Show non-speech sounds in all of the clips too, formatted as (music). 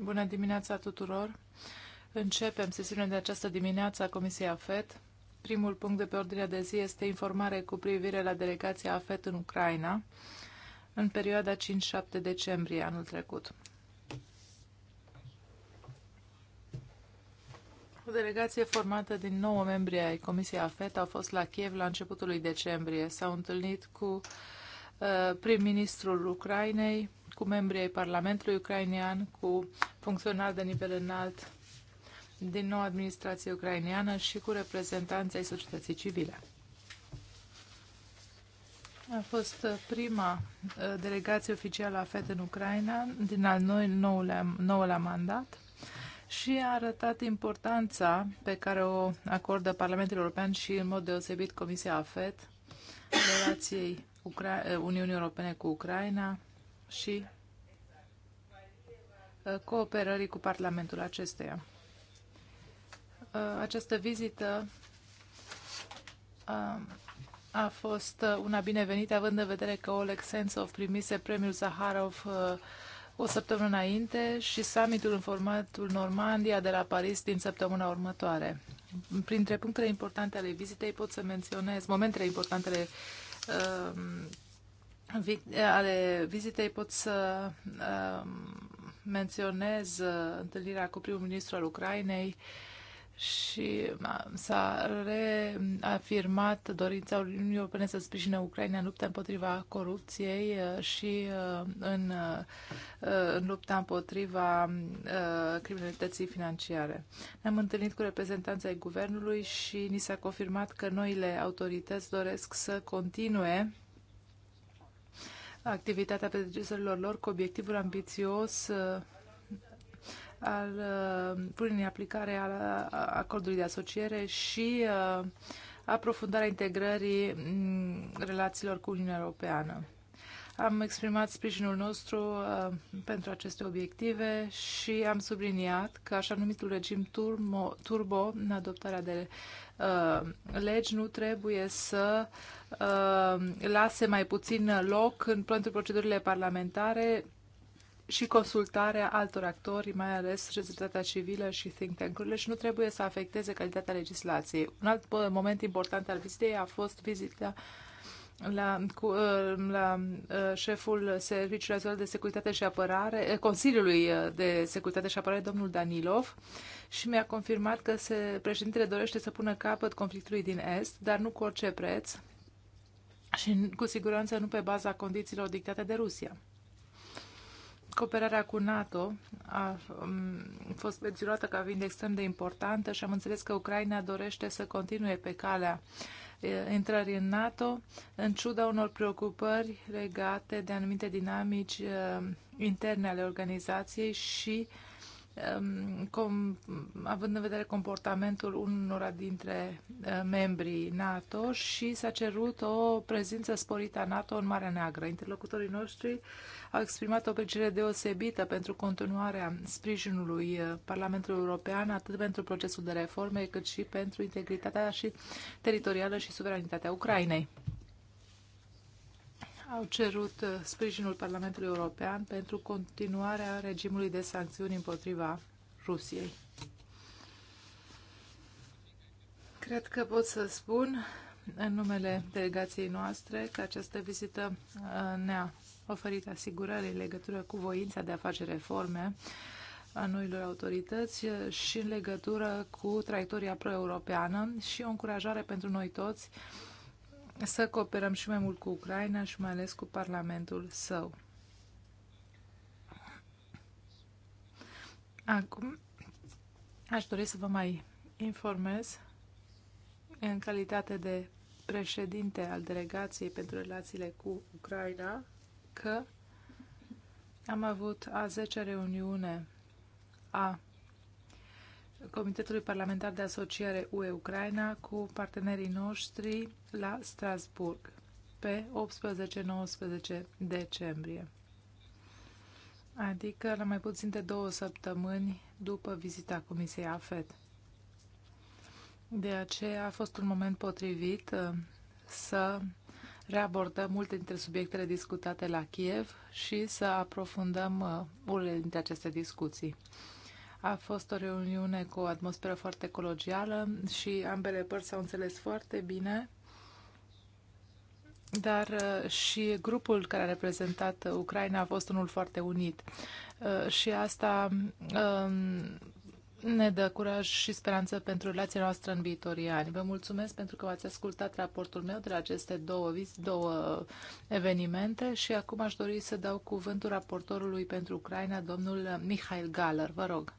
Bună dimineața tuturor! Începem sesiunea de această dimineață a Comisiei AFET. Primul punct de pe ordinea de zi este informare cu privire la delegația AFET în Ucraina în perioada 5-7 decembrie anul trecut. O delegație formată din 9 membri ai Comisiei AFET au fost la Kiev la începutul lui decembrie. S-au întâlnit cu uh, prim-ministrul Ucrainei, cu membrii ai Parlamentului ucrainean, cu funcționari de nivel înalt din noua administrație ucraineană și cu reprezentanții ai societății civile. A fost uh, prima uh, delegație oficială a FED în Ucraina din al noi, noulea, noulea mandat și a arătat importanța pe care o acordă Parlamentul European și în mod deosebit Comisia AFET relației Ucra- Uniunii Europene cu Ucraina și uh, cooperării cu Parlamentul acesteia. Uh, această vizită uh, a fost una binevenită, având în vedere că Oleg Sentsov primise premiul Zaharov o săptămână înainte și summitul în formatul Normandia de la Paris din săptămâna următoare. Printre punctele importante ale vizitei pot să menționez momentele importante ale uh, ale vizitei pot să um, menționez uh, întâlnirea cu primul ministru al Ucrainei și s-a reafirmat dorința Uniunii Europene să sprijine Ucraina în lupta împotriva corupției uh, și uh, în, în lupta împotriva criminalității financiare. Ne-am întâlnit cu reprezentanța ai guvernului și ni s-a confirmat că noile autorități doresc să continue activitatea predecesorilor lor cu obiectivul ambițios uh, al uh, punerii în aplicare al uh, acordului de asociere și aprofundarea integrării mm, relațiilor cu Uniunea Europeană. Am exprimat sprijinul nostru uh, pentru aceste obiective și am subliniat că așa numitul regim turbo, turbo în adoptarea de uh, legi nu trebuie să uh, lase mai puțin loc în, pentru procedurile parlamentare și consultarea altor actori, mai ales societatea civilă și think tank-urile și nu trebuie să afecteze calitatea legislației. Un alt uh, moment important al vizitei a fost vizita uh, la, cu, uh, la uh, șeful Serviciului Național de Securitate și Apărare, eh, Consiliului uh, de Securitate și Apărare, domnul Danilov, și mi-a confirmat că se, președintele dorește să pună capăt conflictului din Est, dar nu cu orice preț și cu siguranță nu pe baza condițiilor dictate de Rusia. Cooperarea cu NATO a um, fost menționată ca fiind extrem de importantă și am înțeles că Ucraina dorește să continue pe calea uh, intrării în NATO, în ciuda unor preocupări legate de anumite dinamici interne ale organizației și uh, Um, com, având în vedere comportamentul unora dintre uh, membrii NATO și s-a cerut o prezență sporită a NATO în Marea Neagră. Interlocutorii noștri au exprimat o apreciere deosebită pentru continuarea sprijinului uh, Parlamentului European, atât pentru procesul de reforme, cât și pentru integritatea și teritorială și suveranitatea Ucrainei au cerut uh, sprijinul Parlamentului European pentru continuarea regimului de sancțiuni împotriva Rusiei. Cred că pot să spun în numele delegației noastre că această vizită uh, ne-a oferit asigurări în legătură cu voința de a face reforme a noilor autorități uh, și în legătură cu traiectoria pro-europeană și o încurajare pentru noi toți să cooperăm și mai mult cu Ucraina și mai ales cu Parlamentul său. Acum aș dori să vă mai informez în calitate de președinte al delegației pentru relațiile cu Ucraina că am avut a 10-a reuniune a Comitetului Parlamentar de Asociere UE-Ucraina cu partenerii noștri la Strasburg pe 18-19 decembrie, adică la mai puțin de două săptămâni după vizita Comisiei AFET. De aceea a fost un moment potrivit uh, să reabordăm multe dintre subiectele discutate la Kiev și să aprofundăm uh, unele dintre aceste discuții. A fost o reuniune cu o atmosferă foarte ecologială și ambele părți s-au înțeles foarte bine dar uh, și grupul care a reprezentat Ucraina a fost unul foarte unit. Uh, și asta um, ne dă curaj și speranță pentru relația noastră în viitorii ani. Vă mulțumesc pentru că v-ați ascultat raportul meu de la aceste două, două evenimente și acum aș dori să dau cuvântul raportorului pentru Ucraina, domnul Mihail Galer. Vă rog.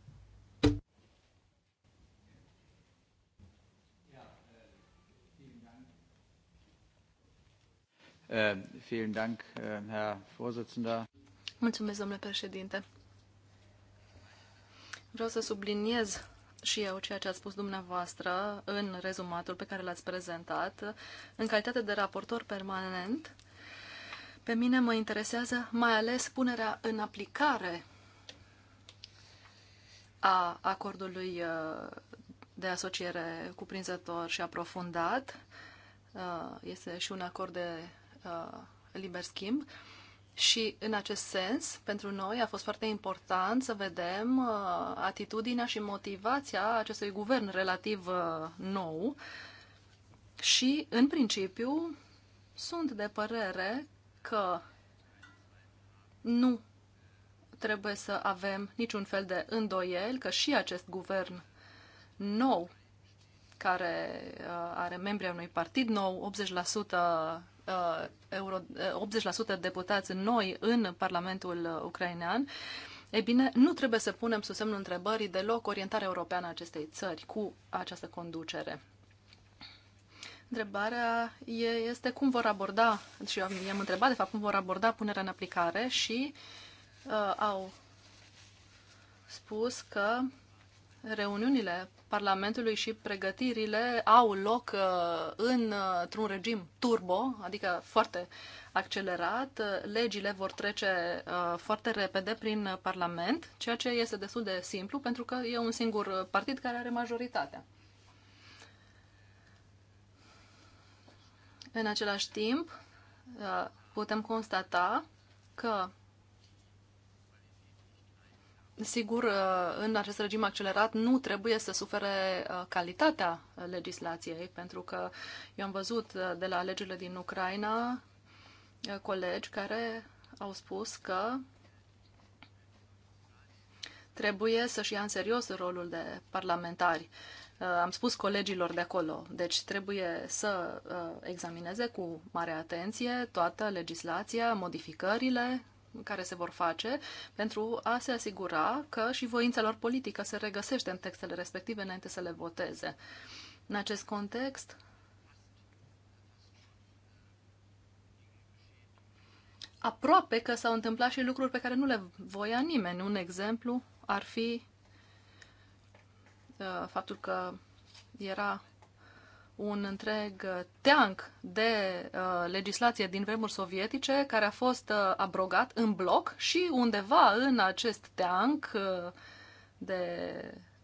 Äh, äh, Mulțumesc, domnule președinte. Vreau să subliniez și eu ceea ce ați spus dumneavoastră în rezumatul pe care l-ați prezentat. În calitate de raportor permanent, pe mine mă interesează mai ales punerea în aplicare a acordului uh, de asociere cuprinzător și aprofundat. Uh, este și un acord de Uh, liber schimb. Și în acest sens, pentru noi a fost foarte important să vedem uh, atitudinea și motivația acestui guvern relativ uh, nou. Și, în principiu, sunt de părere că nu trebuie să avem niciun fel de îndoiel că și acest guvern nou, care uh, are membri ai unui partid nou, 80% 80% uh, uh, deputați noi în Parlamentul uh, ucrainean, ei bine, nu trebuie să punem sub semnul întrebării deloc orientarea europeană a acestei țări cu această conducere. Întrebarea este cum vor aborda, și eu am întrebat de fapt cum vor aborda punerea în aplicare și uh, au spus că reuniunile Parlamentului și pregătirile au loc uh, uh, într-un regim turbo, adică foarte accelerat. Legile vor trece uh, foarte repede prin Parlament, ceea ce este destul de simplu pentru că e un singur partid care are majoritatea. În același timp, putem constata că Sigur, uh, în acest regim accelerat nu trebuie să sufere uh, calitatea legislației, pentru că eu am văzut uh, de la alegerile din Ucraina colegi care au spus că trebuie să-și ia în serios rolul de parlamentari. Am spus colegilor de acolo, deci trebuie să examineze cu mare atenție toată legislația, modificările care se vor face pentru a se asigura că și voința lor politică se regăsește în textele respective înainte să le voteze. În acest context, aproape că s-au întâmplat și lucruri pe care nu le voia nimeni. Un exemplu ar fi uh, faptul că era un întreg uh, teanc de uh, legislație din vremuri sovietice care a fost uh, abrogat în bloc și undeva în acest teanc uh, de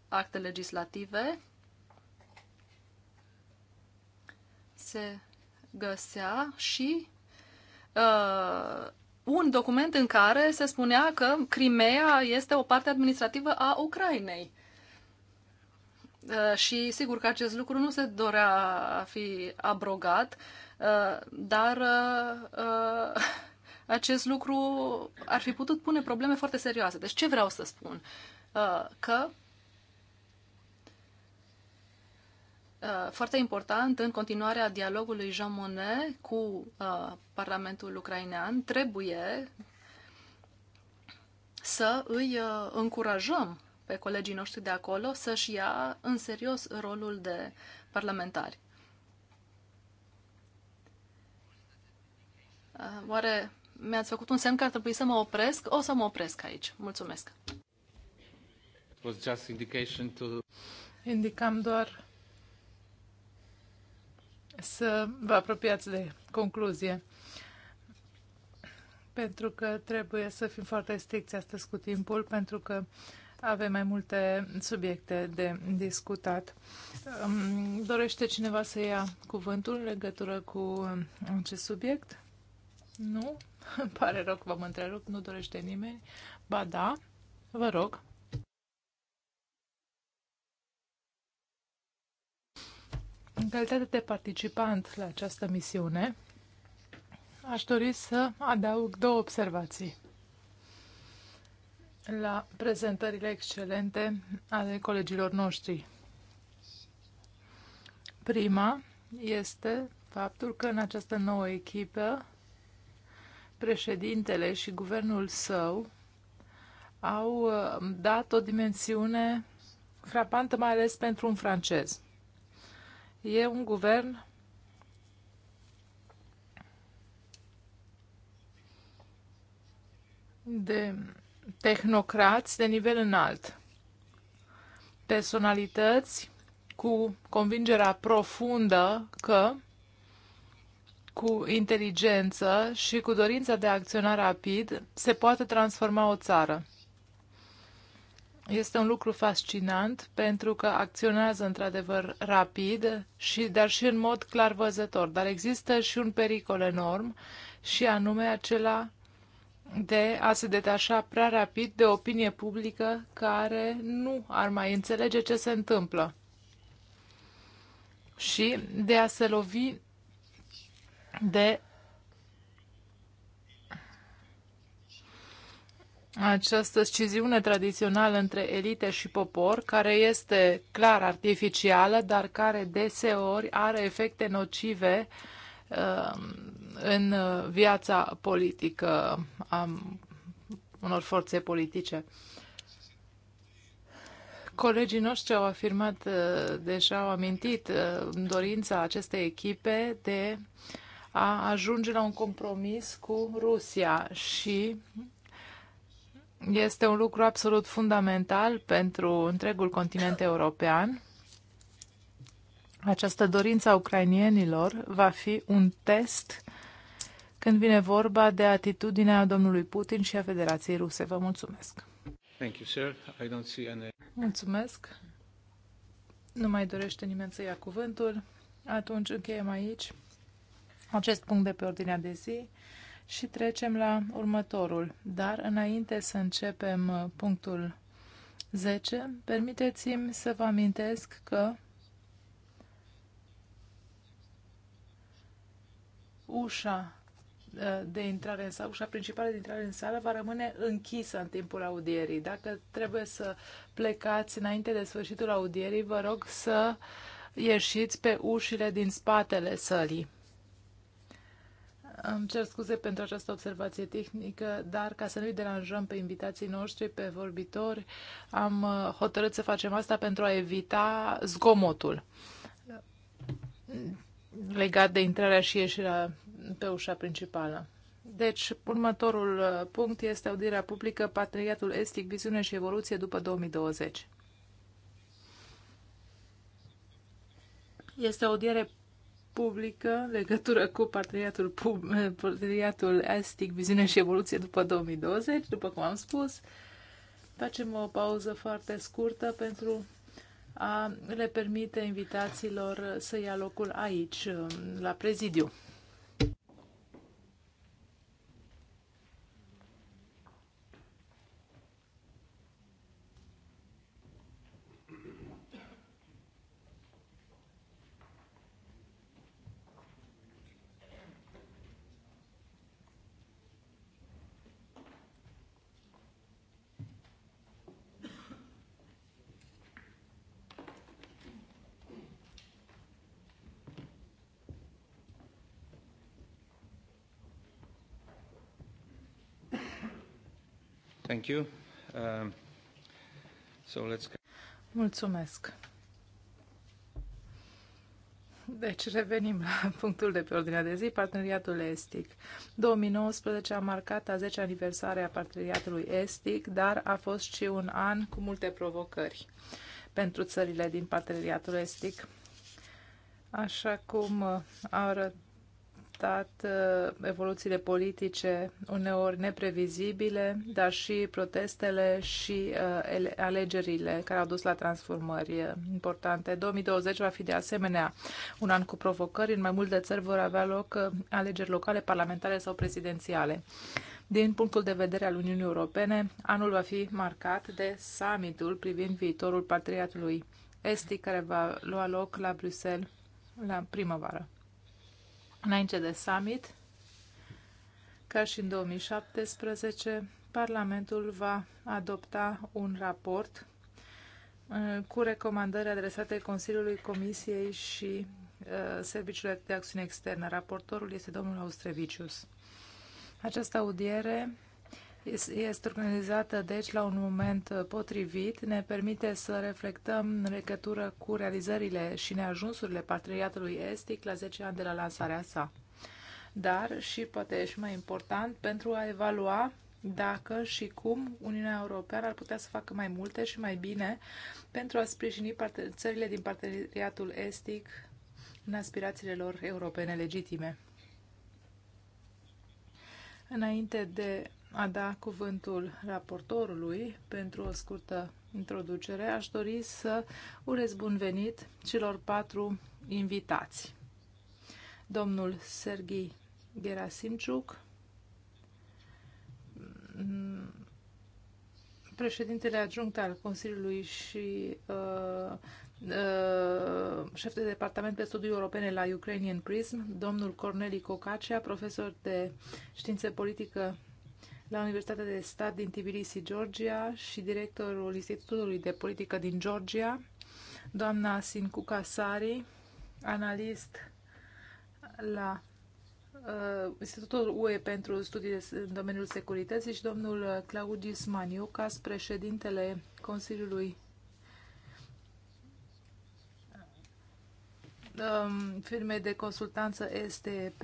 acte legislative se găsea și uh, un document în care se spunea că Crimea este o parte administrativă a Ucrainei. Uh, și sigur că acest lucru nu se dorea a fi abrogat, uh, dar uh, (laughs) acest lucru ar fi putut pune probleme foarte serioase. Deci ce vreau să spun? Că foarte important în continuarea dialogului Jean Monnet cu Parlamentul ucrainean trebuie să îi încurajăm pe colegii noștri de acolo să-și ia în serios rolul de parlamentari. Uh, oare mi-ați făcut un semn că ar trebui să mă opresc? O să mă opresc aici. Mulțumesc. Indicam doar să vă apropiați de concluzie. Pentru că trebuie să fim foarte stricți astăzi cu timpul, pentru că avem mai multe subiecte de discutat. Dorește cineva să ia cuvântul în legătură cu acest subiect? Nu? Îmi pare rău că v-am întrerupt, nu dorește nimeni. Ba da, vă rog. În calitate de participant la această misiune, aș dori să adaug două observații la prezentările excelente ale colegilor noștri. Prima este faptul că în această nouă echipă președintele și guvernul său au uh, dat o dimensiune frapantă, mai ales pentru un francez. E un guvern de tehnocrați de nivel înalt, personalități cu convingerea profundă că cu inteligență și cu dorința de a acționa rapid se poate transforma o țară. Este un lucru fascinant pentru că acționează într-adevăr rapid, și, dar și în mod clar văzător. Dar există și un pericol enorm și anume acela de a se detașa prea rapid de opinie publică care nu ar mai înțelege ce se întâmplă și de a se lovi de această sciziune tradițională între elite și popor, care este clar artificială, dar care deseori are efecte nocive uh, în uh, viața politică a unor forțe politice. Colegii noștri au afirmat uh, deja, au amintit uh, dorința acestei echipe de a ajunge la un compromis cu Rusia și este un lucru absolut fundamental pentru întregul continent european. Această dorință a ucrainienilor va fi un test când vine vorba de atitudinea domnului Putin și a Federației Ruse. Vă mulțumesc! Thank you, sir. I don't see any... Mulțumesc! Nu mai dorește nimeni să ia cuvântul. Atunci încheiem aici acest punct de pe ordinea de zi și trecem la următorul. Dar înainte să începem uh, punctul 10, permiteți-mi să vă amintesc că ușa Eh, de intrare în sală, ușa principală de intrare în sală va rămâne închisă în timpul audierii. Dacă trebuie să plecați înainte de sfârșitul audierii, vă rog să ieșiți pe ușile din spatele sălii. Îmi cer scuze pentru această observație tehnică, dar ca să nu-i deranjăm pe invitații noștri, pe vorbitori, am eh, hotărât să facem asta pentru a evita zgomotul legat de intrarea și ieșirea pe ușa principală. Deci, următorul uh, punct este audierea publică, parteneriatul estic, viziune și evoluție după 2020. Este o audiere publică, legătură cu parteneriatul, pub, eh, parteneriatul estic, viziune și evoluție după 2020, după cum am spus. Facem o pauză foarte scurtă pentru a le permite invitațiilor să ia locul aici, eh, la prezidiu. Thank you. Uh, so let's... Mulțumesc. Deci revenim la (laughs) punctul de pe ordinea de zi, parteneriatul estic. 2019 a marcat a 10 aniversare a parteneriatului estic, dar a fost și un an cu multe provocări pentru țările din parteneriatul estic. Așa cum arăt arătat uh, evoluțiile politice uneori neprevizibile, dar și protestele și uh, alegerile care au dus la transformări uh, importante. 2020 va fi de asemenea un an cu provocări. În mai multe țări vor avea loc alegeri locale, parlamentare sau prezidențiale. Din punctul de vedere al Uniunii Europene, anul va fi marcat de summitul privind viitorul patriatului estic care va lua loc la Bruxelles la primăvară înainte de summit. Ca și în 2017, Parlamentul va adopta un raport uh, cu recomandări adresate Consiliului Comisiei și uh, Serviciului de Acțiune Externă. Raportorul este domnul Austrevicius. Această audiere este organizată, deci, la un moment potrivit, ne permite să reflectăm în legătură cu realizările și neajunsurile patriatului estic la 10 ani de la lansarea sa. Dar, și poate și mai important, pentru a evalua dacă și cum Uniunea Europeană ar putea să facă mai multe și mai bine pentru a sprijini țările din parteneriatul estic în aspirațiile lor europene legitime. Înainte de a da cuvântul raportorului pentru o scurtă introducere, aș dori să urez bun venit celor patru invitați. Domnul Serghii Gerasimciuc, președintele adjunct al Consiliului și uh, uh, șef de departament pe studii europene la Ukrainian Prism, domnul Corneli Cocacea, profesor de științe politică la Universitatea de Stat din Tbilisi, Georgia și directorul Institutului de Politică din Georgia, doamna Sincu Casari, analist la uh, Institutul UE pentru studii de, în domeniul securității și domnul Claudius Maniucas, președintele Consiliului um, firmei de consultanță STEP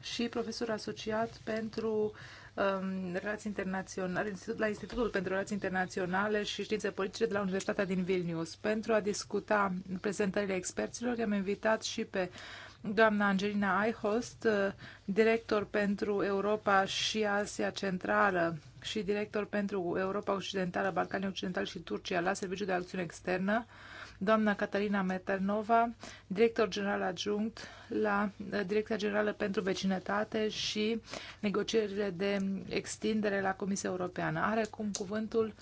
și profesor asociat pentru uh, Um, relații internaționale, la Institutul pentru Relații Internaționale și Științe Politice de la Universitatea din Vilnius. Pentru a discuta prezentările experților, am invitat și pe doamna Angelina Eichost, uh, director pentru Europa și Asia Centrală și director pentru Europa Occidentală, Balcanii Occidentali și Turcia la Serviciul de Acțiune Externă, doamna Catalina Meternova, director general adjunct la eh, Direcția Generală pentru Vecinătate și negocierile de extindere la Comisia Europeană. Are cum cuvântul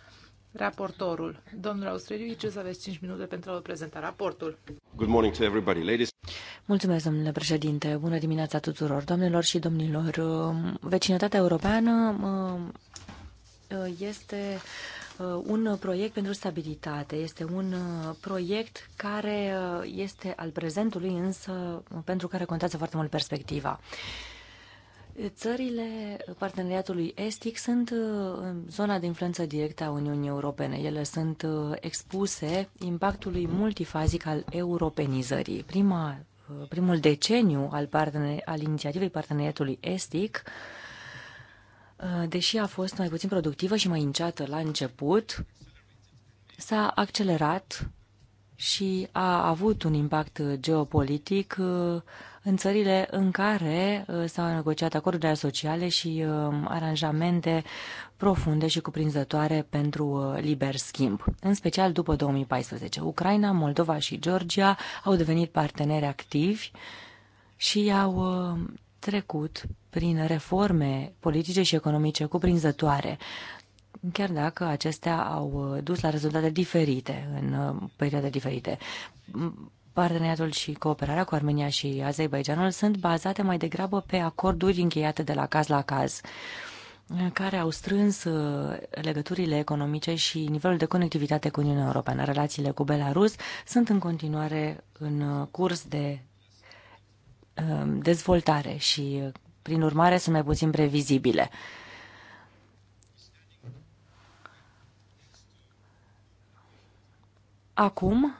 raportorul. Domnul Austreviciu, să aveți 5 minute pentru a prezenta raportul. Good morning to everybody, ladies. Mulțumesc, domnule președinte. Bună dimineața tuturor, doamnelor și domnilor. Um, vecinătatea europeană um, este Uh, un proiect pentru stabilitate. Este un uh, proiect care uh, este al prezentului, însă pentru care contează foarte mult perspectiva. Țările parteneriatului estic sunt zona de influență directă a Uniunii Europene. Ele sunt expuse impactului multifazic al europenizării. Prima, primul deceniu al, partene, al inițiativei parteneriatului estic Uh, deși a fost mai puțin productivă și mai înceată la început, s-a accelerat și a avut un impact geopolitic uh, în țările în care uh, s-au negociat acorduri sociale și aranjamente profunde și cuprinzătoare pentru liber schimb. În special după 2014, Ucraina, Moldova și Georgia au devenit parteneri activi și au trecut prin reforme politice și economice cuprinzătoare, chiar dacă acestea au uh, dus la rezultate diferite în uh, perioade diferite. Parteneriatul și cooperarea cu Armenia și Azerbaijanul sunt bazate mai degrabă pe acorduri încheiate de la caz la caz care au strâns uh, legăturile economice și nivelul de conectivitate cu Uniunea Europeană. Relațiile cu Belarus sunt în continuare în curs de Um, dezvoltare și, prin urmare, sunt mai puțin previzibile. Acum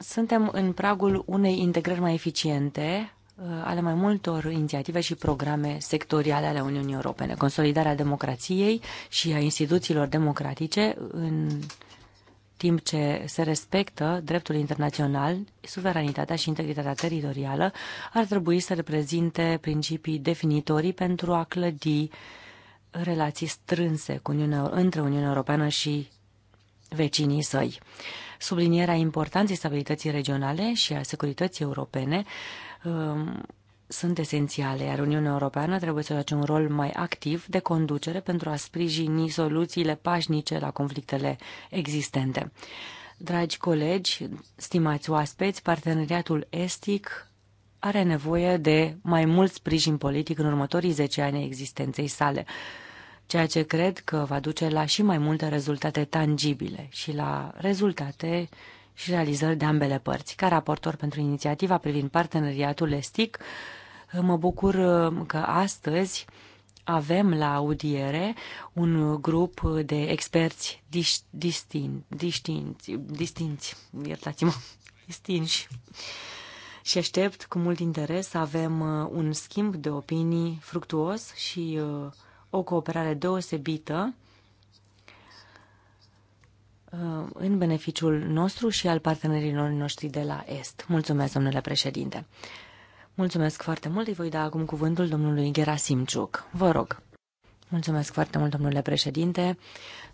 suntem în pragul unei integrări mai eficiente uh, ale mai multor inițiative și programe sectoriale ale Uniunii Europene. Consolidarea democrației și a instituțiilor democratice în timp ce se respectă dreptul internațional, suveranitatea și integritatea teritorială, ar trebui să reprezinte principii definitorii pentru a clădi relații strânse cu Uniunea, între Uniunea Europeană și vecinii săi. Sublinierea importanței stabilității regionale și a securității europene um, sunt esențiale, iar Uniunea Europeană trebuie să joace un rol mai activ de conducere pentru a sprijini soluțiile pașnice la conflictele existente. Dragi colegi, stimați oaspeți, parteneriatul estic are nevoie de mai mult sprijin politic în următorii 10 ani existenței sale, ceea ce cred că va duce la și mai multe rezultate tangibile și la rezultate și realizări de ambele părți. Ca raportor pentru inițiativa privind parteneriatul estic, Mă bucur uh, că astăzi avem la audiere un grup de experți distin, distinți, distinți, iertați-mă, (laughs) distinși. Și aștept cu mult interes să avem uh, un schimb de opinii fructuos și uh, o cooperare deosebită în beneficiul nostru și al partenerilor noștri de la Est. Mulțumesc, domnule președinte. Mulțumesc foarte mult. Îi voi da acum cuvântul domnului Gerasimciuc. Vă rog. Mulțumesc foarte mult, domnule președinte.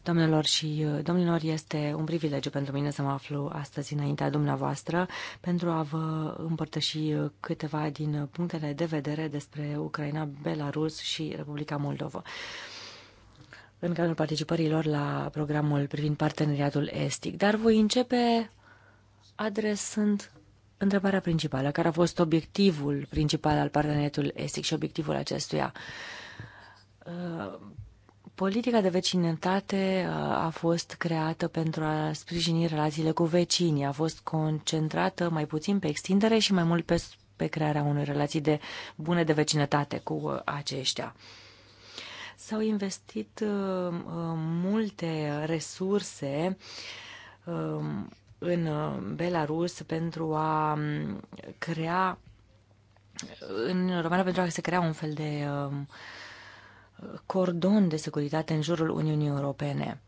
Domnilor și uh, domnilor, este un privilegiu pentru mine să mă aflu astăzi înaintea dumneavoastră pentru a vă împărtăși uh, câteva din punctele de vedere despre Ucraina, Belarus și Republica Moldova în cadrul participărilor la programul privind parteneriatul estic, dar voi începe adresând întrebarea principală. Care a fost obiectivul principal al parteneriatului estic și obiectivul acestuia? Uh, politica de vecinătate uh, a fost creată pentru a sprijini relațiile cu vecinii, a fost concentrată mai puțin pe extindere și mai mult pe, pe crearea unei relații de bune de vecinătate cu uh, aceștia. S-au investit uh, multe resurse uh, în uh, Belarus pentru a um, crea în România pentru a se crea un fel de um, cordon de securitate în jurul Uniunii Europene.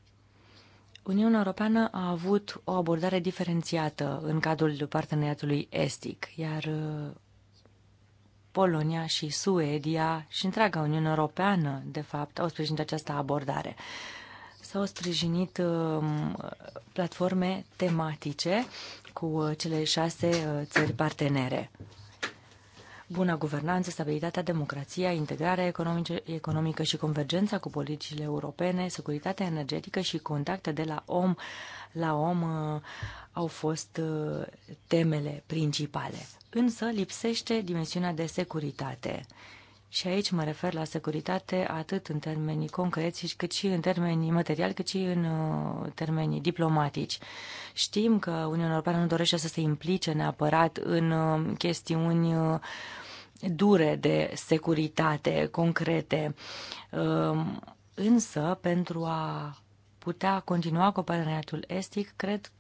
Uniunea Europeană a avut o abordare diferențiată în cadrul parteneriatului estic, iar uh, Polonia și Suedia și întreaga Uniune Europeană, de fapt, au sprijinit această abordare. Uh, S-au sprijinit uh, platforme tematice cu uh, cele șase uh, țări partenere. Buna guvernanță, stabilitatea, democrația, integrarea economică și convergența cu politicile europene, securitatea energetică și contacte de la om la om au fost temele principale. Însă lipsește dimensiunea de securitate și aici mă refer la securitate atât în termenii concreți, cât și în termenii materiali, cât și în uh, termenii diplomatici. Știm că Uniunea Europeană nu dorește să se implice neapărat în uh, chestiuni uh, dure de securitate, concrete. Um, însă, pentru a putea continua cu parteneriatul estic, cred,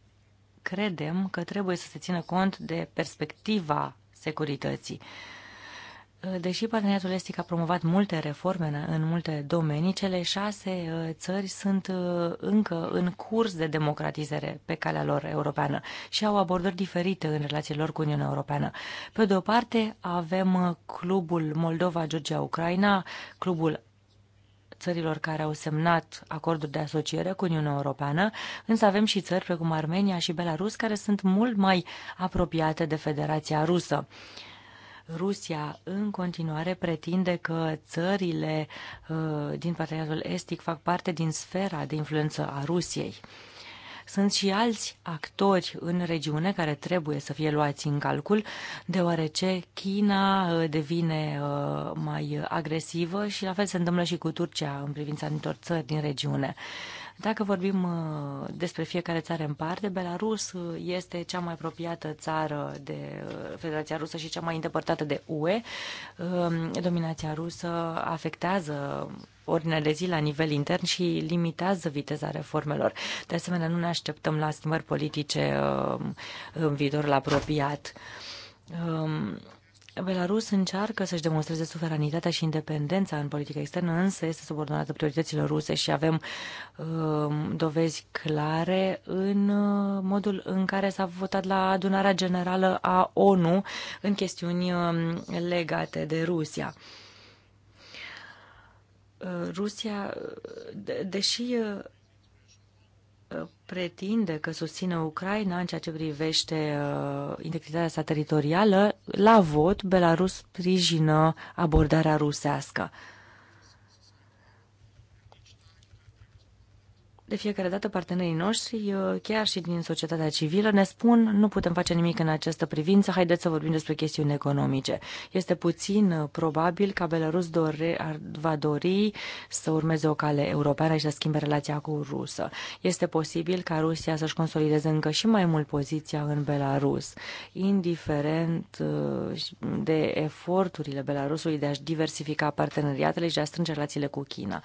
credem că trebuie să se țină cont de perspectiva securității. Uh, deși parteneriatul estic a promovat multe reforme în multe domenii, cele șase uh, țări sunt uh, încă în curs de democratizare pe calea lor europeană și au abordări diferite în relațiile lor cu Uniunea Europeană. Pe de o parte, avem clubul Moldova-Georgia-Ucraina, clubul țărilor care au semnat acorduri de asociere cu Uniunea Europeană, însă avem și țări precum Armenia și Belarus care sunt mult mai apropiate de Federația Rusă. Uh, Rusia în continuare pretinde că țările uh, din parteneriatul estic fac parte din sfera de influență a Rusiei. Sunt și alți actori în regiune care trebuie să fie luați în calcul, deoarece China uh, devine uh, mai agresivă și la fel se întâmplă și cu Turcia în privința anumitor țări din regiune. Dacă vorbim uh, despre fiecare țară în parte, Belarus uh, este cea mai apropiată țară de uh, Federația Rusă și cea mai îndepărtată de UE. Um, dominația rusă afectează ordinea de zi la nivel intern și limitează viteza reformelor. De asemenea, nu ne așteptăm la schimbări politice um, în viitorul apropiat. Um, Belarus încearcă să-și demonstreze suveranitatea și independența în politica externă, însă este subordonată priorităților ruse și avem uh, dovezi clare în uh, modul în care s-a votat la adunarea generală a ONU în chestiuni uh, legate de Rusia. Uh, Rusia, de, deși uh, Uh, pretinde că susține Ucraina în ceea ce privește uh, integritatea sa teritorială, la vot Belarus sprijină abordarea rusească. Uh, De fiecare dată partenerii noștri, uh, chiar și din societatea civilă, ne spun nu putem face nimic în această privință, haideți să vorbim despre chestiuni economice. Este puțin uh, probabil ca Belarus dore, ar, va dori să urmeze o cale europeană și să schimbe relația cu Rusă. Este posibil ca Rusia să-și consolideze încă și mai mult poziția în Belarus, indiferent uh, de eforturile Belarusului de a-și diversifica parteneriatele și de a strânge relațiile cu China.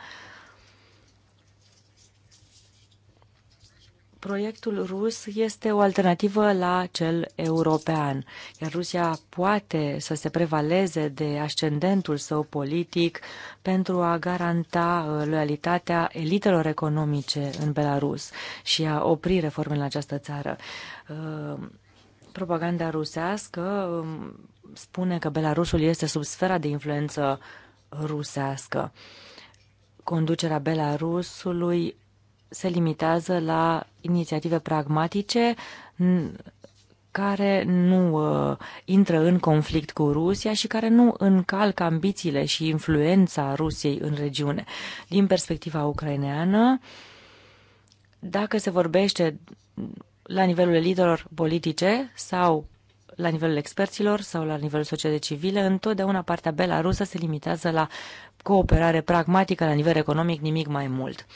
proiectul rus este o alternativă la cel european, iar Rusia poate să se prevaleze de ascendentul său politic pentru a garanta uh, loialitatea elitelor economice în Belarus și a opri reformele în această țară. Uh, propaganda rusească um, spune că Belarusul este sub sfera de influență rusească. Conducerea Belarusului se limitează la inițiative pragmatice care nu uh, intră în conflict cu Rusia și care nu încalcă ambițiile și influența Rusiei în regiune. Din perspectiva ucraineană, dacă se vorbește la nivelul liderilor politice sau la nivelul experților sau la nivelul societății civile, întotdeauna partea belarusă se limitează la cooperare pragmatică la nivel economic, nimic mai mult. Uh,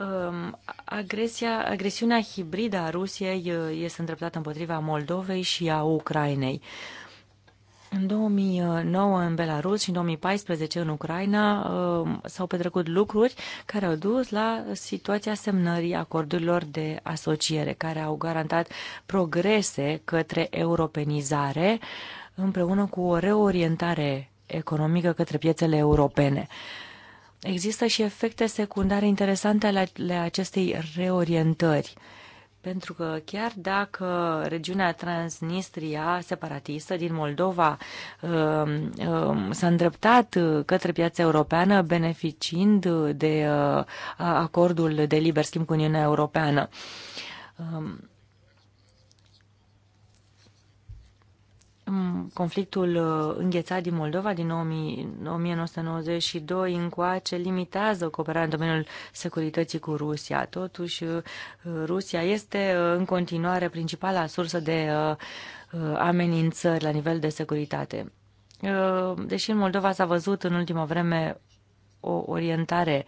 Um, agresia, agresiunea hibridă a Rusiei uh, este îndreptată împotriva Moldovei și a Ucrainei. În 2009 în Belarus și în 2014 în Ucraina um, s-au petrecut lucruri care au dus la situația semnării acordurilor de asociere, care au garantat progrese către europenizare împreună cu o reorientare economică către piețele europene. Uh, există și efecte secundare interesante ale acestei reorientări. Pentru că chiar dacă regiunea Transnistria separatistă din Moldova um, um, s-a îndreptat către piața europeană beneficiind de uh, acordul de liber schimb cu Uniunea Europeană, um, Mm, conflictul uh, înghețat din Moldova din 1992 încoace limitează cooperarea în domeniul securității cu Rusia. Totuși, uh, Rusia este uh, în continuare principala sursă de amenințări la nivel de securitate. Deși în Moldova s-a văzut în ultima vreme o orientare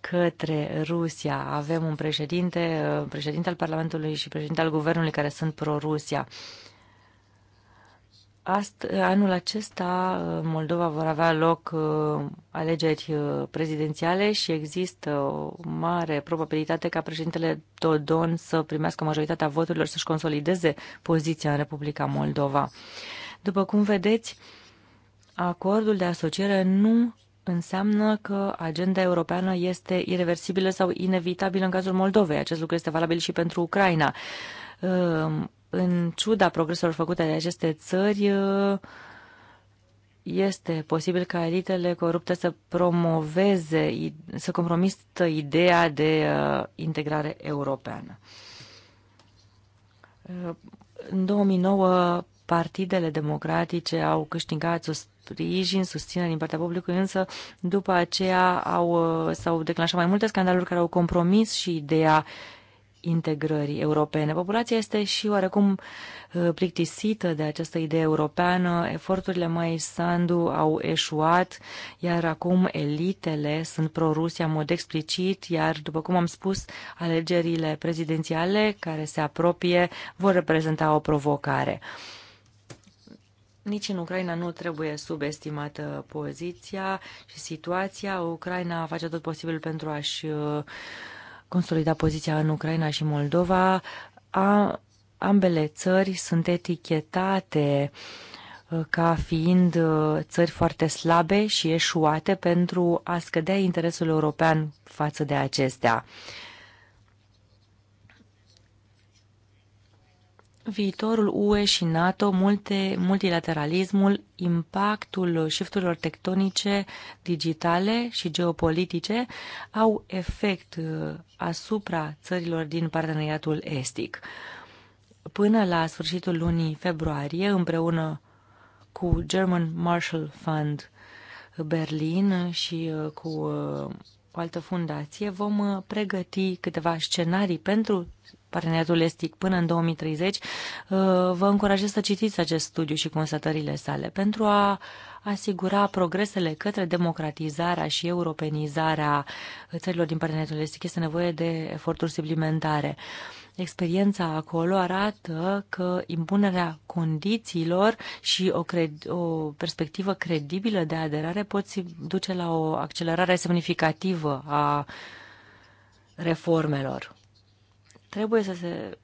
către Rusia. Avem un președinte, președinte al Parlamentului și președinte al Guvernului care sunt pro-Rusia. Uh, Ast, anul acesta uh, Moldova vor avea loc uh, alegeri uh, prezidențiale și există o mare probabilitate ca președintele Dodon să primească majoritatea voturilor să-și consolideze poziția în Republica Moldova. După cum vedeți, acordul de asociere nu înseamnă că agenda europeană este irreversibilă sau inevitabilă în cazul Moldovei. Acest lucru este valabil și pentru Ucraina. Ehm, în ciuda progreselor făcute de aceste țări, eh, este posibil ca elitele corupte să promoveze, să compromită ideea de eh, integrare europeană. Eh, în 2009, partidele democratice au câștigat sprijin, susținere din partea publicului, însă după aceea au, s-au declanșat mai multe scandaluri care au compromis și ideea integrării europene. Populația este și oarecum uh, plictisită de această idee europeană. Eforturile mai Sandu au eșuat, iar acum elitele sunt pro-Rusia în mod explicit, iar, după cum am spus, alegerile prezidențiale care se apropie vor reprezenta o provocare. Nici în Ucraina nu trebuie subestimată poziția și situația. Ucraina face tot posibil pentru a-și uh, consolidat poziția în Ucraina și Moldova. A, ambele țări sunt etichetate uh, ca fiind uh, țări foarte slabe și eșuate pentru a scădea interesul european față de acestea. viitorul UE și NATO, multe, multilateralismul, impactul shifturilor tectonice, digitale și geopolitice au efect uh, asupra țărilor din parteneriatul estic. Până la sfârșitul lunii februarie, împreună cu German Marshall Fund Berlin și uh, cu uh, o altă fundație, vom pregăti câteva scenarii pentru parteneriatul estic până în 2030, uh, vă încurajez să citiți acest studiu și constatările sale pentru a asigura progresele către democratizarea și europenizarea țărilor din parteneriatul estic. Este nevoie de eforturi suplimentare. Experiența acolo arată că impunerea condițiilor și o, cred, o perspectivă credibilă de aderare pot duce la o accelerare semnificativă a reformelor trebuie să se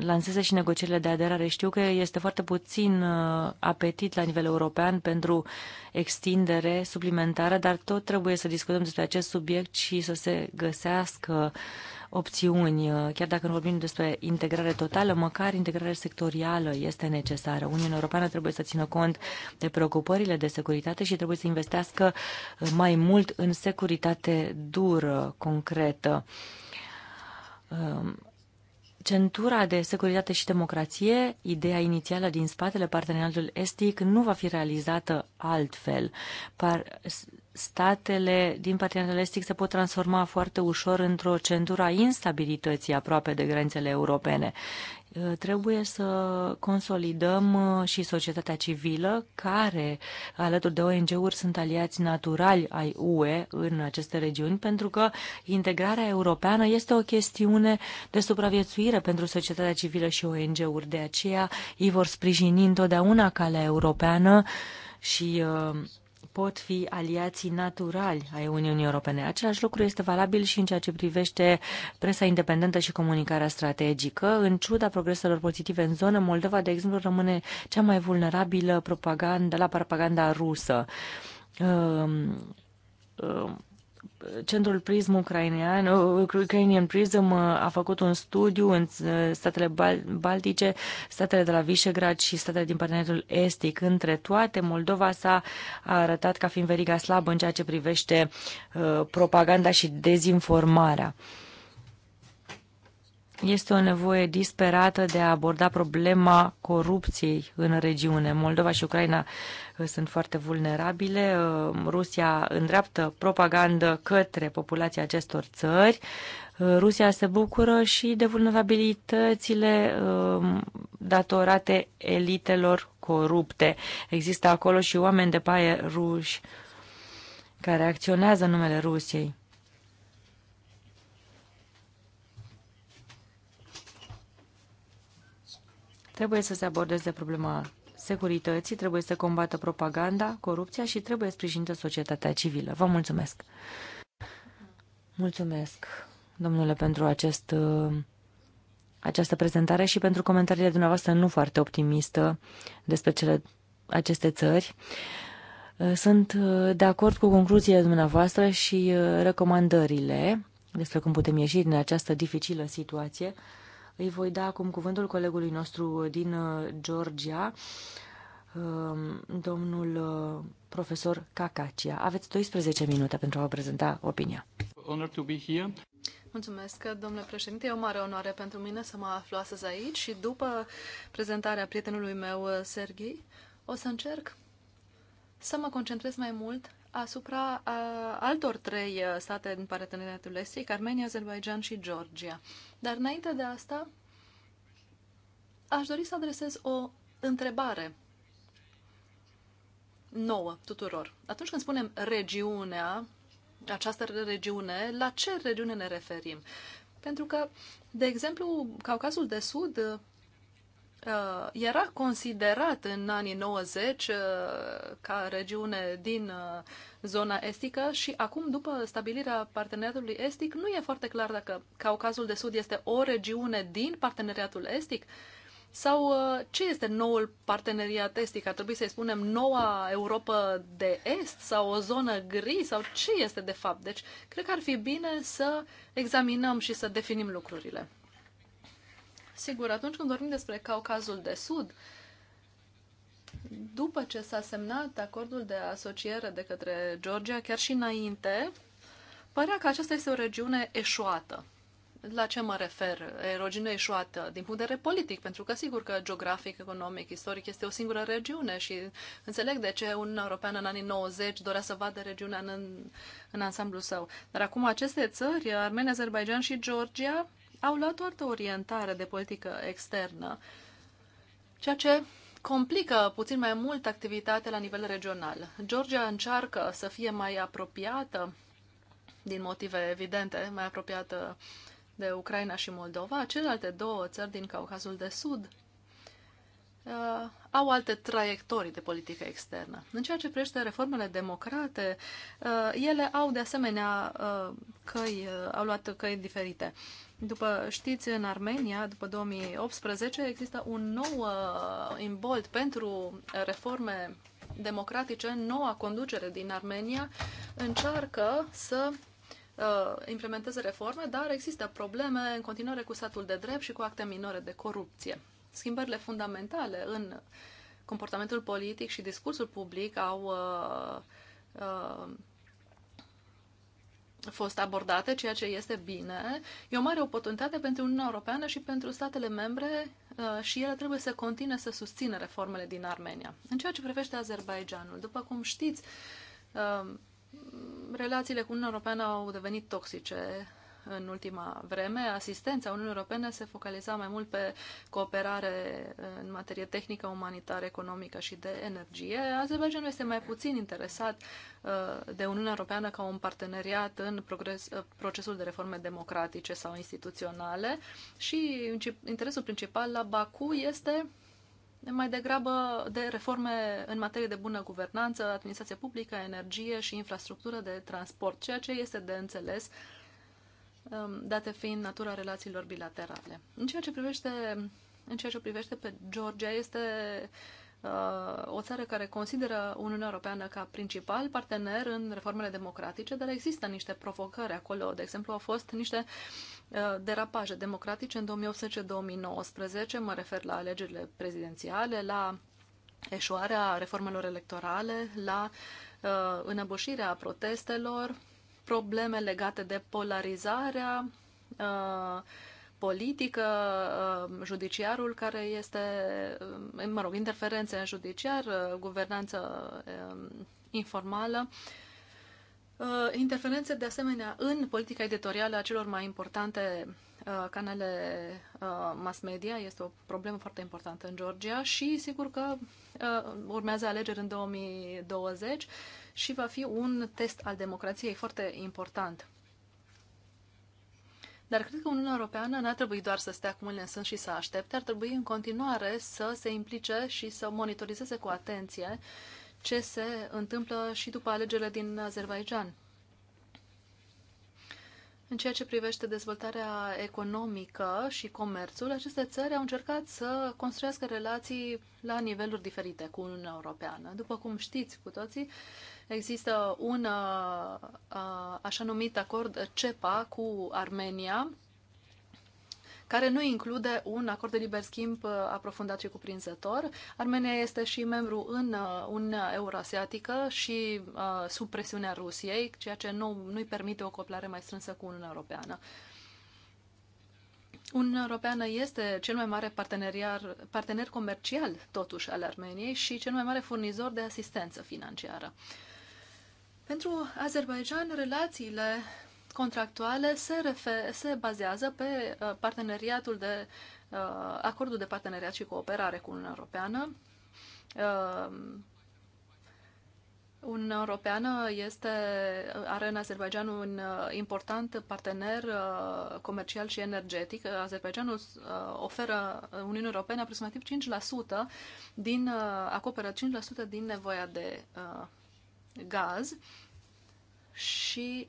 lanseze și negocierile de aderare. Știu că este foarte puțin uh, apetit la nivel european pentru extindere suplimentară, dar tot trebuie să discutăm despre acest subiect și să se găsească opțiuni. Uh, chiar dacă nu vorbim despre integrare totală, măcar integrare sectorială este necesară. Uniunea Europeană trebuie să țină cont de preocupările de securitate și trebuie să investească uh, mai mult în securitate dură, concretă. Um, centura de securitate și democrație, ideea inițială din spatele parteneriatului estic, nu va fi realizată altfel. Par statele din parteneriatul estic se pot transforma foarte ușor într-o centură a instabilității aproape de granițele europene. Uh, trebuie să consolidăm uh, și societatea civilă, care, alături de ONG-uri, sunt aliați naturali ai UE în aceste regiuni, pentru că integrarea europeană este o chestiune de supraviețuire pentru societatea civilă și ONG-uri. De aceea, ei vor sprijini întotdeauna calea europeană și uh, pot fi aliații naturali ai Uniunii Europene. Același lucru este valabil și în ceea ce privește presa independentă și comunicarea strategică. În ciuda progreselor pozitive în zonă, Moldova, de exemplu, rămâne cea mai vulnerabilă propaganda, la propaganda rusă. Uh, uh, Centrul Prism Ucrainean, Ukrainian Prism uh, a făcut un studiu în uh, statele Baltice, statele de la Visegrad și statele din parteneriatul estic. Între toate, Moldova s-a arătat ca fiind veriga slabă în ceea ce privește uh, propaganda și dezinformarea. Este o nevoie disperată de a aborda problema corupției în regiune. Moldova și Ucraina sunt foarte vulnerabile. Ehm, Rusia îndreaptă propagandă către populația acestor țări. Ehm, Rusia se bucură și de vulnerabilitățile ehm, datorate elitelor corupte. Există acolo și oameni de paie ruși care acționează în numele Rusiei. Trebuie să se abordeze problema securității, trebuie să combată propaganda, corupția și trebuie sprijinită societatea civilă. Vă mulțumesc! Mulțumesc, domnule, pentru acest, această prezentare și pentru comentariile dumneavoastră nu foarte optimistă despre cele, aceste țări. Sunt de acord cu concluziile dumneavoastră și uh, recomandările despre cum putem ieși din această dificilă situație. Îi voi da acum cuvântul colegului nostru din uh, Georgia, um, domnul uh, profesor Cacacia. Aveți 12 minute pentru a vă prezenta opinia. Honor to be here. Mulțumesc, domnule președinte. E o mare onoare pentru mine să mă aflu astăzi aici și după prezentarea prietenului meu, uh, Serghei, o să încerc să mă concentrez mai mult asupra a, altor trei state din parteneriatul estic, Armenia, Azerbaijan și Georgia. Dar înainte de asta, aș dori să adresez o întrebare nouă tuturor. Atunci când spunem regiunea, această regiune, la ce regiune ne referim? Pentru că, de exemplu, Caucazul de Sud uh, era considerat în anii 90 uh, ca regiune din uh, zona estică și acum, după stabilirea parteneriatului estic, nu e foarte clar dacă Caucazul de Sud este o regiune din parteneriatul estic sau uh, ce este noul parteneriat estic? Ar trebui să-i spunem noua Europa de Est sau o zonă gri sau ce este de fapt? Deci, cred că ar fi bine să examinăm și să definim lucrurile. Sigur, atunci când vorbim despre Caucazul de Sud, după ce s-a semnat acordul de asociere de către Georgia, chiar și înainte, părea că aceasta este o regiune eșuată. La ce mă refer? Erogine eșuată din punct de vedere politic, pentru că sigur că geografic, economic, istoric este o singură regiune și înțeleg de ce Uniunea Europeană în anii 90 dorea să vadă regiunea în, în ansamblu său. Dar acum aceste țări, Armenia, Azerbaijan și Georgia, au luat o altă orientare de politică externă, ceea ce complică puțin mai mult activitatea la nivel regional. Georgia încearcă să fie mai apropiată, din motive evidente, mai apropiată de Ucraina și Moldova. Celelalte două țări din Caucazul de Sud uh, au alte traiectorii de politică externă. În ceea ce privește reformele democrate, uh, ele au de asemenea uh, căi, uh, au luat căi diferite. După, știți, în Armenia, după 2018, există un nou uh, imbold pentru reforme democratice. Noua conducere din Armenia încearcă să uh, implementeze reforme, dar există probleme în continuare cu statul de drept și cu acte minore de corupție schimbările fundamentale în comportamentul politic și discursul public au uh, uh, fost abordate, ceea ce este bine. E o mare oportunitate pentru Uniunea Europeană și pentru statele membre uh, și ele trebuie să continue să susțină reformele din Armenia. În ceea ce privește Azerbaijanul, după cum știți, uh, relațiile cu Uniunea Europeană au devenit toxice în ultima vreme. Asistența Uniunii Europene se focaliza mai mult pe cooperare în materie tehnică, umanitară, economică și de energie. Azerbaijanul este mai puțin interesat uh, de Uniunea Europeană ca un parteneriat în progres, uh, procesul de reforme democratice sau instituționale și interesul principal la Baku este mai degrabă de reforme în materie de bună guvernanță, administrație publică, energie și infrastructură de transport, ceea ce este de înțeles uh, Um, date fiind natura relațiilor bilaterale. În ceea ce privește, în ceea ce privește pe Georgia, este uh, o țară care consideră Uniunea Europeană ca principal partener în reformele democratice, dar există niște provocări acolo. De exemplu, au fost niște uh, derapaje democratice în 2018-2019, mă refer la alegerile prezidențiale, la eșuarea reformelor electorale, la uh, înăbușirea protestelor, probleme legate de polarizarea uh, politică, uh, judiciarul care este, uh, mă rog, interferențe în judiciar, guvernanță informală, interferențe de asemenea în politica editorială a celor mai importante canale mass media, este o problemă foarte importantă în Georgia și sigur că urmează alegeri în 2020 și va fi un test al democrației foarte important. Dar cred că Uniunea Europeană n-ar trebui doar să stea cu mâinile în sân și să aștepte, ar trebui în continuare să se implice și să monitorizeze cu atenție ce se întâmplă și după alegerile din Azerbaijan. În ceea ce privește dezvoltarea economică și comerțul, aceste țări au încercat să construiască relații la niveluri diferite cu Uniunea Europeană. După cum știți cu toții, Există un uh, uh, așa numit acord CEPA cu Armenia, care nu include un acord de liber schimb uh, aprofundat și cuprinzător. Armenia este și membru în Uniunea Eurasiatică și sub presiunea Rusiei, ceea ce nu, nu-i permite o coplare mai strânsă cu Uniunea Europeană. Uniunea Europeană este cel mai mare partener comercial, totuși, al Armeniei și cel mai mare furnizor de asistență financiară. Uh, pentru Azerbaijan, relațiile contractuale se, refer, se bazează pe uh, parteneriatul de, uh, acordul de parteneriat și cooperare cu Uniunea Europeană. Uh, Uniunea Europeană este, are în Azerbaijan un important partener comercial și energetic. Azerbaijanul oferă Uniunii Europene aproximativ 5% din, acoperă 5% din nevoia de gaz și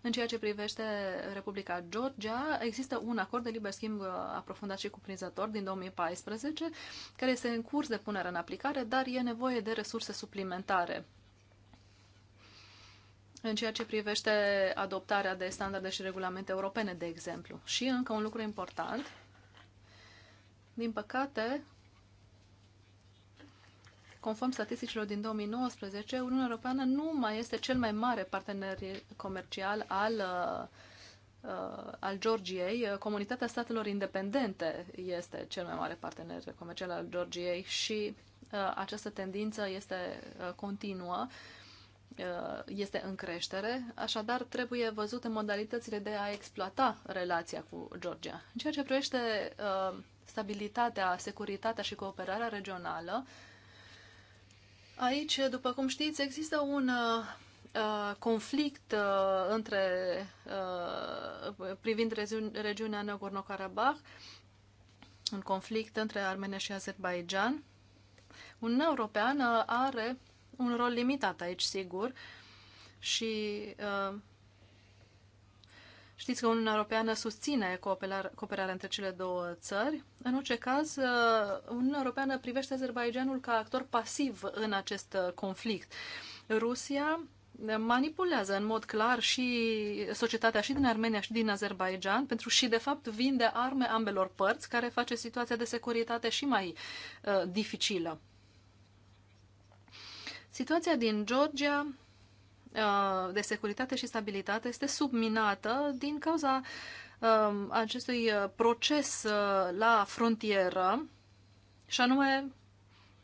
în ceea ce privește Republica Georgia, există un acord de liber schimb aprofundat și cuprinzător din 2014, care este în curs de punere în aplicare, dar e nevoie de resurse suplimentare. În ceea ce privește adoptarea de standarde și regulamente europene, de exemplu. Și încă un lucru important. Din păcate, Conform statisticilor din 2019, Uniunea Europeană nu mai este cel mai mare partener comercial al, uh, al Georgiei. Comunitatea statelor independente este cel mai mare partener comercial al Georgiei și uh, această tendință este uh, continuă este în creștere, așadar trebuie văzute modalitățile de a exploata relația cu Georgia. În ceea ce privește stabilitatea, securitatea și cooperarea regională, Aici, după cum știți, există un uh, uh conflict uh, între, uh, privind regiunea Nagorno-Karabakh, un conflict între Armenia și Azerbaijan. Uniunea Europeană are un rol limitat aici, sigur, și uh, Știți că Uniunea Europeană susține cooperarea între cele două țări. În orice caz, uh, Uniunea Europeană privește Azerbaijanul ca actor pasiv în acest uh, conflict. Rusia manipulează în mod clar și societatea și din Armenia și din Azerbaijan pentru și de fapt vinde arme ambelor părți care face situația de securitate și mai uh, dificilă. Situația din Georgia Uh, de securitate și stabilitate este subminată din cauza um, acestui uh, proces uh, la frontieră, și anume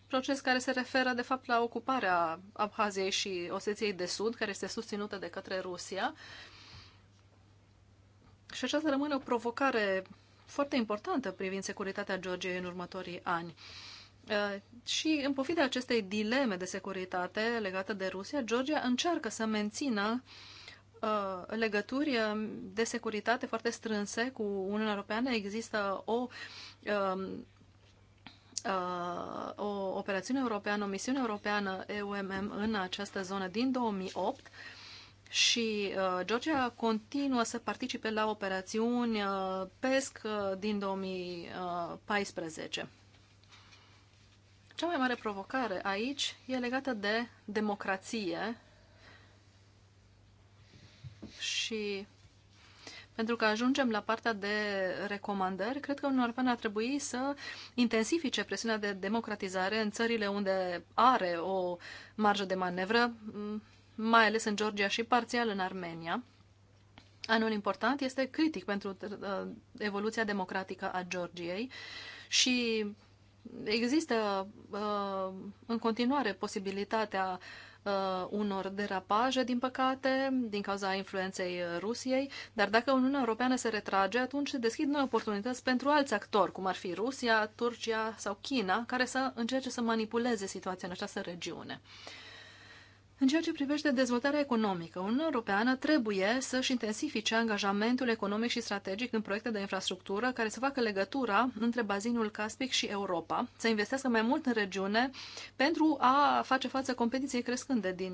proces care se referă de fapt la ocuparea Abhaziei și Oseției de Sud, care este susținută de către Rusia. Și aceasta rămâne o provocare foarte importantă privind securitatea Georgiei în următorii ani. Uh, și în pofida acestei dileme de securitate legată de Rusia, Georgia încearcă să mențină uh, legături um, de securitate foarte strânse cu Uniunea Europeană. Există o um, uh, o operațiune europeană, o misiune europeană EUMM în această zonă din 2008 și Georgia continuă să participe la operațiuni PESC din 2014. Cea mai mare provocare aici e legată de democrație și pentru că ajungem la partea de recomandări, cred că un european ar trebui să intensifice presiunea de democratizare în țările unde are o marjă de manevră, mai ales în Georgia și parțial în Armenia. Anul important este critic pentru uh, evoluția democratică a Georgiei și există uh, în continuare posibilitatea uh, unor derapaje, din păcate, din cauza influenței Rusiei, dar dacă Uniunea Europeană se retrage, atunci se deschid noi oportunități pentru alți actori, cum ar fi Rusia, Turcia sau China, care să încerce să manipuleze situația în această regiune. Uh, în ceea ce privește dezvoltarea economică, Uniunea Europeană trebuie să-și intensifice angajamentul economic și strategic în proiecte de infrastructură care să facă legătura între bazinul Caspic și Europa, să investească mai mult în regiune pentru a face față competiției crescânde din,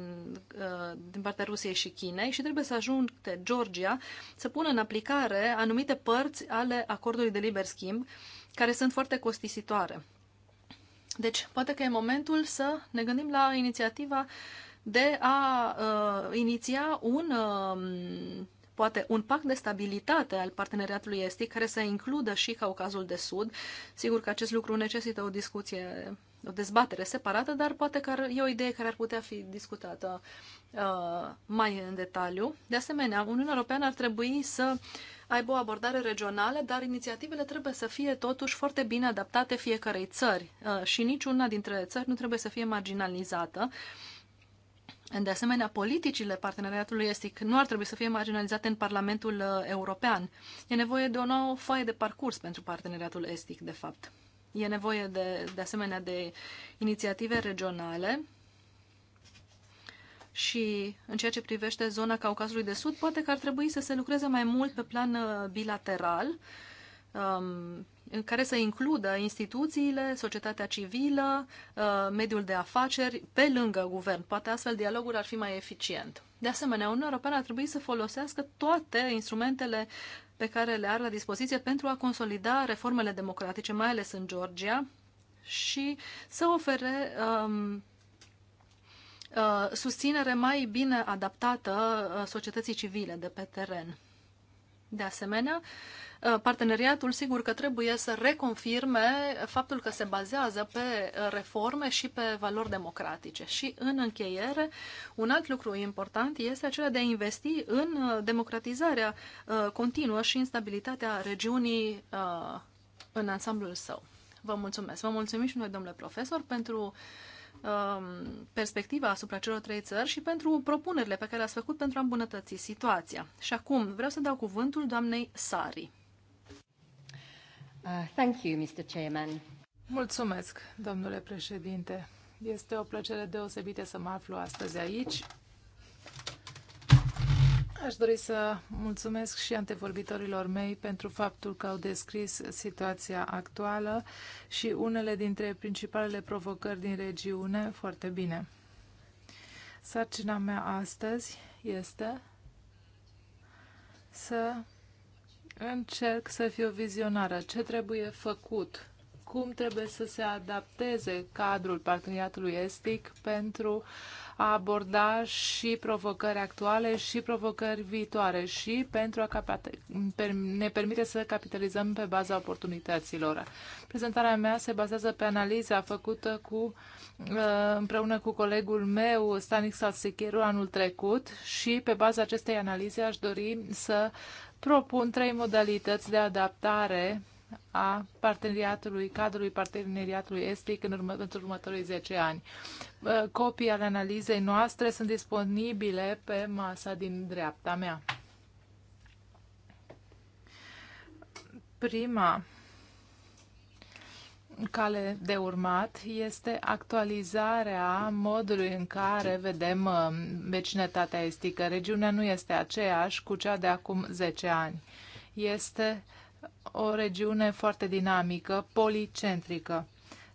uh, din partea Rusiei și Chinei și trebuie să ajungă Georgia să pună în aplicare anumite părți ale acordului de liber schimb care sunt foarte costisitoare. Deci, poate că e momentul să ne gândim la inițiativa uh, de a uh, iniția un, uh, poate, un pact de stabilitate al parteneriatului estic care să includă și Caucazul de Sud. Sigur că acest lucru necesită o discuție, o dezbatere separată, dar poate că e o idee care ar putea fi discutată uh, mai în detaliu. De asemenea, Uniunea Europeană ar trebui să aibă o abordare regională, dar inițiativele trebuie să fie totuși foarte bine adaptate fiecarei țări uh, și niciuna dintre țări nu trebuie să fie marginalizată. Uh, de asemenea, politicile parteneriatului estic nu ar trebui să fie marginalizate în Parlamentul uh, European. E nevoie de o nouă foaie de parcurs pentru parteneriatul estic, de fapt. E nevoie, de, de asemenea, de inițiative regionale și în ceea ce privește zona Caucazului de Sud, poate că ar trebui să se lucreze mai mult pe plan uh, bilateral, um, care să includă instituțiile, societatea civilă, uh, mediul de afaceri, pe lângă guvern. Poate astfel dialogul ar fi mai eficient. De asemenea, Uniunea Europeană ar trebui să folosească toate instrumentele pe care le are la dispoziție pentru a consolida reformele democratice, mai ales în Georgia, și să ofere um, uh, susținere mai bine adaptată uh, societății civile de pe teren. De asemenea, uh, parteneriatul sigur că trebuie să reconfirme faptul că se bazează pe uh, reforme și pe valori democratice. Și în încheiere, un alt lucru important este acela de a investi în uh, democratizarea continuă și în stabilitatea regiunii în ansamblul său. Vă mulțumesc. Vă mulțumim și noi, domnule profesor, pentru uh, Um, perspectiva asupra celor trei țări și pentru propunerile pe care le-ați făcut pentru a îmbunătăți situația. Și acum vreau să dau cuvântul doamnei Sari. Uh, thank you, Mr. Chairman. Mulțumesc, domnule președinte. Este o plăcere deosebită să mă aflu astăzi aici Aș dori să mulțumesc și antevorbitorilor mei pentru faptul că au descris situația actuală și unele dintre principalele provocări din regiune foarte bine. Sarcina mea astăzi este să încerc să fiu vizionară. Ce trebuie făcut? Cum trebuie să se adapteze cadrul parteneriatului estic pentru a aborda și provocări actuale și provocări viitoare și pentru a ne permite să capitalizăm pe baza oportunităților. Prezentarea mea se bazează pe analiza făcută cu, uh, împreună cu colegul meu, Stanislas Salsicheru, anul trecut și pe baza acestei analize aș dori să propun trei modalități de adaptare a parteneriatului, cadrului parteneriatului estic în, urmă, în următorii 10 ani. Copii ale analizei noastre sunt disponibile pe masa din dreapta mea. Prima cale de urmat este actualizarea modului în care vedem vecinătatea estică. Regiunea nu este aceeași cu cea de acum 10 ani. Este uh, o regiune foarte dinamică, policentrică.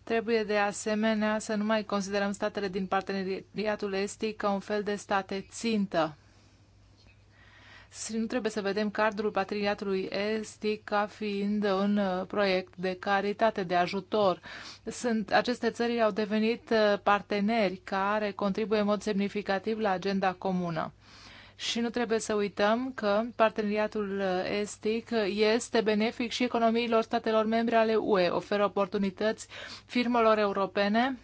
Trebuie de asemenea să nu mai considerăm statele din parteneriatul estic ca un fel de state țintă. Nu trebuie să vedem cadrul patriatului estic ca fiind un uh, proiect de caritate, de ajutor. Sunt, aceste țări au devenit uh, parteneri care contribuie în mod semnificativ la agenda comună și nu trebuie să uităm că parteneriatul eh, estic eh, este benefic și economiilor statelor membre ale UE, oferă oportunități firmelor europene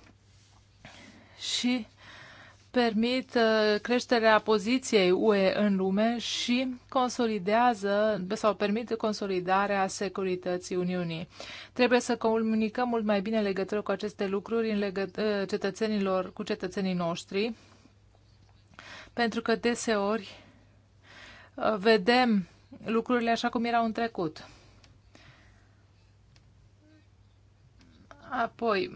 și permit eh, creșterea poziției UE în lume și consolidează sau permite consolidarea securității Uniunii. Trebuie să comunicăm mult mai bine legătură cu aceste lucruri în legăt- cetățenilor, cu cetățenii noștri pentru că deseori uh, vedem lucrurile așa cum erau în trecut. Apoi,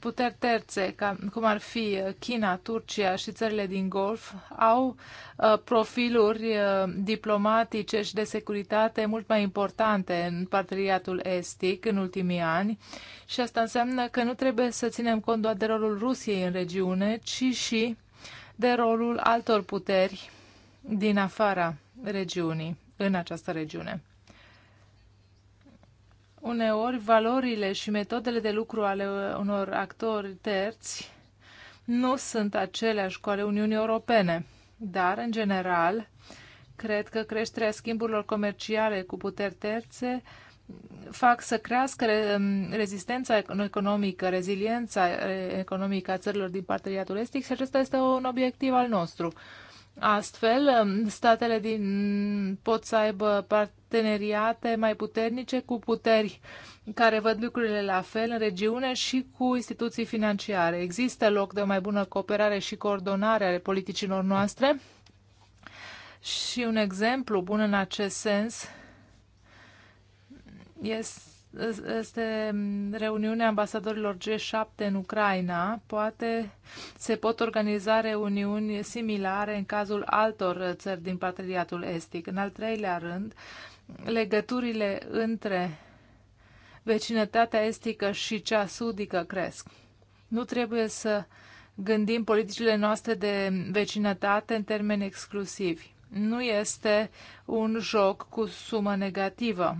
puteri terțe, ca, cum ar fi China, Turcia și țările din Golf, au uh, profiluri uh, diplomatice și de securitate mult mai importante în parteneriatul estic în ultimii ani și asta înseamnă că nu trebuie să ținem cont doar de rolul Rusiei în regiune, ci și de rolul altor puteri din afara regiunii, în această regiune. Uneori, valorile și metodele de lucru ale unor actori terți nu sunt aceleași cu ale Uniunii Europene, dar, în general, cred că creșterea schimburilor comerciale cu puteri terțe fac să crească rezistența economică, reziliența economică a țărilor din parteneriatul estic și acesta este un obiectiv al nostru. Astfel, um, statele din, pot să aibă parteneriate mai puternice cu puteri care văd lucrurile la fel în regiune și cu instituții financiare. Există loc de o mai bună cooperare și coordonare ale politicilor noastre și un exemplu bun în acest sens este reuniunea ambasadorilor G7 în Ucraina. Poate se pot organiza reuniuni similare în cazul altor țări din parteneriatul estic. În al treilea rând, legăturile între vecinătatea estică și cea sudică cresc. Nu trebuie să gândim politicile noastre de vecinătate în termeni exclusivi. Nu este un joc cu sumă negativă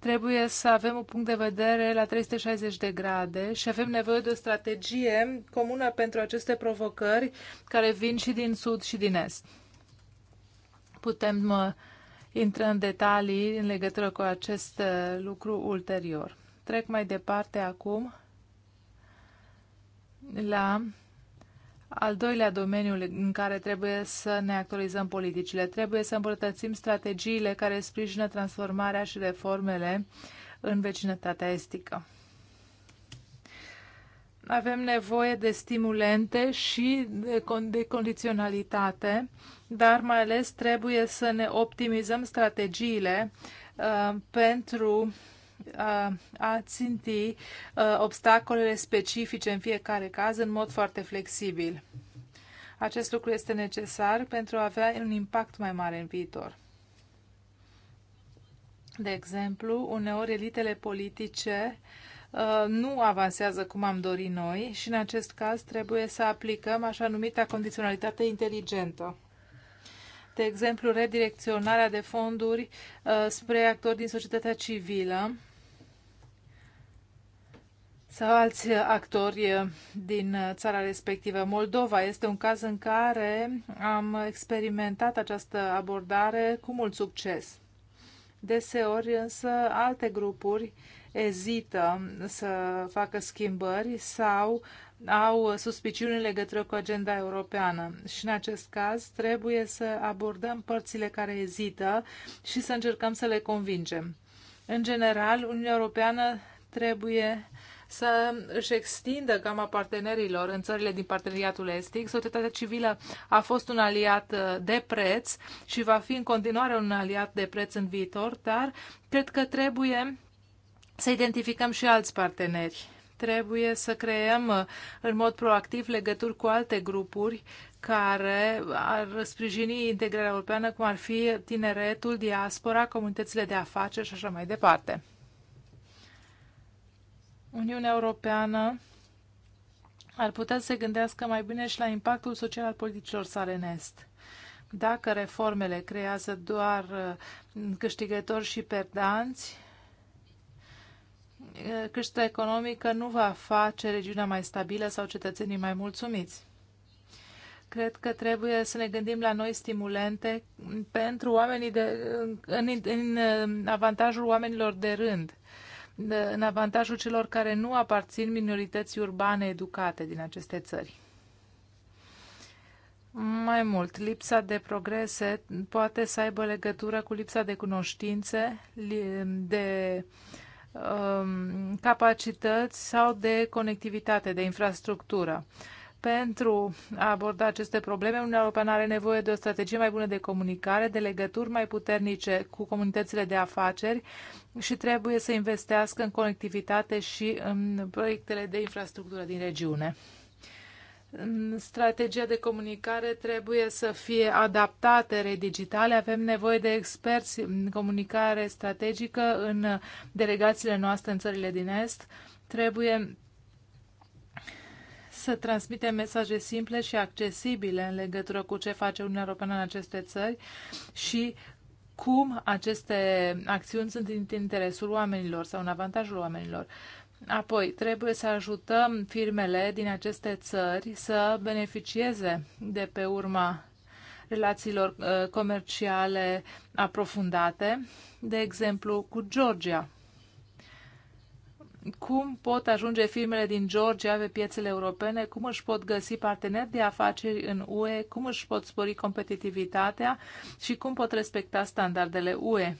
trebuie să avem un punct de vedere la 360 de grade și avem nevoie de o strategie comună pentru aceste provocări care vin și din sud și din est. Putem intra în detalii în legătură cu acest uh, lucru ulterior. Trec mai departe acum la al doilea domeniu în care trebuie să ne actualizăm politicile, trebuie să îmbunătățim strategiile care sprijină transformarea și reformele în vecinătatea estică. Avem nevoie de stimulente și de, con- de condiționalitate, dar mai ales trebuie să ne optimizăm strategiile uh, pentru uh, a ținti obstacolele specifice în fiecare caz în mod foarte flexibil. Acest lucru este necesar pentru a avea un impact mai mare în viitor. De exemplu, uneori elitele politice nu avansează cum am dorit noi și în acest caz trebuie să aplicăm așa numita condiționalitate inteligentă de exemplu, redirecționarea de fonduri uh, spre actori din societatea civilă sau alți actori din țara respectivă. Moldova este un caz în care am experimentat această abordare cu mult succes. Deseori însă alte grupuri ezită să facă schimbări sau au suspiciuni în legătură cu agenda europeană. Și în acest caz trebuie să abordăm părțile care ezită și să încercăm să le convingem. În general, Uniunea Europeană trebuie să își extindă gama partenerilor în țările din parteneriatul estic. Societatea civilă a fost un aliat uh, de preț și va fi în continuare un aliat de preț în viitor, dar cred că trebuie să identificăm și alți parteneri. Trebuie să creăm uh, în mod proactiv legături cu alte grupuri care ar sprijini integrarea europeană, cum ar fi tineretul, diaspora, comunitățile de afaceri și așa mai departe. Uniunea Europeană ar putea să se gândească mai bine și la impactul social al politicilor sale în Est. Dacă reformele creează doar uh, câștigători și perdanți, uh, creșterea economică nu va face regiunea mai stabilă sau cetățenii mai mulțumiți. Cred că trebuie să ne gândim la noi stimulente pentru oamenii de, în, în uh, avantajul oamenilor de rând în avantajul celor care nu aparțin minorității urbane educate din aceste țări. Mai mult, lipsa de progrese poate să aibă legătură cu lipsa de cunoștințe, de um, capacități sau de conectivitate, de infrastructură. Uh, pentru a aborda aceste probleme, Uniunea Europeană are nevoie de o strategie mai bună de comunicare, de legături mai puternice cu comunitățile de afaceri și trebuie să investească în conectivitate și în proiectele de infrastructură din regiune. Strategia de comunicare trebuie să fie adaptată redigitale. Avem nevoie de experți în comunicare strategică în delegațiile noastre în țările din Est. Trebuie să transmitem mesaje simple și accesibile în legătură cu ce face Uniunea Europeană în aceste țări și cum aceste acțiuni sunt în interesul oamenilor sau în avantajul oamenilor. Apoi, trebuie să ajutăm firmele din aceste țări să beneficieze de pe urma relațiilor uh, comerciale aprofundate, de exemplu cu Georgia cum pot ajunge firmele din Georgia pe piețele europene, cum își pot găsi parteneri de afaceri în UE, cum își pot spori competitivitatea și cum pot respecta standardele UE.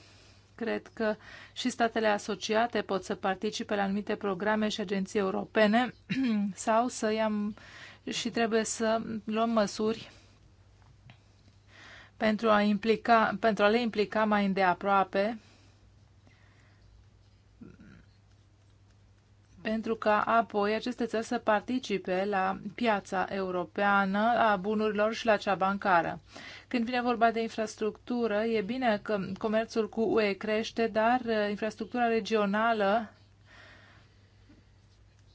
Cred că și statele asociate pot să participe la anumite programe și agenții europene (clears throat) sau să iam și trebuie să luăm măsuri pentru a, implica, pentru a le implica mai îndeaproape pentru ca apoi aceste țări să participe la piața europeană a bunurilor și la cea bancară. Când vine vorba de infrastructură, e bine că comerțul cu UE crește, dar uh, infrastructura regională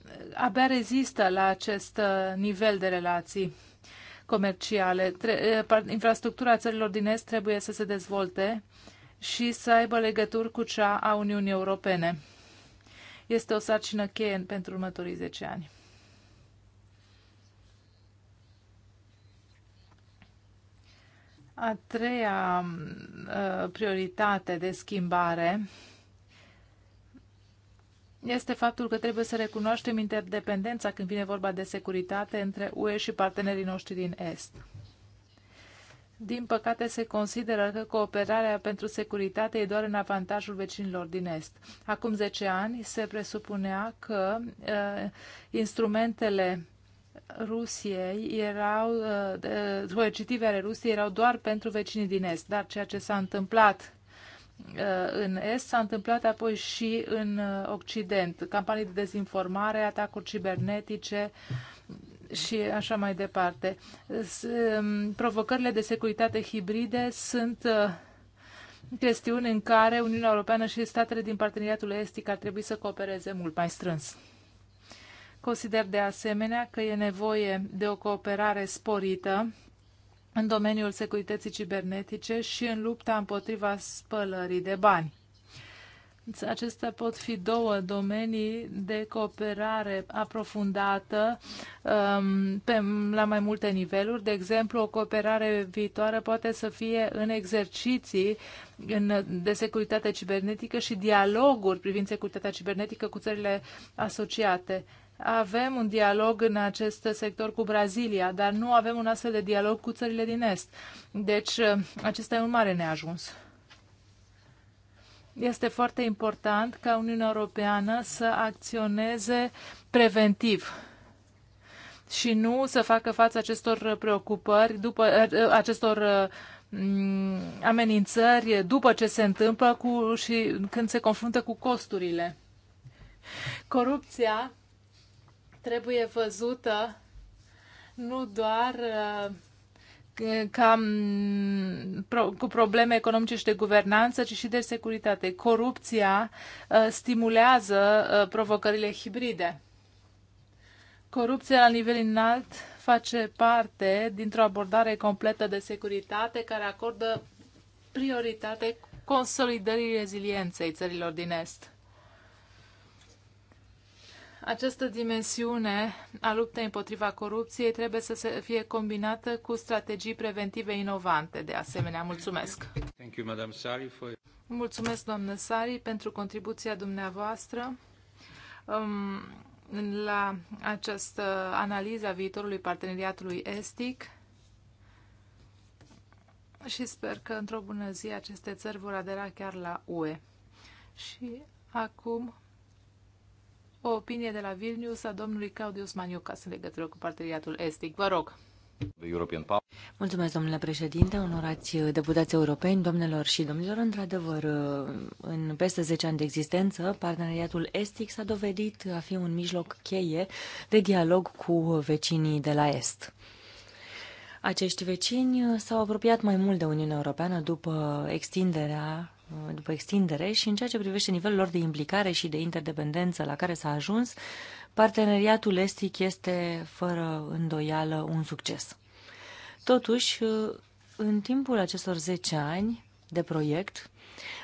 uh, abia rezistă la acest uh, nivel de relații comerciale. Infrastructura țărilor din Est trebuie să se dezvolte și să aibă legături cu cea a Uniunii Europene este o sarcină cheie pentru următorii 10 ani. A treia ă, prioritate de schimbare este faptul că trebuie să recunoaștem interdependența când vine vorba de securitate între UE și partenerii noștri din Est. Din păcate, se consideră că cooperarea pentru securitate e doar în avantajul vecinilor din Est. Acum 10 ani se presupunea că uh, instrumentele Rusiei erau, uh, coercitive ale Rusiei erau doar pentru vecinii din Est, dar ceea ce s-a întâmplat uh, în Est, s-a întâmplat apoi și în uh, Occident. Campanii de dezinformare, atacuri cibernetice, și așa mai departe. Um, provocările de securitate hibride sunt uh, chestiuni în care Uniunea Europeană și statele din parteneriatul estic ar trebui să coopereze mult mai strâns. Consider de asemenea că e nevoie de o cooperare sporită în domeniul securității cibernetice și în lupta împotriva spălării de bani. Acestea pot fi două domenii de cooperare aprofundată um, pe, la mai multe niveluri. De exemplu, o cooperare viitoare poate să fie în exerciții în, de securitate cibernetică și dialoguri privind securitatea cibernetică cu țările asociate. Avem un dialog în acest sector cu Brazilia, dar nu avem un astfel de dialog cu țările din Est. Deci, acesta e un mare neajuns. Este foarte important ca Uniunea Europeană să acționeze preventiv și nu să facă față acestor preocupări, după, acestor mm, amenințări după ce se întâmplă cu, și când se confruntă cu costurile. Corupția trebuie văzută nu doar ca, mm, cu probleme economice și de guvernanță, ci și de securitate. Corupția uh, stimulează uh, provocările hibride. Corupția la nivel înalt face parte dintr-o abordare completă de securitate care acordă prioritate consolidării rezilienței țărilor din Est. Această dimensiune a luptei împotriva corupției trebuie să se fie combinată cu strategii preventive inovante. De asemenea, mulțumesc! Thank you, Sari, for... Mulțumesc, doamnă Sari, pentru contribuția dumneavoastră um, la această analiză a viitorului parteneriatului estic și sper că într-o bună zi aceste țări vor adera chiar la UE. Și acum o opinie de la Vilnius a domnului Claudius Maniucas în legătură cu parteneriatul estic. Vă rog! Mulțumesc, domnule președinte, onorați uh, deputați europeni, domnilor și domnilor. Într-adevăr, uh, în peste 10 ani de existență, parteneriatul estic s-a dovedit a fi un mijloc cheie de dialog cu vecinii de la Est. Acești vecini s-au apropiat mai mult de Uniunea Europeană după extinderea Uh, după extindere și în ceea ce privește nivelul lor de implicare și de interdependență la care s-a ajuns, parteneriatul estic este fără îndoială un succes. Totuși, uh, în timpul acestor 10 ani de proiect,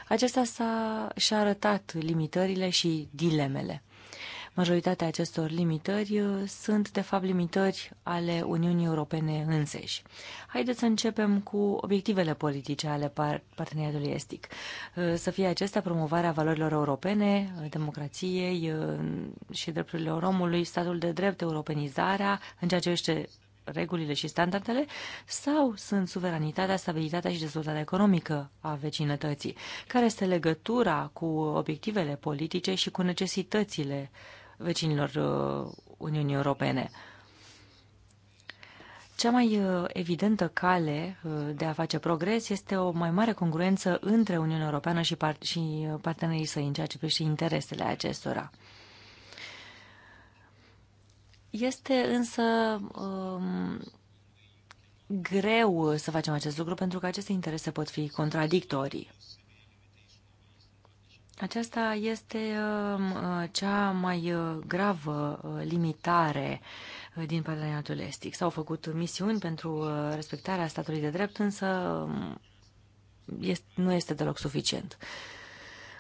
acesta s-a, și-a arătat limitările și dilemele. Majoritatea acestor limitări uh, sunt, de fapt, limitări ale Uniunii Europene înseși. Haideți să începem cu obiectivele politice ale parteneriatului estic. Uh, să fie acestea promovarea valorilor europene, uh, democrației și drepturilor omului, statul de drept, europenizarea, în ceea ce este regulile și standardele sau sunt suveranitatea, stabilitatea și dezvoltarea economică a vecinătății? Care este legătura cu obiectivele politice și cu necesitățile vecinilor uh, Uniunii Europene. Cea mai uh, evidentă cale uh, de a face progres este o mai mare congruență între Uniunea Europeană și, part- și partenerii săi în ceea ce privește interesele acestora. Este însă um, greu să facem acest lucru pentru că aceste interese pot fi contradictorii. Aceasta este um, uh, cea mai uh, gravă uh, limitare din parteneriatul estic. S-au făcut misiuni pentru respectarea statului de drept, însă um, este, nu este deloc suficient.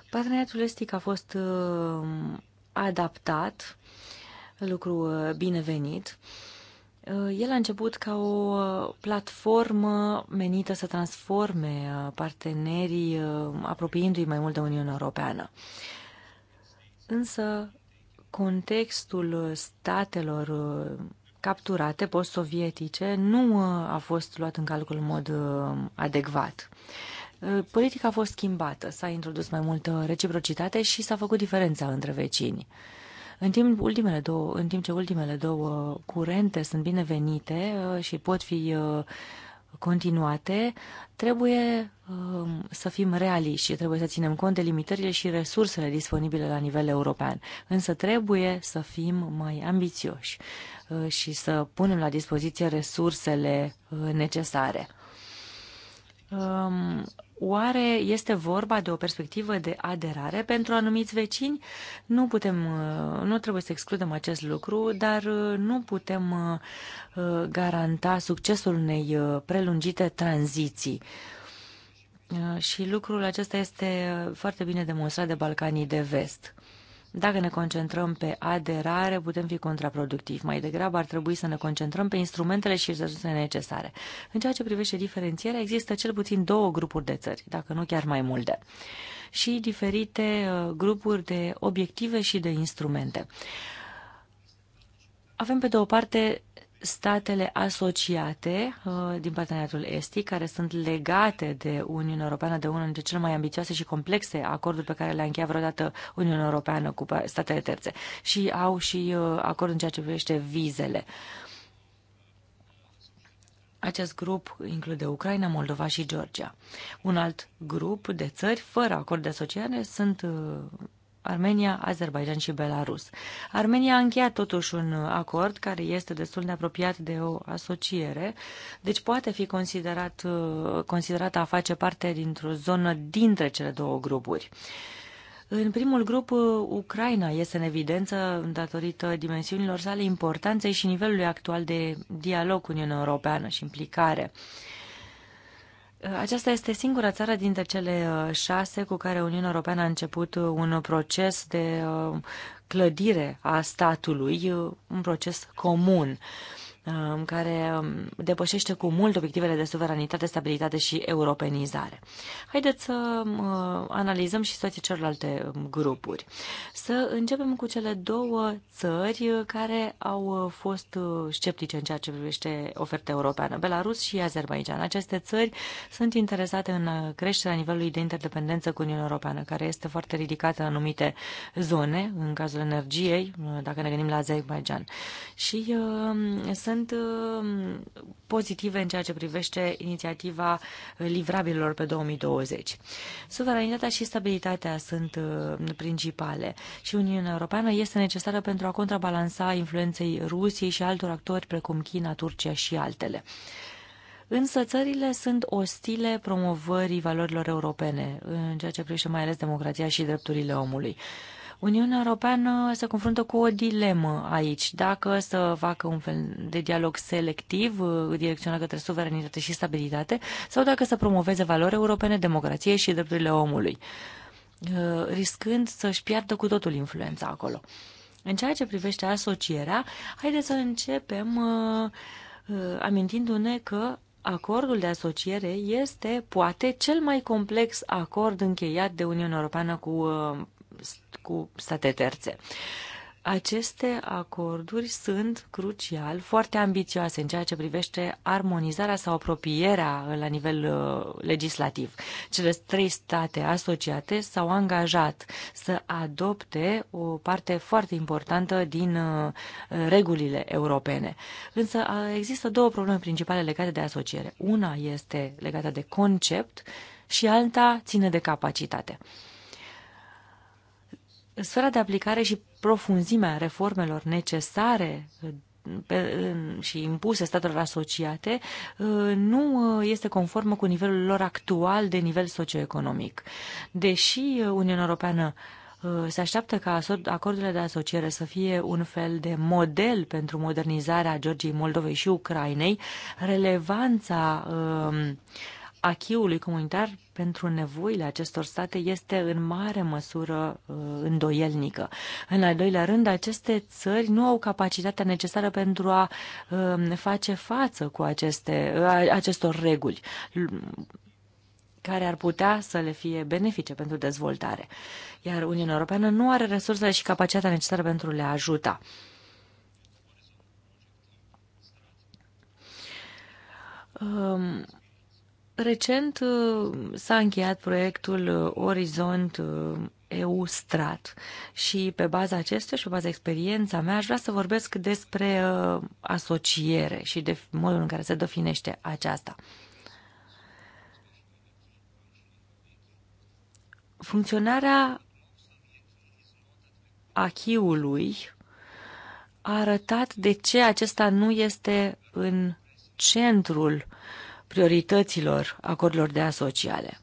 Parteneriatul estic a fost um, adaptat, lucru binevenit. Uh, el a început ca o uh, platformă menită să transforme uh, partenerii, apropiindu-i mai mult de Uniunea Europeană. Însă, contextul statelor capturate post-sovietice nu a fost luat în calcul în mod adecvat. Politica a fost schimbată, s-a introdus mai multă reciprocitate și s-a făcut diferența între vecini. În timp, ultimele două, în timp ce ultimele două curente sunt binevenite uh, și pot fi uh, continuate, trebuie um, să fim realiști și trebuie să ținem cont de limitările și resursele disponibile la nivel european. Însă trebuie să fim mai ambițioși uh, și să punem la dispoziție resursele necesare. Um, Oare este vorba de o perspectivă de aderare pentru anumiți vecini? Nu putem, uh, nu trebuie să excludem acest lucru, dar uh, nu putem uh, garanta succesul unei prelungite tranziții. Și lucrul acesta este foarte bine demonstrat de Balcanii de Vest. Dacă ne concentrăm pe aderare, putem fi contraproductivi. Mai degrabă ar trebui să ne concentrăm pe instrumentele și resursele necesare. În ceea ce privește diferențierea, există cel puțin două grupuri de țări, dacă nu chiar mai multe și diferite uh, grupuri de obiective și de instrumente. Avem pe de o parte statele asociate uh, din parteneriatul estic, care sunt legate de Uniunea Europeană, de unul dintre cele mai ambițioase și complexe acorduri pe care le-a încheiat vreodată Uniunea Europeană cu statele terțe. Și au și uh, acord în ceea ce privește vizele. Acest grup include Ucraina, Moldova și Georgia. Un alt grup de țări fără acord de asociare sunt uh, Armenia, Azerbaijan și Belarus. Armenia a încheiat totuși un acord care este destul de apropiat de o asociere, deci poate fi considerat, considerată a face parte dintr-o zonă dintre cele două grupuri. În primul grup, Ucraina este în evidență datorită dimensiunilor sale, importanței și nivelului actual de dialog cu Uniunea Europeană și implicare. Uh, aceasta este singura țară dintre cele uh, șase cu care Uniunea Europeană a început uh, un proces de uh, clădire a statului, un proces comun. Uh, Um, care um, depășește cu mult obiectivele de suveranitate, stabilitate și europenizare. Haideți să um, uh, analizăm și situația celorlalte grupuri. Să începem cu cele două țări care au uh, fost uh, sceptice în ceea ce privește oferta europeană, Belarus și Azerbaijan. Aceste țări sunt interesate în creșterea nivelului de interdependență cu Uniunea Europeană, care este foarte ridicată în anumite zone, în cazul energiei, dacă ne gândim la Azerbaijan. Și uh, să sunt um, pozitive în ceea ce privește inițiativa livrabililor pe 2020. Suveranitatea și stabilitatea sunt um, principale și Uniunea Europeană este necesară pentru a contrabalansa influenței Rusiei și altor actori precum China, Turcia și altele. Însă țările sunt ostile promovării valorilor europene, în ceea ce privește mai ales democrația și drepturile omului. Uniunea Europeană se confruntă cu o dilemă aici. Dacă să facă un fel de dialog selectiv, uh, direcționat către suveranitate și stabilitate, sau dacă să promoveze valori europene, democrație și drepturile omului, uh, riscând să-și piardă cu totul influența acolo. În ceea ce privește asocierea, haideți să începem uh, amintindu-ne că acordul de asociere este, poate, cel mai complex acord încheiat de Uniunea Europeană cu cu state terțe. Aceste acorduri sunt crucial, foarte ambițioase în ceea ce privește armonizarea sau apropierea uh, la nivel uh, legislativ. Cele trei state asociate s-au angajat să adopte o parte foarte importantă din uh, regulile europene. Însă uh, există două probleme principale legate de asociere. Una este legată de concept și alta ține de capacitate. Uh, sfera de aplicare și profunzimea reformelor necesare uh, pe, și impuse statelor asociate uh, nu uh, este conformă cu nivelul lor actual de nivel socioeconomic. Deși Uniunea Europeană se așteaptă ca acordurile de asociere să fie un fel de model pentru modernizarea Georgiei, Moldovei și Ucrainei. Relevanța uh, achiului comunitar pentru nevoile acestor state este în mare măsură uh, îndoielnică. În al doilea rând, aceste țări nu au capacitatea necesară pentru a um, face față cu aceste, acestor reguli care ar putea să le fie benefice pentru dezvoltare. Iar Uniunea Europeană nu are resursele și capacitatea necesară pentru a le ajuta. Um, Recent uh, s-a încheiat proiectul uh, Orizont uh, EU Strat și pe baza acestuia și pe baza experiența mea aș vrea să vorbesc despre asociere și de modul în care se definește aceasta. Funcționarea achiului a arătat de ce acesta nu este în centrul uh, priorităților acordurilor de asociare.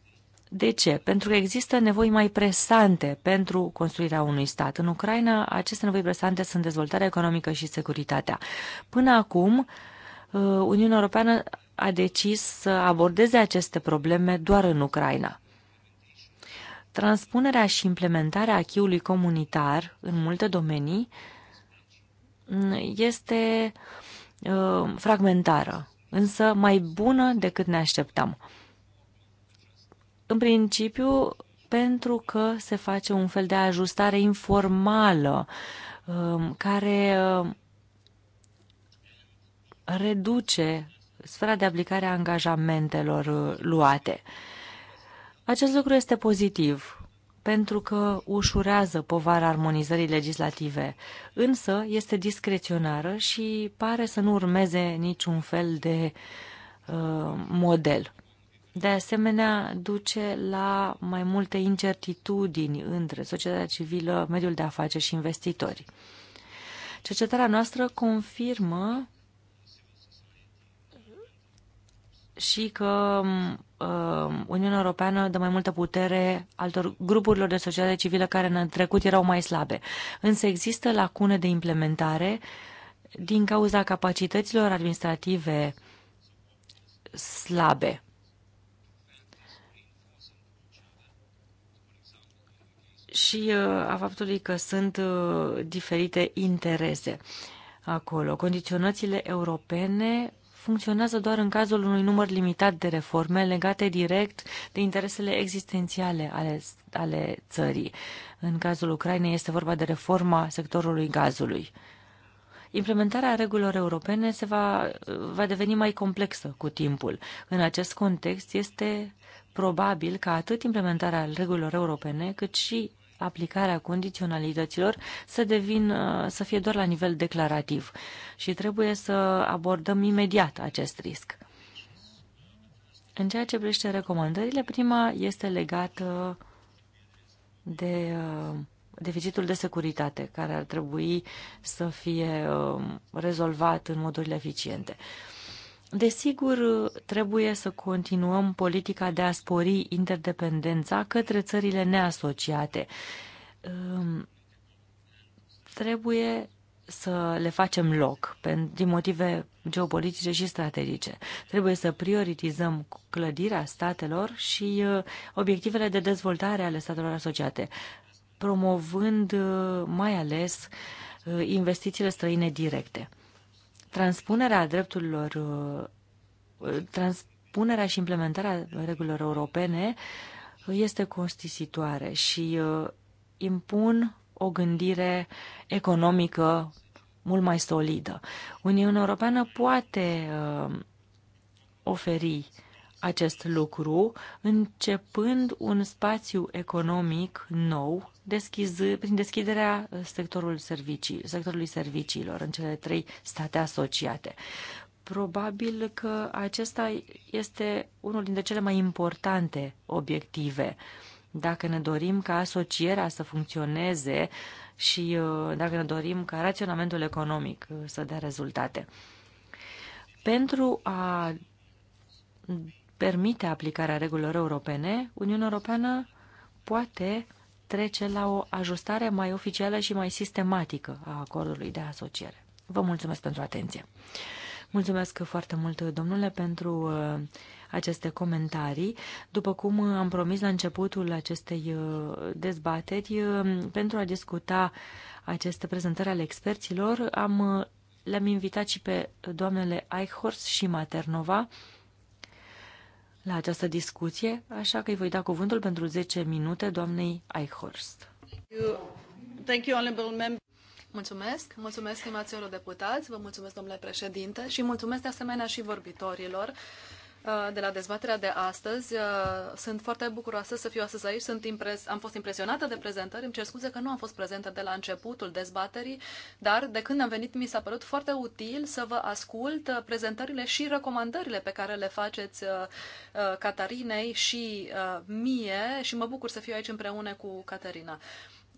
De ce? Pentru că există nevoi mai presante pentru construirea unui stat. În Ucraina, aceste nevoi presante sunt dezvoltarea economică și securitatea. Până acum, uh, Uniunea Europeană a decis să abordeze aceste probleme doar în Ucraina. Transpunerea și implementarea achiului comunitar în multe domenii mm, este uh, fragmentară însă mai bună decât ne așteptam. În principiu, pentru că se face un fel de ajustare informală um, care um, reduce sfera de aplicare a angajamentelor uh, luate. Acest lucru este pozitiv pentru că ușurează povara armonizării legislative, însă este discreționară și pare să nu urmeze niciun fel de uh, model. De asemenea, duce la mai multe incertitudini între societatea civilă, mediul de afaceri și investitori. Cercetarea noastră confirmă și că um, Um, Uniunea Europeană dă mai multă putere altor grupurilor de societate civilă care în trecut erau mai slabe. Însă există lacune de implementare din cauza capacităților administrative slabe. Și uh, a faptului că sunt uh, diferite interese acolo. Condiționățile europene funcționează doar în cazul unui număr limitat de reforme legate direct de interesele existențiale ale, ale țării. În cazul Ucrainei este vorba de reforma sectorului gazului. Implementarea regulilor europene se va, va deveni mai complexă cu timpul. În acest context este probabil că atât implementarea regulilor europene, cât și aplicarea condiționalităților să, devin, uh, să fie doar la nivel declarativ și trebuie să abordăm imediat acest risc. În ceea ce privește recomandările, prima este legată de uh, deficitul de securitate, care ar trebui să fie uh, rezolvat în moduri eficiente. Desigur, trebuie să continuăm politica de a spori interdependența către țările neasociate. Trebuie să le facem loc din motive geopolitice și strategice. Trebuie să prioritizăm clădirea statelor și uh, obiectivele de dezvoltare ale statelor asociate, promovând uh, mai ales uh, investițiile străine directe. Transpunerea drepturilor, uh, transpunerea și implementarea regulilor europene este costisitoare și uh, impun o gândire economică mult mai solidă. Uniunea Europeană poate uh, oferi acest lucru, începând un spațiu economic nou, deschiz, prin deschiderea sectorului servicii, sectorului serviciilor în cele trei state asociate. Probabil că acesta este unul dintre cele mai importante obiective. Dacă ne dorim ca asocierea să funcționeze și uh, dacă ne dorim ca raționamentul economic uh, să dea rezultate. Pentru a permite aplicarea regulilor europene, Uniunea Europeană poate trece la o ajustare mai oficială și mai sistematică a acordului de asociere. Vă mulțumesc pentru atenție. Mulțumesc foarte mult, domnule, pentru uh, aceste comentarii. După cum am promis la începutul acestei uh, dezbateri, uh, pentru a discuta aceste prezentări ale experților, am, le-am invitat și pe doamnele Eichhorst și Maternova, la această discuție, așa că îi voi da cuvântul pentru 10 minute doamnei Eichhorst. Thank you, honorable member. Mulțumesc, mulțumesc stimați deputați, vă mulțumesc domnule președinte și mulțumesc de asemenea și vorbitorilor Uh, de la dezbaterea de astăzi. Uh, sunt foarte bucuroasă să fiu astăzi aici. Sunt impres... Am fost impresionată de prezentări. Îmi cer scuze că nu am fost prezentă de la începutul dezbaterii, dar de când am venit mi s-a părut foarte util să vă ascult uh, prezentările și recomandările pe care le faceți Catarinei și mie și mă bucur să fiu aici împreună cu Catarina.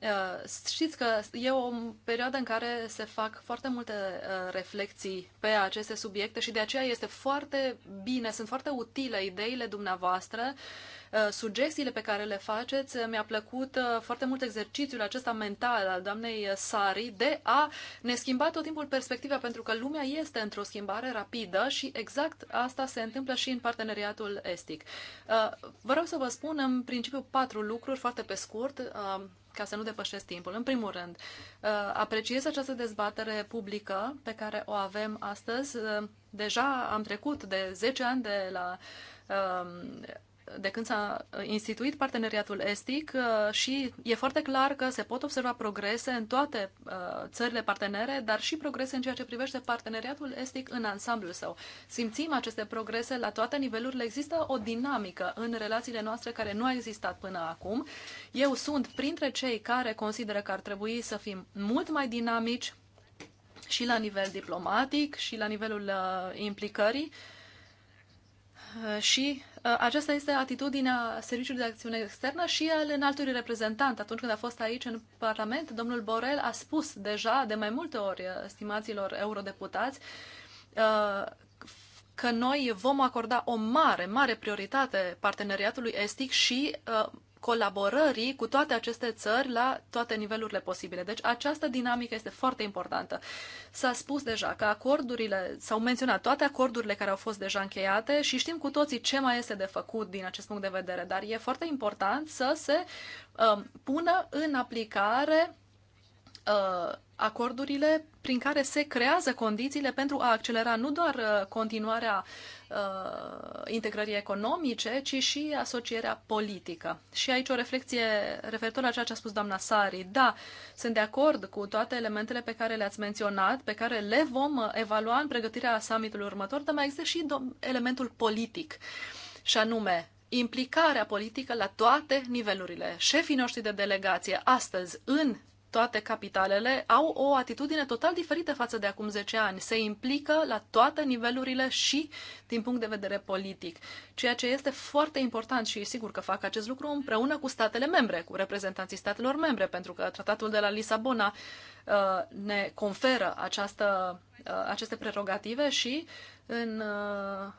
Uh, știți că e o perioadă în care se fac foarte multe uh, reflexii pe aceste subiecte și de aceea este foarte bine, sunt foarte utile ideile dumneavoastră, uh, sugestiile pe care le faceți. Mi-a plăcut foarte mult exercițiul acesta mental al doamnei Sari de a ne schimba tot timpul perspectiva, pentru că lumea este într-o schimbare rapidă și exact asta se întâmplă și în parteneriatul estic. Vreau să vă spun în principiu patru lucruri foarte pe scurt ca să nu depășesc timpul. În primul rând, uh, apreciez această dezbatere publică pe care o avem astăzi. Uh, deja am trecut de 10 ani de la uh, de când s-a uh, instituit parteneriatul estic uh, și e foarte clar că se pot observa progrese în toate uh, țările partenere, dar și progrese în ceea ce privește parteneriatul estic în ansamblul său. Simțim aceste progrese la toate nivelurile. Există o dinamică în relațiile noastre care nu a existat până acum. Eu sunt printre cei care consideră că ar trebui să fim mult mai dinamici și la nivel diplomatic și la nivelul implicării și Uh, aceasta este atitudinea Serviciului de Acțiune Externă și al înaltului reprezentant. Atunci când a fost aici în Parlament, domnul Borel a spus deja de mai multe ori uh, stimaților eurodeputați uh, că noi vom acorda o mare, mare prioritate parteneriatului estic și colaborării cu toate aceste țări la toate nivelurile posibile. Deci această dinamică este foarte importantă. S-a spus deja că acordurile, s-au menționat toate acordurile care au fost deja încheiate și știm cu toții ce mai este de făcut din acest punct de vedere, dar e foarte important să se um, pună în aplicare Uh, acordurile prin care se creează condițiile pentru a accelera nu doar uh, continuarea uh, integrării economice, ci și asocierea politică. Și aici o reflexie referitor la ceea ce a spus doamna Sari. Da, sunt de acord cu toate elementele pe care le-ați menționat, pe care le vom evalua în pregătirea summitului următor, dar mai există și elementul politic. Și anume, implicarea politică la toate nivelurile. Șefii noștri de delegație astăzi în toate capitalele au o atitudine total diferită față de acum 10 ani. Se implică la toate nivelurile și din punct de vedere politic, ceea ce este foarte important și sigur că fac acest lucru împreună cu statele membre, cu reprezentanții statelor membre, pentru că tratatul de la Lisabona uh, ne conferă această, uh, aceste prerogative și în uh,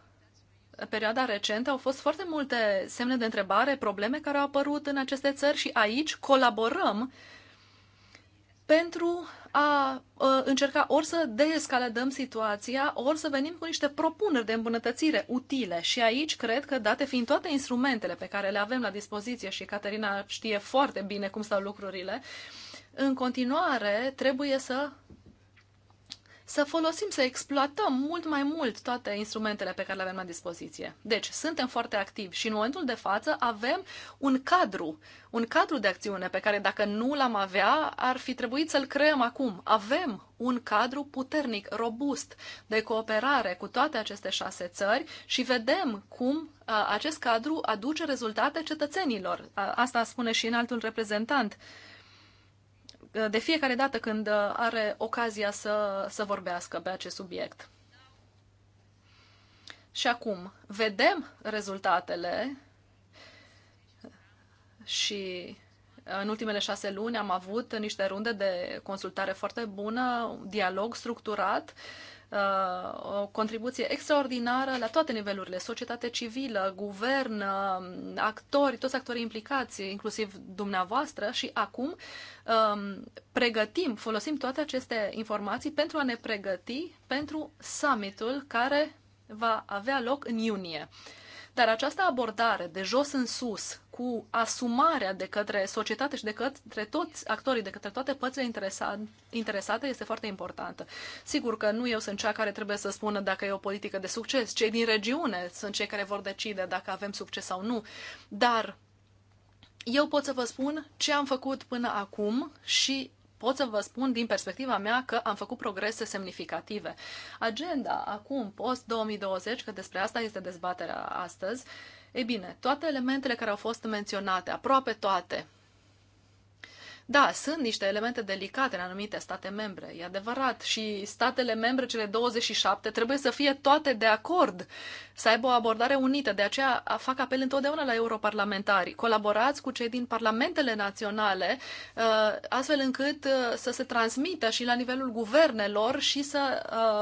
perioada recentă au fost foarte multe semne de întrebare, probleme care au apărut în aceste țări și aici colaborăm uh, pentru a uh, încerca ori să deescaladăm situația, ori să venim cu niște propuneri de îmbunătățire utile. Și aici cred că, date fiind toate instrumentele pe care le avem la dispoziție și Caterina știe foarte bine cum stau lucrurile, în continuare trebuie să să folosim, să exploatăm mult mai mult toate instrumentele pe care le avem la dispoziție. Deci, suntem foarte activi și în momentul de față avem un cadru, un cadru de acțiune pe care dacă nu l-am avea, ar fi trebuit să-l creăm acum. Avem un cadru puternic, robust, de cooperare cu toate aceste șase țări și vedem cum acest cadru aduce rezultate cetățenilor. Asta spune și în altul reprezentant Uh, de fiecare dată când uh, are ocazia să, să vorbească pe acest subiect. Și acum, vedem rezultatele și uh, în ultimele șase luni am avut niște runde de consultare foarte bună, dialog structurat Uh, o contribuție extraordinară la toate nivelurile, societate civilă, guvern, um, actori, toți actorii implicați, inclusiv dumneavoastră și acum um, pregătim, folosim toate aceste informații pentru a ne pregăti pentru summitul care va avea loc în iunie. Dar această abordare de jos în sus, cu asumarea de către societate și de către toți actorii, de către toate părțile interesate, este foarte importantă. Sigur că nu eu sunt cea care trebuie să spună dacă e o politică de succes. Cei din regiune sunt cei care vor decide dacă avem succes sau nu. Dar eu pot să vă spun ce am făcut până acum și pot să vă spun din perspectiva mea că am făcut progrese semnificative. Agenda acum, post-2020, că despre asta este dezbaterea astăzi, uh, ei bine, toate elementele care au fost menționate, aproape toate, da, sunt niște elemente delicate în anumite state membre, e adevărat, și statele membre, cele 27, trebuie să fie toate de acord, să aibă o abordare unită. De aceea fac apel întotdeauna la europarlamentari. Colaborați cu cei din parlamentele naționale, uh, astfel încât uh, să se transmită și la nivelul guvernelor și să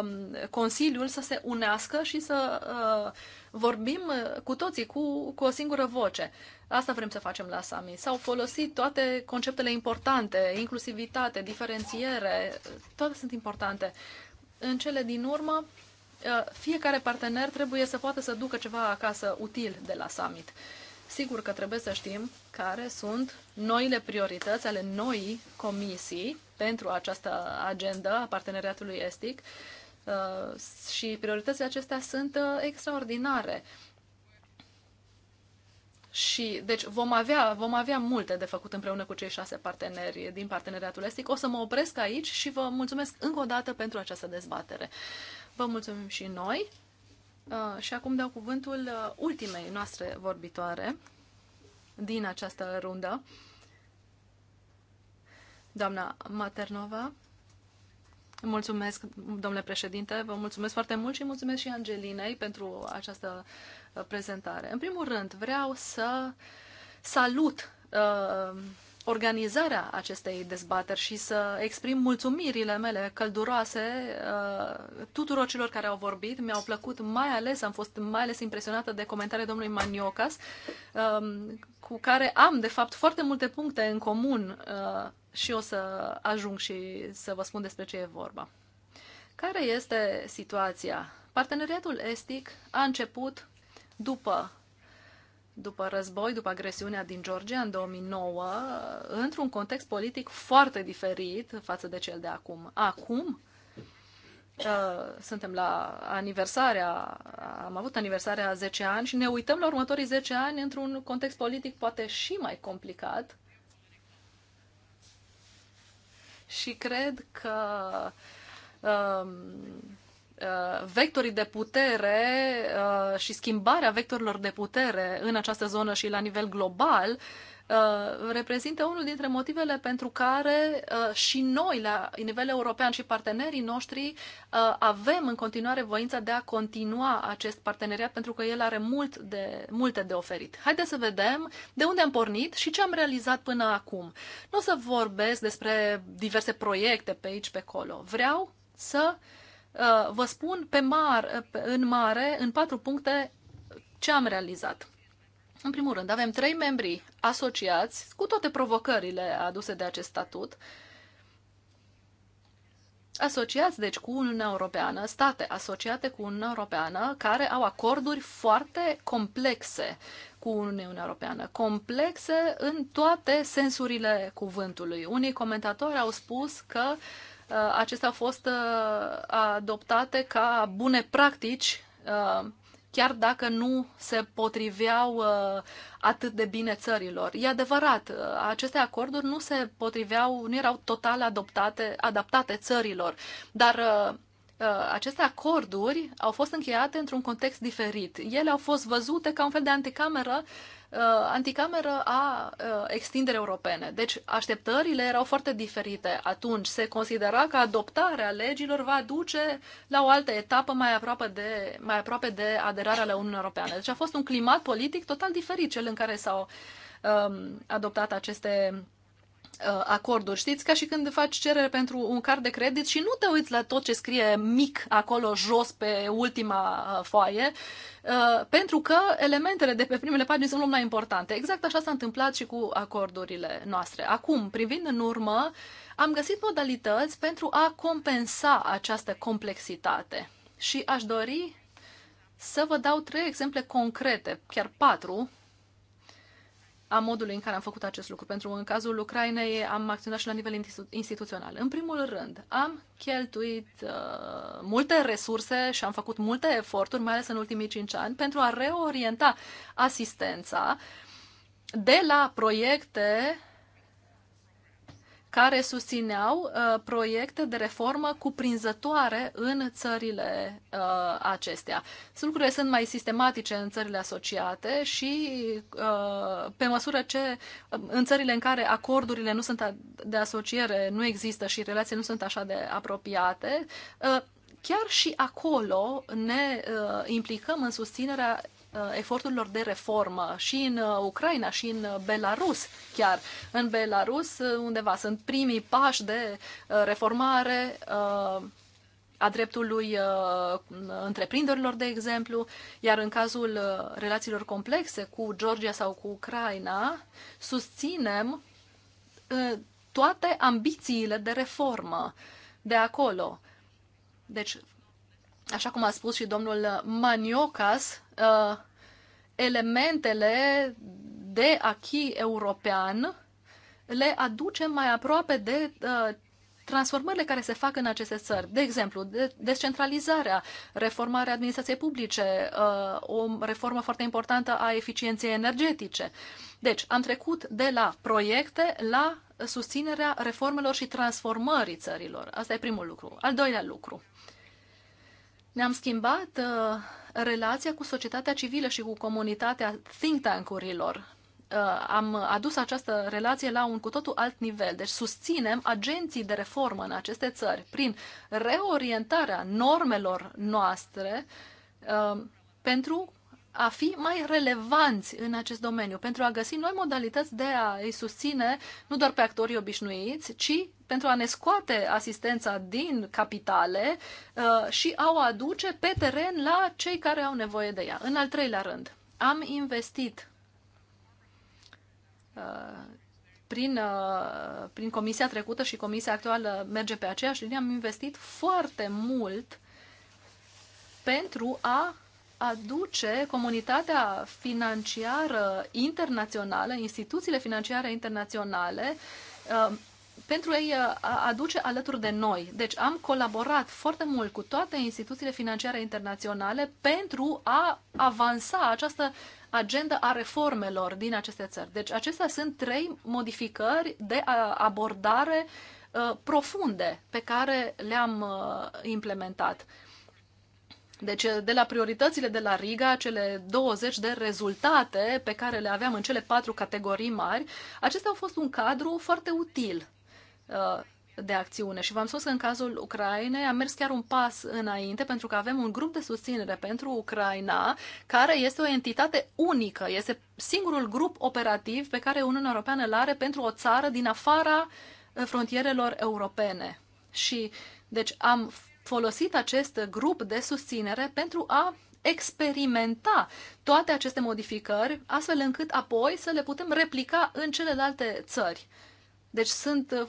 um, Consiliul să se unească și să uh, vorbim uh, cu toții, cu, cu o singură voce. Asta vrem să facem la summit. S-au folosit toate conceptele importante, inclusivitate, diferențiere, uh, toate sunt importante. În cele din urmă, uh, fiecare partener trebuie să poată să ducă ceva acasă util de la summit. Sigur că trebuie să știm care sunt noile priorități ale noii comisii pentru această agendă a parteneriatului estic Uh, și prioritățile acestea sunt uh, extraordinare. Și, deci, vom avea, vom avea multe de făcut împreună cu cei șase parteneri din parteneriatul estic. O să mă opresc aici și vă mulțumesc încă o dată pentru această dezbatere. Vă mulțumim și noi. Uh, și acum dau cuvântul ultimei noastre vorbitoare din această rundă, doamna Maternova, Mulțumesc, domnule președinte, vă mulțumesc foarte mult și mulțumesc și Angelinei pentru această uh, prezentare. În primul rând, vreau să salut uh, organizarea acestei dezbateri și să exprim mulțumirile mele călduroase uh, tuturor celor care au vorbit. Mi-au plăcut mai ales, am fost mai ales impresionată de comentariile domnului Maniocas, um, cu care am, de fapt, foarte multe puncte în comun uh, și o să ajung și să vă spun despre ce e vorba. Care este situația? Parteneriatul estic a început după după război, după agresiunea din Georgia în 2009, într-un context politic foarte diferit față de cel de acum. Acum, uh, suntem la aniversarea, am avut aniversarea a 10 ani și ne uităm la următorii 10 ani într-un context politic poate și mai complicat. Și cred că uh, Uh, vectorii de putere uh, și schimbarea vectorilor de putere în această zonă și la nivel global uh, reprezintă unul dintre motivele pentru care și noi, la nivel european și partenerii noștri, avem în continuare voința de a continua acest parteneriat pentru că el are mult de, multe de oferit. Haideți să vedem de unde am pornit și ce am realizat până acum. Nu o să vorbesc despre diverse proiecte pe aici, pe acolo. Vreau să uh, Uh, vă spun pe mar, uh, în mare, în patru puncte, ce am realizat. În primul rând, avem trei membri asociați cu toate provocările aduse de acest statut, asociați, deci, cu Uniunea Europeană, state asociate cu Uniunea Europeană, care au acorduri foarte complexe cu Uniunea Europeană. Complexe în toate sensurile cuvântului. Unii comentatori au spus că uh, Uh, acestea au fost uh, adoptate ca bune practici, uh, chiar dacă nu se potriveau atât de bine țărilor. E adevărat, aceste acorduri nu se potriveau, nu erau total adoptate, adaptate țărilor, dar aceste acorduri au fost încheiate într-un context diferit. Ele au fost văzute ca un fel de anticameră uh, Uh, anticameră a uh, extinderii europene. Deci așteptările erau foarte diferite. Atunci se considera că adoptarea legilor va duce la o altă etapă mai aproape de, mai aproape de aderarea la Uniunea Europeană. Deci a fost un climat politic total diferit cel în care s-au um, adoptat aceste Uh, acorduri. Știți, ca și când faci cerere pentru un card de credit și nu te uiți la tot ce scrie mic acolo jos pe ultima uh, foaie, uh, pentru că elementele de pe primele pagini sunt mult mai importante. Exact așa s-a întâmplat și cu acordurile noastre. Acum, privind în urmă, am găsit modalități pentru a compensa această complexitate. Și aș dori să vă dau trei exemple concrete, chiar patru, a modului în care am făcut acest lucru, pentru că în cazul Ucrainei am acționat și la nivel instituțional. În primul rând, am cheltuit uh, multe resurse și am făcut multe eforturi, mai ales în ultimii cinci ani, pentru a reorienta asistența de la proiecte care susțineau uh, proiecte de reformă cuprinzătoare în țările uh, acestea. Lucrurile sunt mai sistematice în țările asociate și uh, pe măsură ce uh, în țările în care acordurile nu sunt de asociere nu există și relațiile nu sunt așa de apropiate, uh, chiar și acolo ne uh, implicăm în susținerea Uh, eforturilor de reformă și în uh, Ucraina și în uh, Belarus chiar. În Belarus undeva sunt primii pași de reformare a dreptului întreprinderilor, de exemplu, iar în cazul relațiilor complexe cu Georgia sau cu Ucraina, susținem toate ambițiile de reformă de acolo. Deci așa cum a spus și domnul Maniocas, uh, elementele de achi european le aducem mai aproape de uh, transformările care se fac în aceste țări. De exemplu, descentralizarea, reformarea administrației publice, uh, o reformă foarte importantă a eficienței energetice. Deci, am trecut de la proiecte la susținerea reformelor și transformării țărilor. Asta e primul lucru. Al doilea lucru ne-am schimbat uh, relația cu societatea civilă și cu comunitatea think tank-urilor. Uh, am adus această relație la un cu totul alt nivel. Deci susținem agenții de reformă în aceste țări prin reorientarea normelor noastre uh, pentru a fi mai relevanți în acest domeniu, pentru a găsi noi modalități de a îi susține nu doar pe actorii obișnuiți, ci pentru a ne scoate asistența din capitale uh, și a o aduce pe teren la cei care au nevoie de ea. În al treilea rând, am investit uh, prin, uh, prin comisia trecută și comisia actuală merge pe aceeași linie, am investit foarte mult pentru a aduce comunitatea financiară internațională, instituțiile financiare internaționale, uh, pentru ei uh, aduce alături de noi. Deci am colaborat foarte mult cu toate instituțiile financiare internaționale pentru a avansa această agenda a reformelor din aceste țări. Deci acestea sunt trei modificări de uh, abordare profunde pe care le-am implementat. Deci, de la prioritățile de la Riga, cele 20 de rezultate pe care le aveam în cele patru categorii mari, acestea au fost un cadru foarte util uh, de acțiune și v-am spus că în cazul Ucrainei am mers chiar un pas înainte pentru că avem un grup de susținere pentru Ucraina care este o entitate unică, este singurul grup operativ pe care Uniunea Europeană îl are pentru o țară din afara uh, frontierelor europene. Și deci am folosit acest grup de susținere pentru a experimenta toate aceste modificări, astfel încât apoi să le putem replica în celelalte țări. Deci sunt uh,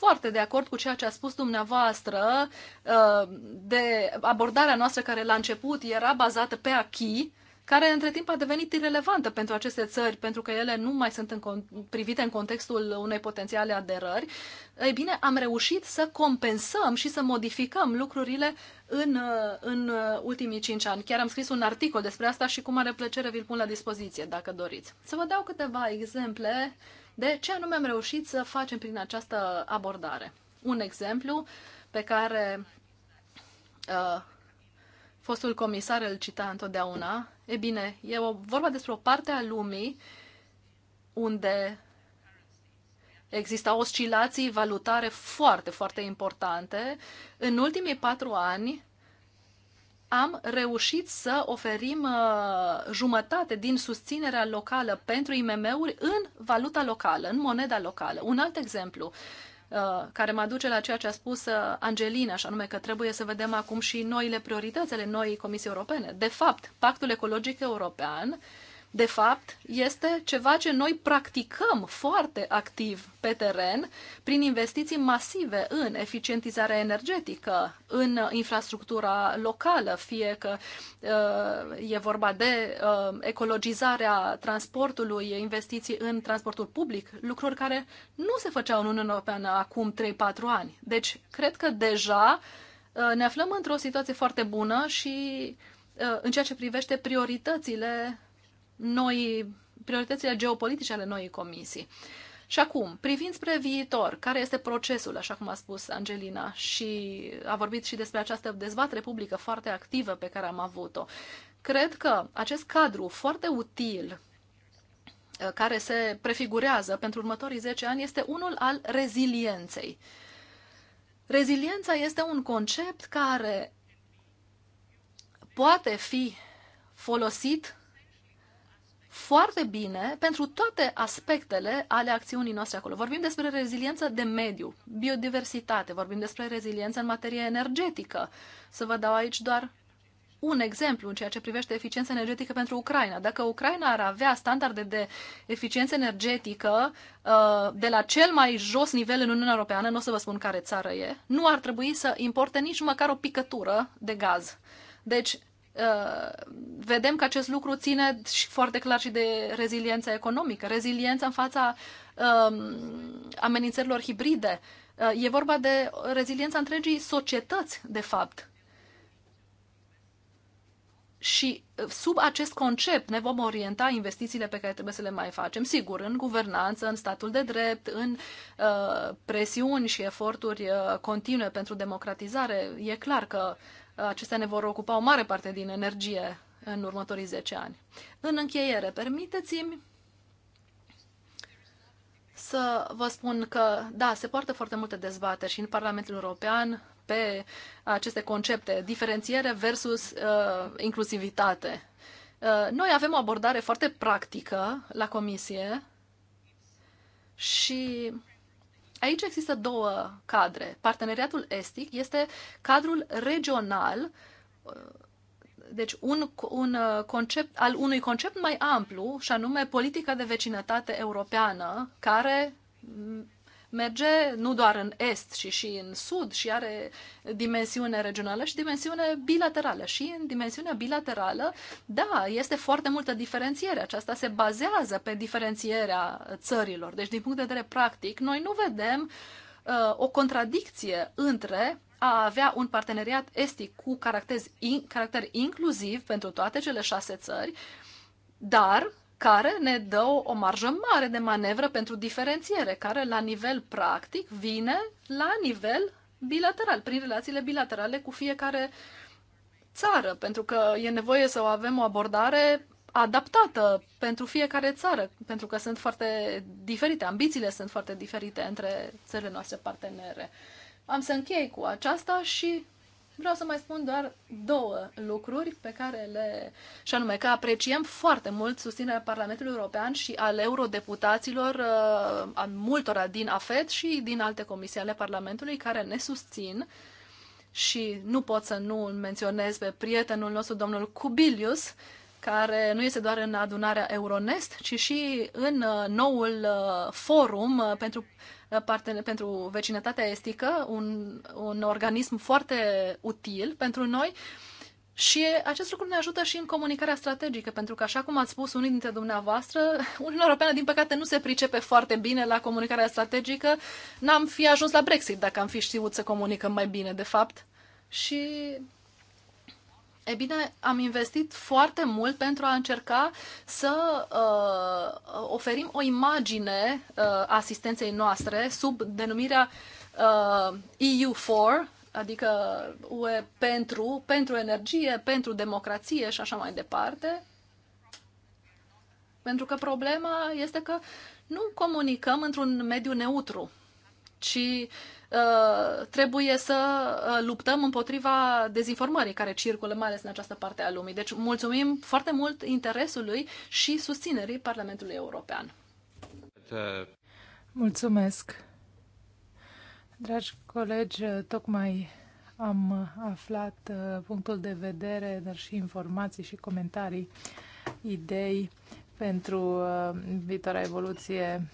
foarte de acord cu ceea ce a spus dumneavoastră uh, de abordarea noastră care la început era bazată pe acquis, care între timp a devenit irelevantă pentru aceste țări, pentru că ele nu mai sunt în privite în contextul unei potențiale aderări, ei bine, am reușit să compensăm și să modificăm lucrurile în, în ultimii cinci ani. Chiar am scris un articol despre asta și cu mare plăcere vi-l pun la dispoziție, dacă doriți. Să vă dau câteva exemple de ce anume am reușit să facem prin această abordare. Un exemplu pe care uh, fostul comisar îl cita întotdeauna. E bine, e o, vorba despre o parte a lumii unde exista oscilații valutare foarte, foarte importante. În ultimii patru ani am reușit să oferim uh, jumătate din susținerea locală pentru IMM-uri în valuta locală, în moneda locală. Un alt exemplu, Uh, care mă duce la ceea ce a spus uh, Angelina, așa nume că trebuie să vedem acum și noile prioritățile noii Comisii Europene. De fapt, Pactul Ecologic European de fapt, este ceva ce noi practicăm foarte activ pe teren prin investiții masive în eficientizarea energetică, în infrastructura locală, fie că uh, e vorba de uh, ecologizarea transportului, investiții în transportul public, lucruri care nu se făceau în Uniunea Europeană acum 3-4 ani. Deci, cred că deja uh, ne aflăm într-o situație foarte bună și uh, în ceea ce privește prioritățile noi, prioritățile geopolitice ale noii comisii. Și acum, privind spre viitor, care este procesul, așa cum a spus Angelina, și a vorbit și despre această dezbatere publică foarte activă pe care am avut-o, cred că acest cadru foarte util uh, care se prefigurează pentru următorii 10 ani este unul al rezilienței. Reziliența este un concept care poate fi folosit foarte bine pentru toate aspectele ale acțiunii noastre acolo. Vorbim despre reziliență de mediu, biodiversitate, vorbim despre reziliență în materie energetică. Să vă dau aici doar un exemplu în ceea ce privește eficiența energetică pentru Ucraina. Dacă Ucraina ar avea standarde de eficiență energetică uh, de la cel mai jos nivel în Uniunea Europeană, nu o să vă spun care țară e, nu ar trebui să importe nici măcar o picătură de gaz. Deci, Uh, vedem că acest lucru ține și foarte clar și de reziliența economică, reziliența în fața um, amenințărilor hibride. Uh, e vorba de reziliența întregii societăți, de fapt. Și uh, sub acest concept ne vom orienta investițiile pe care trebuie să le mai facem, sigur, în guvernanță, în statul de drept, în uh, presiuni și eforturi uh, continue pentru democratizare. E clar că acestea ne vor ocupa o mare parte din energie în următorii 10 ani. În încheiere, permiteți-mi să vă spun că, da, se poartă foarte multe dezbateri și în Parlamentul European pe aceste concepte, diferențiere versus uh, inclusivitate. Uh, noi avem o abordare foarte practică la comisie și Aici există două cadre. Parteneriatul estic este cadrul regional, uh, deci un, un uh, concept al unui concept mai amplu, și anume politica de vecinătate europeană, care merge nu doar în est, ci și în sud și are dimensiune regională și dimensiune bilaterală. Și în dimensiunea bilaterală, da, este foarte multă diferențiere. Aceasta se bazează pe diferențierea țărilor. Deci, din punct de vedere practic, noi nu vedem uh, o contradicție între a avea un parteneriat estic cu caracter, in, caracter inclusiv pentru toate cele șase țări, dar care ne dă o marjă mare de manevră pentru diferențiere, care la nivel practic vine la nivel bilateral, prin relațiile bilaterale cu fiecare țară, pentru că e nevoie să o avem o abordare adaptată pentru fiecare țară, pentru că sunt foarte diferite, ambițiile sunt foarte diferite între țările noastre partenere. Am să închei cu aceasta și Vreau să mai spun doar două lucruri pe care le... și anume că apreciem foarte mult susținerea Parlamentului European și al eurodeputaților, uh, a multora din AFED și din alte comisii ale Parlamentului care ne susțin și nu pot să nu menționez pe prietenul nostru, domnul Cubilius, care nu este doar în adunarea Euronest, ci și în uh, noul uh, forum pentru Uh, pentru vecinătatea estică, un, un organism foarte util pentru noi. Și acest lucru ne ajută și în comunicarea strategică, pentru că, așa cum ați spus unii dintre dumneavoastră, (laughs) Uniunea Europeană, din păcate, nu se pricepe foarte bine la comunicarea strategică. N-am fi ajuns la Brexit dacă am fi știut să comunicăm mai bine, de fapt. Și E bine, am investit foarte mult pentru a încerca să uh, oferim o imagine uh, asistenței noastre sub denumirea uh, EU4, adică UE pentru, pentru energie, pentru democrație și așa mai departe. Pentru că problema este că nu comunicăm într-un mediu neutru ci uh, trebuie să uh, luptăm împotriva dezinformării care circulă, mai ales în această parte a lumii. Deci mulțumim foarte mult interesului și susținerii Parlamentului European. Mulțumesc! Dragi colegi, tocmai am aflat uh, punctul de vedere, dar și informații și comentarii, idei pentru viitoarea evoluție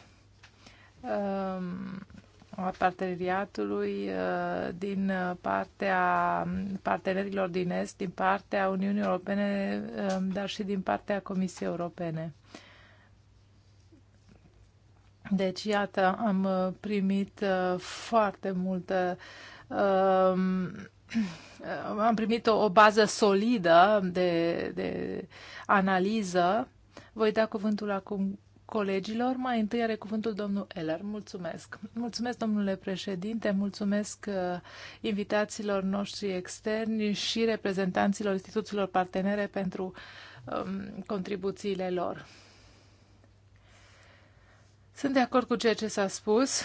um, parteneriatului uh, din partea partenerilor din Est, din partea Uniunii Europene, um, dar și din partea Comisiei Europene. Deci, iată, am uh, primit uh, foarte multă. Um, (clears throat) am primit o, o bază solidă de, de analiză. Voi da cuvântul acum colegilor. Mai întâi are cuvântul domnul Eller. Mulțumesc. Mulțumesc, domnule președinte, mulțumesc uh, invitațiilor noștri externi și reprezentanților instituțiilor partenere pentru um, contribuțiile lor. Sunt de acord cu ceea ce s-a spus.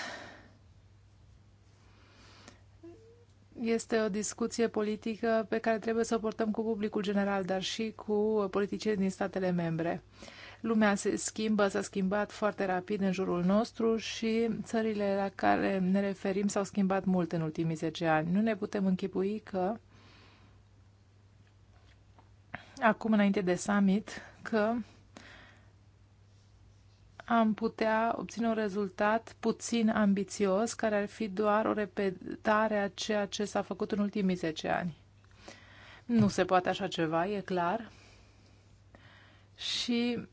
Este o discuție politică pe care trebuie să o portăm cu publicul general, dar și cu politicienii din statele membre. Uh, Lumea se schimbă, s-a schimbat foarte rapid în jurul nostru și țările la care ne referim s-au schimbat mult în ultimii 10 ani. Nu ne putem închipui că acum înainte de summit că am putea obține un rezultat puțin ambițios, care ar fi doar o repetare a ceea ce s-a făcut în ultimii 10 ani. Nu se poate așa ceva, e clar. Și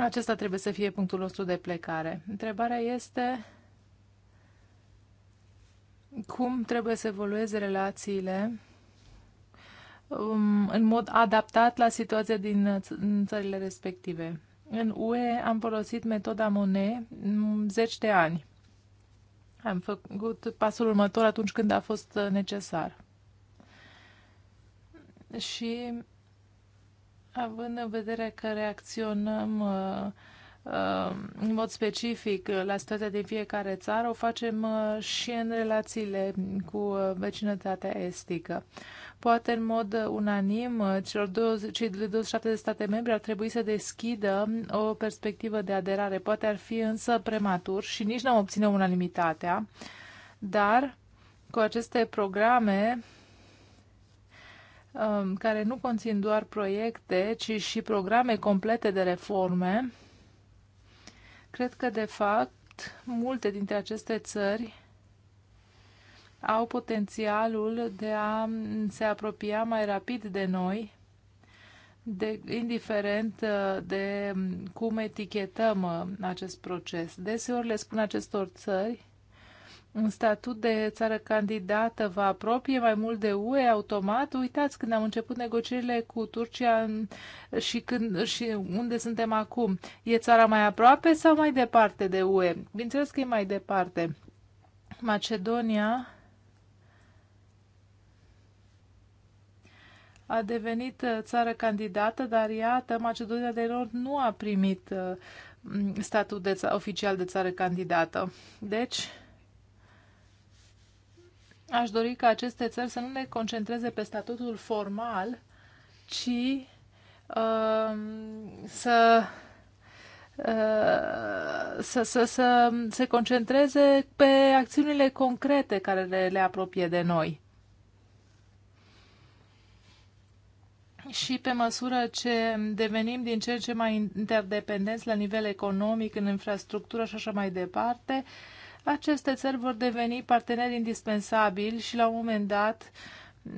acesta trebuie să fie punctul nostru de plecare. Întrebarea este cum trebuie să evolueze relațiile um, în mod adaptat la situația din țările respective. În UE am folosit metoda Monet um, zeci de ani. Am făcut pasul următor atunci când a fost necesar. Și având în vedere că reacționăm uh, uh, în mod specific la situația din fiecare țară, o facem uh, și în relațiile cu vecinătatea estică. Poate în mod unanim, celor 20, cei 27 de state membre ar trebui să deschidă o perspectivă de aderare. Poate ar fi însă prematur și nici n-am obține unanimitatea, dar cu aceste programe Um, care nu conțin doar proiecte, ci și programe complete de reforme, cred că, de fapt, multe dintre aceste țări au potențialul de a se apropia mai rapid de noi, de, indiferent uh, de cum etichetăm uh, acest proces. Deseori le spun acestor țări un statut de țară candidată vă apropie mai mult de UE automat? Uitați când am început negocierile cu Turcia și, când, și unde suntem acum. E țara mai aproape sau mai departe de UE? Bineînțeles că e mai departe. Macedonia a devenit uh, țară candidată, dar iată, Macedonia de Nord nu a primit uh, statut de oficial de țară candidată. Deci, aș dori ca aceste țări să nu ne concentreze pe statutul formal, ci um, uh, să să, să, să se concentreze pe acțiunile concrete care le, le apropie de noi. Și pe măsură ce devenim din ce în ce mai interdependenți la nivel economic, în infrastructură și așa mai departe, uh, aceste țări vor deveni parteneri indispensabili și la un moment dat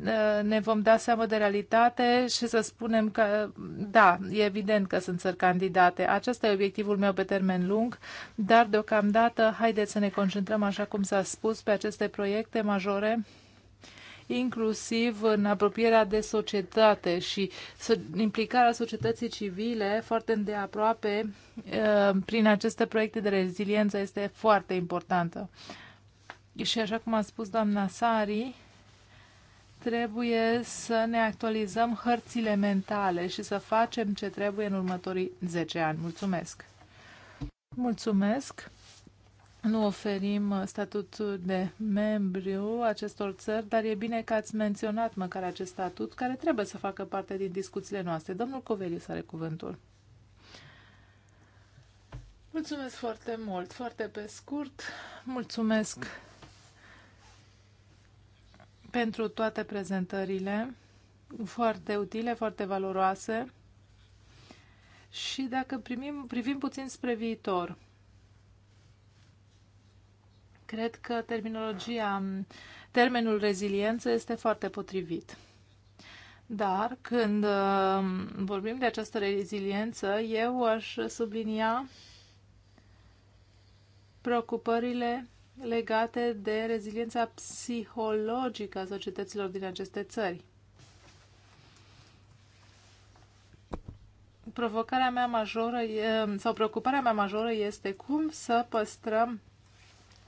uh, ne vom da seama de realitate și să spunem că, da, e evident că sunt țări candidate. Acesta e obiectivul meu pe termen lung, dar deocamdată haideți să ne concentrăm, așa cum s-a spus, pe aceste proiecte majore inclusiv în apropierea de societate și implicarea societății civile foarte îndeaproape uh, prin aceste proiecte de reziliență este foarte importantă. Și așa cum a spus doamna Sari, trebuie să ne actualizăm hărțile mentale și să facem ce trebuie în următorii 10 ani. Mulțumesc! Mulțumesc! nu oferim uh, statut de membru acestor țări, dar e bine că ați menționat măcar acest statut care trebuie să facă parte din discuțiile noastre. Domnul Covelius are cuvântul. Mulțumesc foarte mult, foarte pe scurt. Mulțumesc pentru toate prezentările, foarte utile, foarte valoroase. Și dacă primim, privim puțin spre viitor, Cred că terminologia, termenul reziliență este foarte potrivit. Dar când uh, vorbim de această reziliență, eu aș sublinia preocupările legate de reziliența psihologică a societăților din aceste țări. Provocarea mea majoră sau preocuparea mea majoră este cum să păstrăm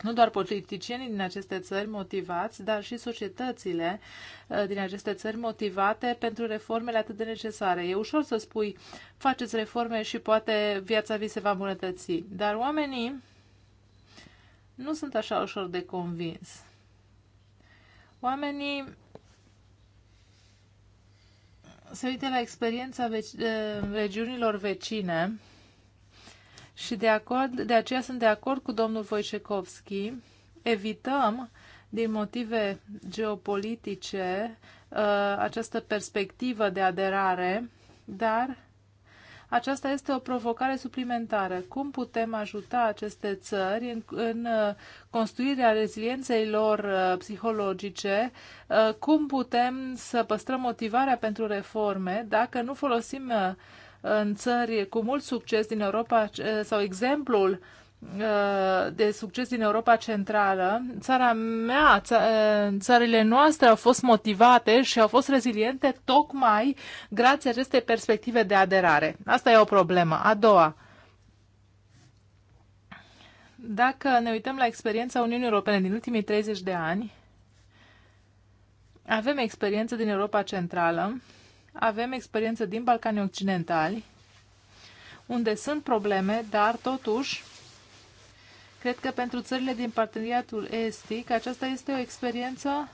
nu doar politicienii din aceste țări motivați, dar și societățile uh, din aceste țări motivate pentru reformele atât de necesare. E ușor să spui, faceți reforme și poate viața vi se va îmbunătăți, dar oamenii nu sunt așa ușor de convins. Oamenii se uită la experiența uh, regiunilor vecine și de, acord, de aceea sunt de acord cu domnul Wojciechowski. Evităm, din motive geopolitice, uh, această perspectivă de aderare, dar aceasta este o provocare suplimentară. Cum putem ajuta aceste țări în, în uh, construirea rezilienței lor uh, psihologice? Cum putem să păstrăm motivarea pentru reforme dacă nu folosim în țări cu mult succes din Europa sau exemplul uh, de succes din Europa Centrală. Țara mea, uh, țările noastre au fost motivate și au fost reziliente tocmai grație acestei perspective de aderare. Asta e o problemă. A doua, dacă ne uităm la experiența Uniunii Europene din ultimii 30 de ani, avem experiență din Europa Centrală avem experiență din Balcanii Occidentali, unde sunt probleme, dar totuși cred că pentru țările din parteneriatul estic aceasta este o experiență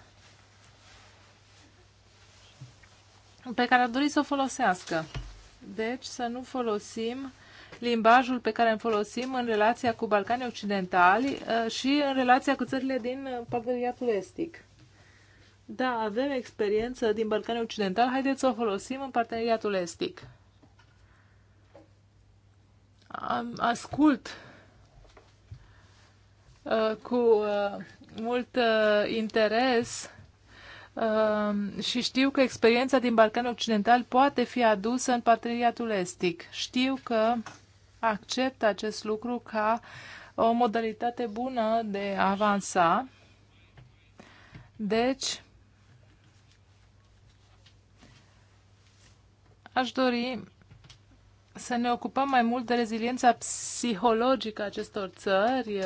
pe care ar dori să o folosească. Deci să nu folosim limbajul pe care îl folosim în relația cu Balcanii Occidentali uh, și în relația cu țările din uh, parteneriatul estic. Da, avem experiență din Balcanii Occidental, haideți să o folosim în parteneriatul estic. Am, ascult uh, cu uh, mult uh, interes Uh, și știu că experiența din Balcanii Occidental poate fi adusă în parteneriatul estic. Știu că accept acest lucru ca o modalitate bună de a avansa. Deci, Aș dori să ne ocupăm mai mult de reziliența psihologică a acestor țări.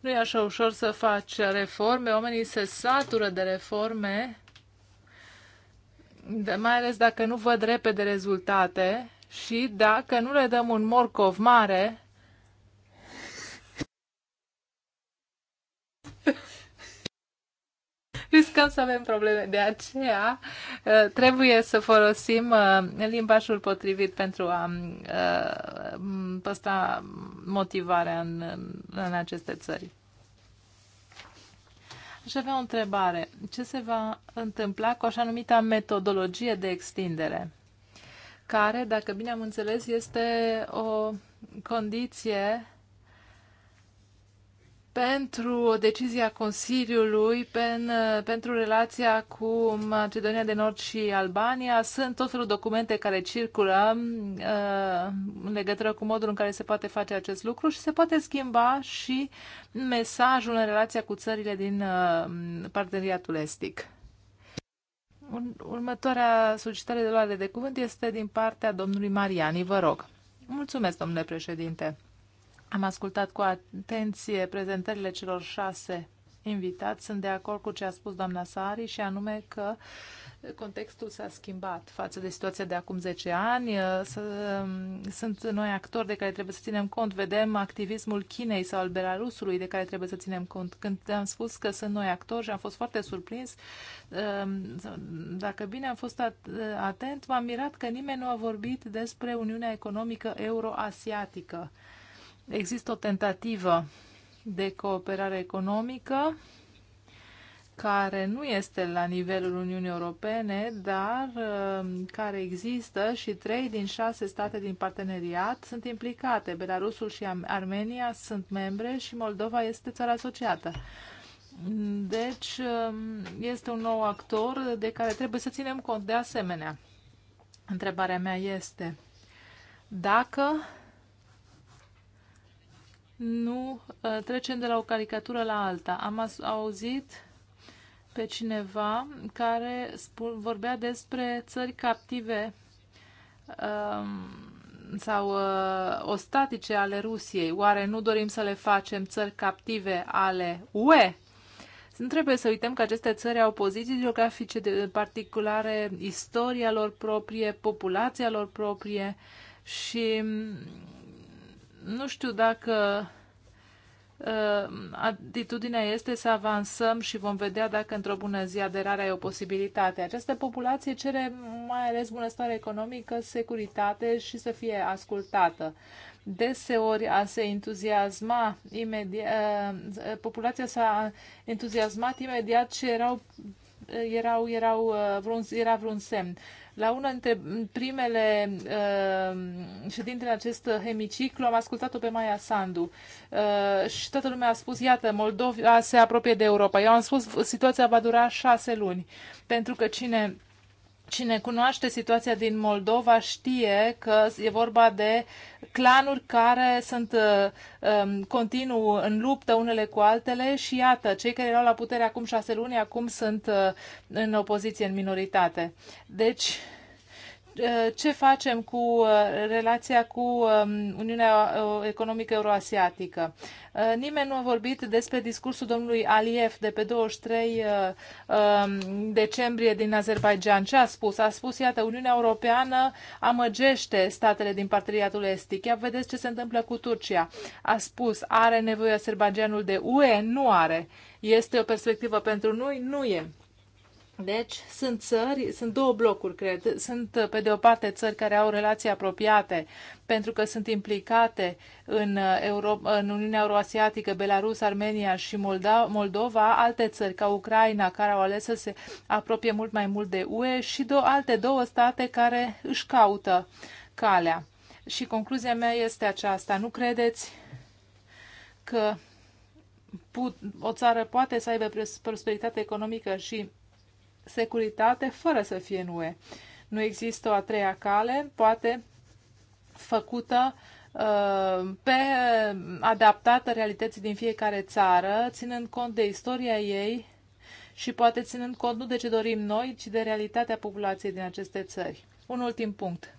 Nu e așa ușor să faci reforme, oamenii se satură de reforme, mai ales dacă nu văd repede rezultate și dacă nu le dăm un morcov mare, riscăm să avem probleme. De aceea uh, trebuie să folosim uh, limbajul potrivit pentru a uh, păstra motivarea în, în aceste țări. Aș avea o întrebare. Ce se va întâmpla cu așa numita metodologie de extindere? Care, dacă bine am înțeles, este o condiție pentru decizia Consiliului pen, pentru relația cu Macedonia de Nord și Albania. Sunt tot felul documente care circulă uh, în legătură cu modul în care se poate face acest lucru și se poate schimba și mesajul în relația cu țările din uh, parteneriatul estic. Următoarea solicitare de luare de cuvânt este din partea domnului Mariani. Vă rog. Mulțumesc, domnule președinte. Am ascultat cu atenție prezentările celor șase invitați. Sunt de acord cu ce a spus doamna Sari și anume că contextul s-a schimbat față de situația de acum 10 ani. Sunt noi actori de care trebuie să ținem cont. Vedem activismul Chinei sau al Belarusului de care trebuie să ținem cont. Când am spus că sunt noi actori și am fost foarte surprins, ehm, dacă bine am fost atent, m-am mirat că nimeni nu a vorbit despre Uniunea Economică Euroasiatică. asiatică există o tentativă de cooperare economică care nu este la nivelul Uniunii Europene, dar uh, care există și trei din șase state din parteneriat sunt implicate. Belarusul și Armenia sunt membre și Moldova este țara asociată. Deci um, este un nou actor de care trebuie să ținem cont de asemenea. Întrebarea mea este dacă nu uh, trecem de la o caricatură la alta. Am auzit pe cineva care vorbea despre țări captive um, sau uh, ostatice ale Rusiei. Oare nu dorim să le facem țări captive ale UE? Nu trebuie să uităm că aceste țări au poziții geografice de particulare, istoria lor proprie, populația lor proprie și nu știu dacă uh, atitudinea este să avansăm și vom vedea dacă într-o bună zi aderarea e o posibilitate. Această populație cere mai ales bunăstare economică, securitate și să fie ascultată. Deseori a se entuziasma imediat, uh, populația s-a entuziasmat imediat ce erau erau, erau, uh, vreun, era vreun semn. La una dintre primele uh, ședinte în acest hemiciclu am ascultat-o pe Maia Sandu uh, și toată lumea a spus, iată, Moldova se apropie de Europa. Eu am spus, situația va dura șase luni, pentru că cine Cine cunoaște situația din Moldova știe că e vorba de clanuri care sunt um, continuu în luptă unele cu altele și iată, cei care erau la putere acum șase luni, acum sunt uh, în opoziție, în minoritate. Deci, Eh, ce facem cu eh, relația cu ehm, Uniunea eh, Economică Euroasiatică. Nimeni nu a vorbit despre discursul domnului Aliyev de pe 23 ehm, decembrie din Azerbaijan. Ce a spus? A spus, iată, Uniunea Europeană amăgește statele din parteneriatul estic. Ia vedeți ce se întâmplă cu Turcia. A spus, are nevoie Azerbaijanul de UE? Nu are. Este o perspectivă pentru noi? Nu e. Deci, sunt țări, sunt două blocuri, cred. Sunt, uh, pe de o parte, țări care au relații apropiate, pentru că sunt implicate în, uh, Euro- în Uniunea Euroasiatică, Belarus, Armenia și Molda- Moldova, alte țări ca Ucraina, care au ales să se apropie mult mai mult de UE și do- alte două state care își caută calea. Și concluzia mea este aceasta. Nu credeți că o țară poate să aibă prosperitate economică și securitate fără să fie în UE. Nu există o a treia cale, poate făcută uh, pe uh, adaptată realității din fiecare țară, ținând cont de istoria ei și poate ținând cont nu de ce dorim noi, ci de realitatea populației din aceste țări. Un ultim punct.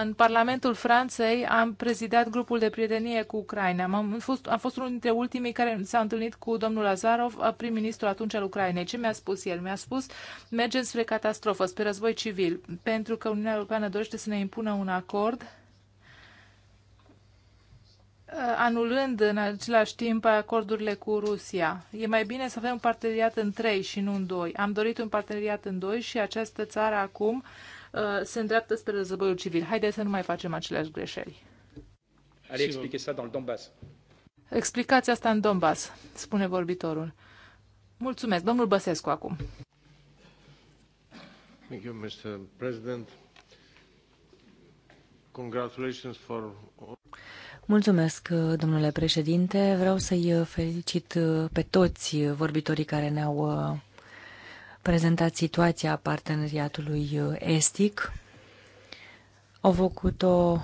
În Parlamentul Franței am prezidat grupul de prietenie cu Ucraina. Am fost, am fost unul dintre ultimii care s-a întâlnit cu domnul Azarov, prim-ministru atunci al Ucrainei. Ce mi-a spus el? Mi-a spus, mergem spre catastrofă, spre război civil, pentru că Uniunea Europeană dorește să ne impună un acord uh, anulând în același timp acordurile cu Rusia. E mai bine să avem un parteneriat în trei și nu în doi. Am dorit un parteneriat în doi și această țară acum uh, Uh, se îndreaptă spre războiul civil. Haideți să nu mai facem aceleași greșeli. Explicați asta în Donbass, spune vorbitorul. Mulțumesc. Domnul Băsescu acum. Thank you, Mr. President. Congratulations for Mulțumesc, domnule președinte. Vreau să-i felicit pe toți vorbitorii care ne-au uh, prezentat situația parteneriatului uh, estic. Au făcut-o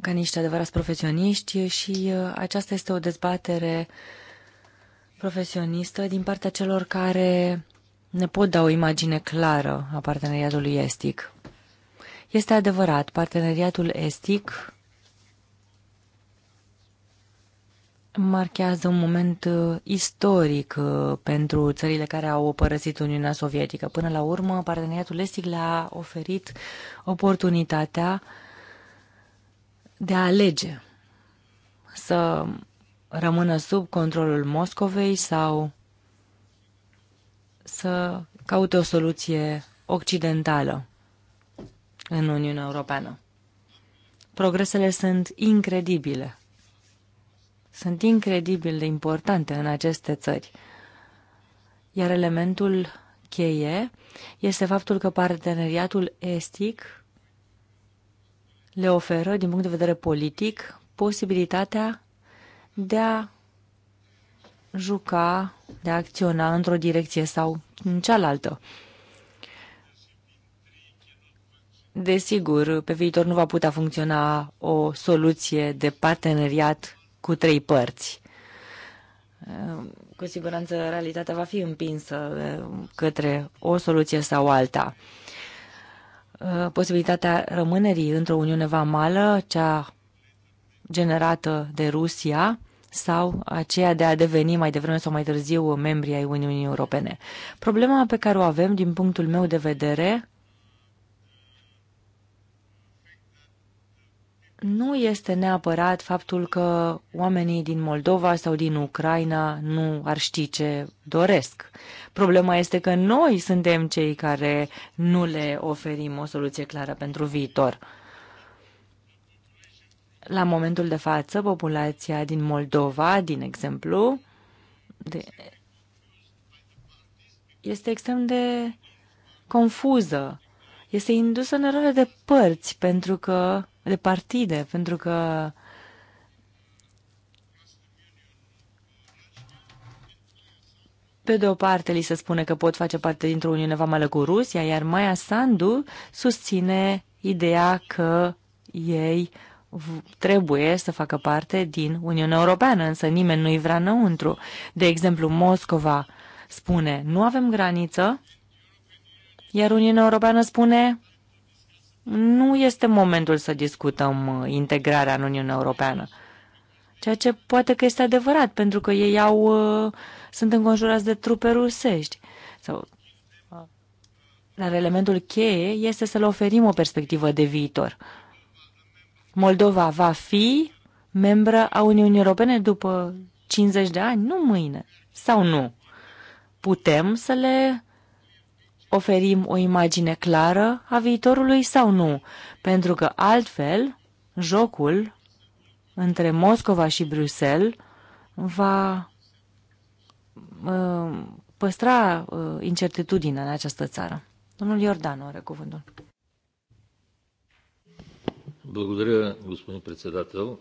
ca niște adevărați profesioniști și uh, aceasta este o dezbatere profesionistă din partea celor care ne pot da o imagine clară a parteneriatului estic. Este adevărat, parteneriatul estic marchează un moment uh, istoric uh, pentru țările care au părăsit Uniunea Sovietică. Până la urmă, parteneriatul estic le-a oferit oportunitatea de a alege să rămână sub controlul Moscovei sau să caute o soluție occidentală în Uniunea Europeană. Progresele sunt incredibile sunt incredibil de importante în aceste țări. Iar elementul cheie este faptul că parteneriatul estic le oferă, din punct de vedere politic, posibilitatea de a juca, de a acționa într-o direcție sau în cealaltă. Desigur, pe viitor nu va putea funcționa o soluție de parteneriat cu trei părți. Ehm, cu siguranță realitatea va fi împinsă ehm, către o soluție sau alta. Ehm, posibilitatea rămânerii într-o Uniune Vamală, cea generată de Rusia, sau aceea de a deveni mai devreme sau mai târziu membri ai Uniunii Europene. Problema pe care o avem, din punctul meu de vedere, nu este neapărat faptul că oamenii din Moldova sau din Ucraina nu ar ști ce doresc. Problema este că noi suntem cei care nu le oferim o soluție clară pentru viitor. La momentul de față, populația din Moldova, din exemplu, de, este extrem de confuză. Este indusă în eroare de părți, pentru că de partide, pentru că Pe de o parte, li se spune că pot face parte dintr-o uniune vamală cu Rusia, iar Maia Sandu susține ideea că ei trebuie să facă parte din Uniunea Europeană, însă nimeni nu-i vrea înăuntru. De exemplu, Moscova spune, nu avem graniță, iar Uniunea Europeană spune, nu este momentul să discutăm uh, integrarea în Uniunea Europeană. Ceea ce poate că este adevărat, pentru că ei au, uh, sunt înconjurați de trupe rusești. Sau, uh, dar elementul cheie este să le oferim o perspectivă de viitor. Moldova va fi membră a Uniunii Europene după 50 de ani, nu mâine, sau nu. Putem să le oferim o imagine clară a viitorului sau nu, pentru că altfel jocul între Moscova și Bruxelles va uh, păstra uh, incertitudinea în această țară. Domnul Iordan are cuvântul. Благодаря, господин председател.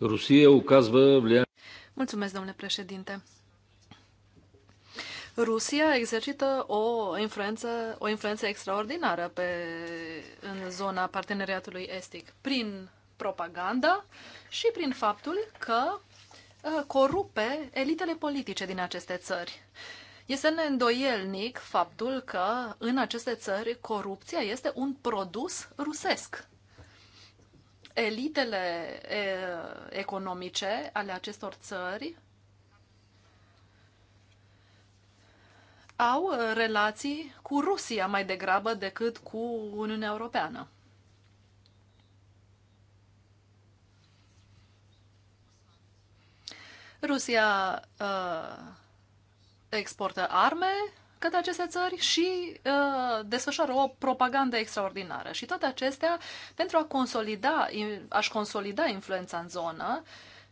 Rusia оказва влияние. Mulțumesc, domnule președinte. Rusia exercită o influență, o influență extraordinară pe, în zona parteneriatului estic prin propaganda și prin faptul că uh, corupe elitele politice din aceste țări. Este neîndoielnic faptul că în aceste țări corupția este un produs rusesc. Elitele e, economice ale acestor țări au uh, relații cu Rusia mai degrabă decât cu Uniunea Europeană. Rusia uh, exportă arme către aceste țări și uh, desfășoară o propagandă extraordinară. Și toate acestea pentru a consolida, a-și consolida influența în zonă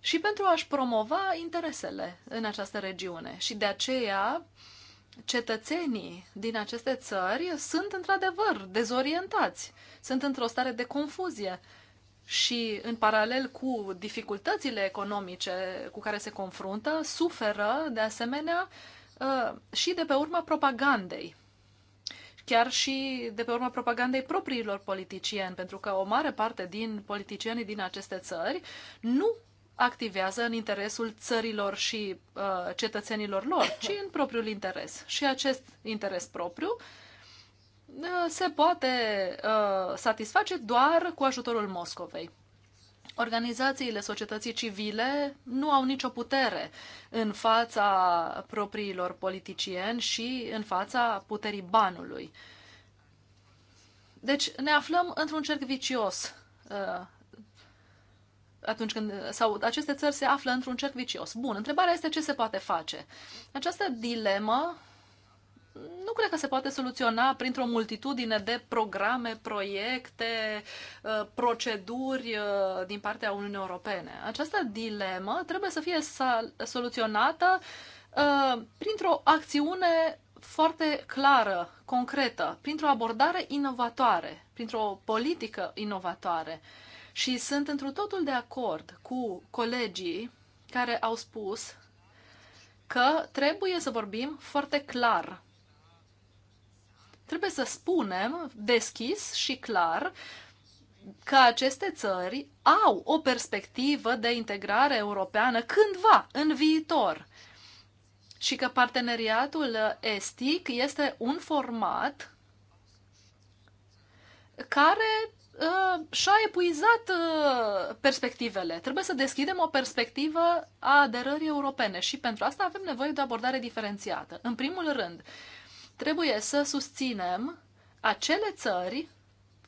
și pentru a-și promova interesele în această regiune. Și de aceea uh, cetățenii din aceste țări sunt într-adevăr dezorientați, sunt într-o stare de confuzie și în paralel cu dificultățile economice cu care se confruntă, suferă de asemenea uh, și de pe urma propagandei chiar și de pe urma propagandei propriilor politicieni, pentru că o mare parte din politicienii din aceste țări nu activează în interesul țărilor și uh, cetățenilor lor, ci în propriul interes. Și acest interes propriu uh, se poate uh, satisface doar cu ajutorul Moscovei. Organizațiile societății civile nu au nicio putere în fața propriilor politicieni și în fața puterii banului. Deci ne aflăm într-un cerc vicios uh, atunci când, sau aceste țări se află într-un cerc vicios. Bun, întrebarea este ce se poate face. Această dilemă nu cred că se poate soluționa printr-o multitudine de programe, proiecte, uh, proceduri uh, din partea Uniunii Europene. Această dilemă trebuie să fie soluționată uh, printr-o acțiune foarte clară, concretă, printr-o abordare inovatoare, printr-o politică inovatoare. Uh, și sunt întru totul de acord cu colegii care au spus că trebuie să vorbim foarte clar. Trebuie să spunem deschis și clar că aceste țări au o perspectivă de integrare europeană cândva, în viitor. Și că parteneriatul estic este un format care Uh, și-a epuizat uh, perspectivele. Trebuie să deschidem o perspectivă a aderării europene și pentru asta avem nevoie de o abordare diferențiată. În primul rând, trebuie să susținem acele țări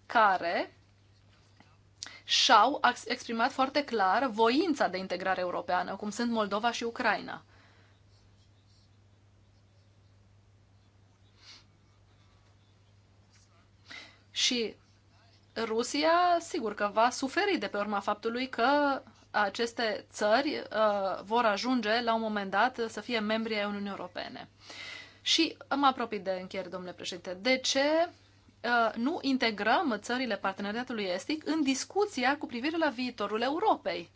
care și-au exprimat foarte clar voința de integrare europeană, cum sunt Moldova și Ucraina. Și Rusia, sigur că va suferi de pe urma faptului că aceste țări uh, vor ajunge la un moment dat să fie membri ai Uniunii Europene. Și mă apropii de încheiere, domnule președinte. De ce uh, nu integrăm țările parteneriatului estic în discuția cu privire la viitorul Europei?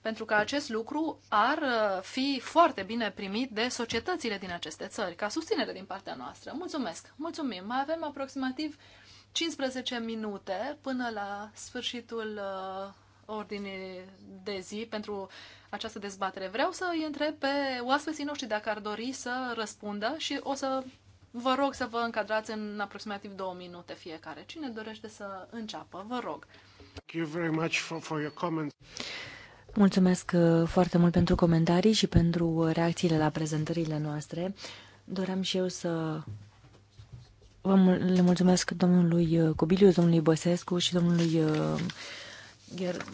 Pentru că acest lucru ar uh, fi foarte bine primit de societățile din aceste țări, ca susținere din partea noastră. Mulțumesc! Mulțumim! Mai avem aproximativ 15 minute până la sfârșitul uh, ordinii de zi pentru această dezbatere. Vreau să îi întreb pe oaspeții noștri dacă ar dori să răspundă și o să vă rog să vă încadrați în aproximativ două minute fiecare. Cine dorește să înceapă, vă rog. Thank you very much for, for your comments. Mulțumesc uh, foarte mult pentru comentarii și pentru uh, reacțiile la prezentările noastre. Doream și eu să Vă mul- le mulțumesc domnului uh, Cobiliu, domnului Băsescu și domnului uh,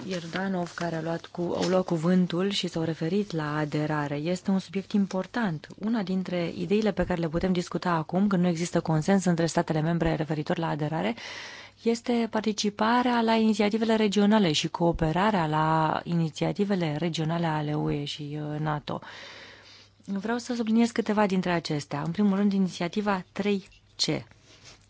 Ierdanov, care a luat cu, au luat cuvântul și s-au referit la aderare. Este un subiect important. Una dintre ideile pe care le putem discuta acum, când nu există consens între statele membre referitor la aderare, este participarea la inițiativele regionale și cooperarea la inițiativele regionale ale UE și uh, NATO. Vreau să subliniez câteva dintre acestea. În primul rând, inițiativa 3C.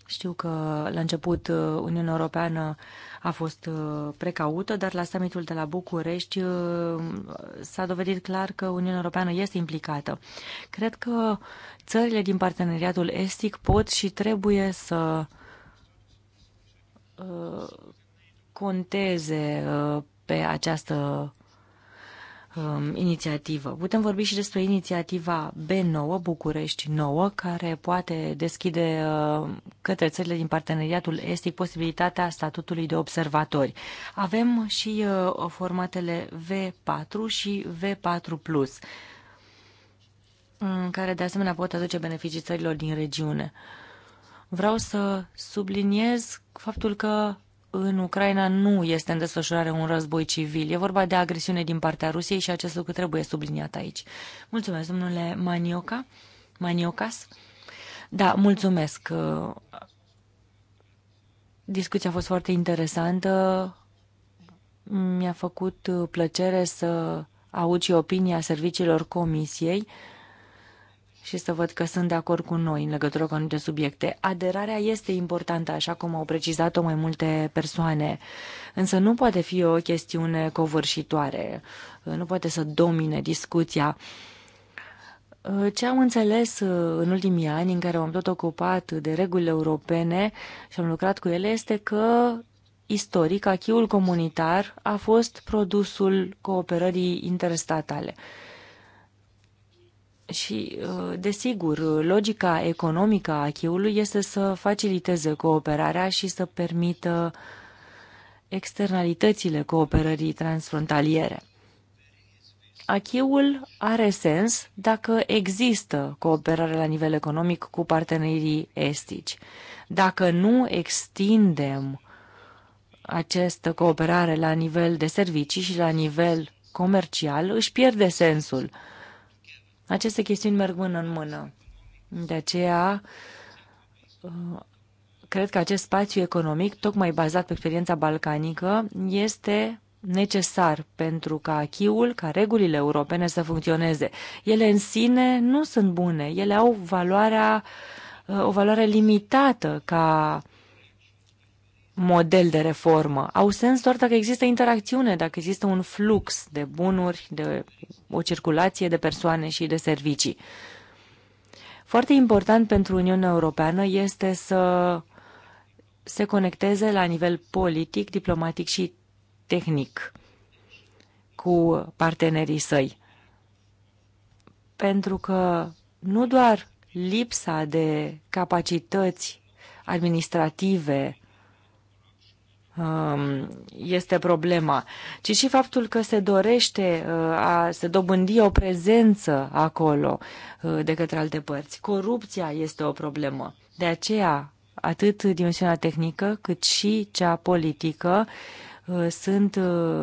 Știu că la început uh, Uniunea Europeană a fost uh, precaută, dar la summitul de la București uh, s-a dovedit clar că Uniunea Europeană este implicată. Cred că țările din parteneriatul estic pot și trebuie să conteze pe această um, inițiativă. Putem vorbi și despre inițiativa B9, București 9, care poate deschide uh, către țările din parteneriatul estic posibilitatea statutului de observatori. Avem și uh, formatele V4 și V4+, um, care de asemenea pot aduce beneficii țărilor din regiune. Vreau să subliniez faptul că în Ucraina nu este în desfășurare un război civil. E vorba de agresiune din partea Rusiei și acest lucru trebuie subliniat aici. Mulțumesc, domnule Manioca. Maniocas? Da, mulțumesc. Discuția a fost foarte interesantă. Mi-a făcut plăcere să aud și opinia serviciilor comisiei și să văd că sunt de acord cu noi în legătură cu anumite subiecte. Aderarea este importantă, așa cum au precizat-o mai multe persoane, însă nu poate fi o chestiune covârșitoare, nu poate să domine discuția. Ce am înțeles uh, în ultimii ani în care m-am tot ocupat de regulile europene și am lucrat cu ele este că istoric achiul comunitar a fost produsul cooperării interstatale. Și, uh, desigur, logica economică a Chiului este să faciliteze cooperarea și să permită externalitățile cooperării transfrontaliere. Achiul are sens dacă există cooperare la nivel economic cu partenerii estici. Dacă nu extindem această cooperare la nivel de servicii și la nivel comercial, își pierde sensul aceste chestiuni merg mână în mână. De aceea, uh, cred că acest spațiu economic, tocmai bazat pe experiența balcanică, este necesar pentru ca achiul, ca regulile europene să funcționeze. Ele în sine nu sunt bune, ele au valoarea, uh, o valoare limitată ca uh, model de reformă. Au sens doar dacă există interacțiune, dacă există un flux de bunuri, de o circulație de persoane și de servicii. Foarte important pentru Uniunea Europeană este să se conecteze la nivel politic, diplomatic și tehnic cu partenerii săi. Pentru că nu doar lipsa de capacități administrative Um, este problema, ci și faptul că se dorește uh, a se dobândi o prezență acolo uh, de către alte părți. Corupția este o problemă. De aceea, atât dimensiunea tehnică cât și cea politică uh, sunt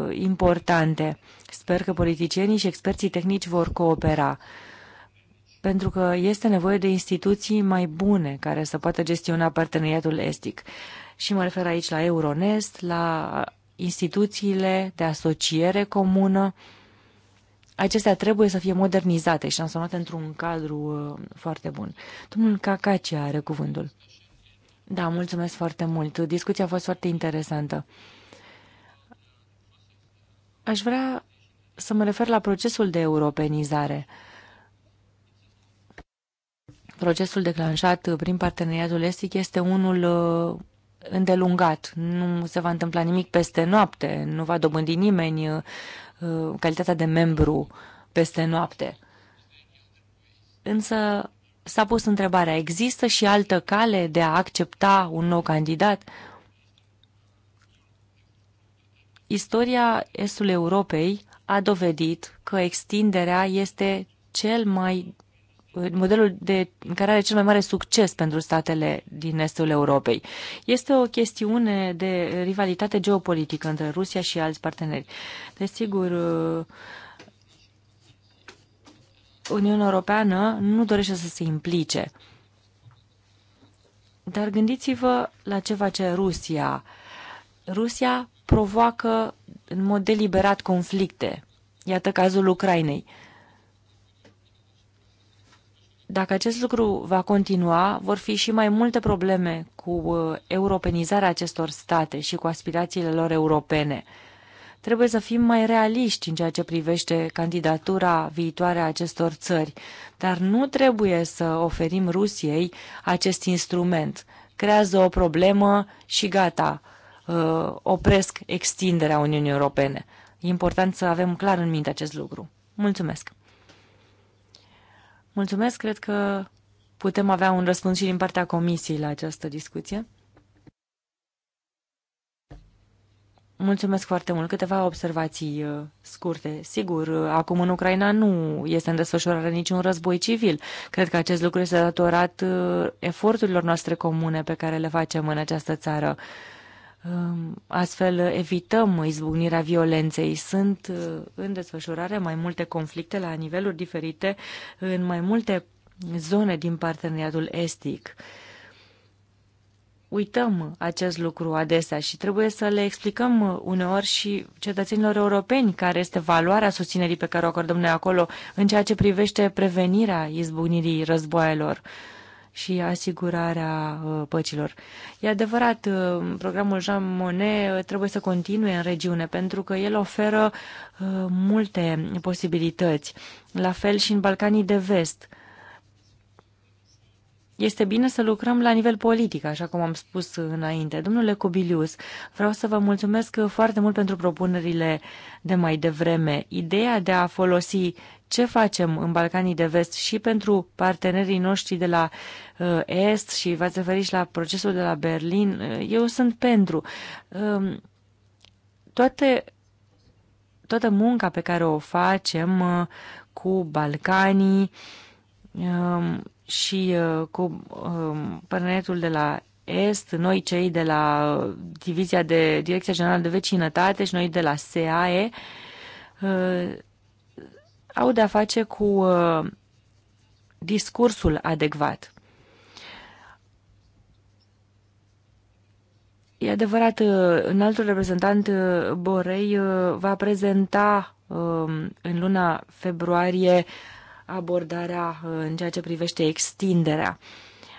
importante. Sper că politicienii și experții tehnici vor coopera pentru că este nevoie de instituții mai bune care să poată gestiona parteneriatul estic și mă refer aici la Euronest, la instituțiile de asociere comună. Acestea trebuie să fie modernizate și transformate într-un cadru uh, foarte bun. Domnul Cacace are cuvântul. Da, mulțumesc foarte mult. Discuția a fost foarte interesantă. Aș vrea să mă refer la procesul de europenizare. Procesul declanșat prin parteneriatul estic este unul uh, îndelungat. Nu se va întâmpla nimic peste noapte, nu va dobândi nimeni uh, calitatea de membru peste noapte. Însă s-a pus întrebarea, există și altă cale de a accepta un nou candidat? Istoria Estul Europei a dovedit că extinderea este cel mai modelul de, care are cel mai mare succes pentru statele din estul Europei. Este o chestiune de rivalitate geopolitică între Rusia și alți parteneri. Desigur, uh, Uniunea Europeană nu dorește să se implice. Dar gândiți-vă la ce face Rusia. Rusia provoacă în mod deliberat conflicte. Iată cazul Ucrainei. Uh, dacă acest lucru va continua, vor fi și mai multe probleme cu uh, europenizarea acestor state și cu aspirațiile lor europene. Trebuie să fim mai realiști în ceea ce privește candidatura viitoare a acestor țări, dar nu trebuie să oferim Rusiei acest instrument. Creează o problemă și gata, uh, opresc extinderea Uniunii Europene. E important să avem clar în minte acest lucru. Mulțumesc! Mulțumesc, cred că putem avea un răspuns și din partea comisiei la această discuție. Mulțumesc foarte mult. Câteva observații uh, scurte. Sigur, uh, acum în Ucraina nu este în desfășurare niciun război civil. Cred că acest lucru este datorat uh, eforturilor noastre comune pe care le facem în această țară. Um, astfel evităm izbucnirea violenței. Sunt uh, în desfășurare mai multe conflicte la niveluri diferite în mai multe zone din parteneriatul estic. Uităm acest lucru adesea și trebuie să le explicăm uh, uneori și cetățenilor europeni care este valoarea susținerii pe care o acordăm noi acolo în ceea ce privește prevenirea izbucnirii războaielor și asigurarea uh, păcilor. E adevărat, uh, programul Jean Monnet uh, trebuie să continue în regiune pentru că el oferă multe posibilități, la fel și în Balcanii de Vest este bine să lucrăm la nivel politic, așa cum am spus înainte. Domnule Cobilius, vreau să vă mulțumesc foarte mult pentru propunerile de mai devreme. Ideea de a folosi ce facem în Balcanii de Vest și pentru partenerii noștri de la uh, Est și v-ați referit și la procesul de la Berlin, uh, eu sunt pentru. Uh, toate, toată munca pe care o facem uh, cu Balcanii, uh, și uh, cu um, parteneriatul de la Est, noi cei de la Divizia de Direcția Generală de Vecinătate și noi de la SAE uh, au de-a face cu uh, discursul adecvat. E adevărat, altul reprezentant Borei va prezenta um, în luna februarie abordarea uh, în ceea ce privește extinderea.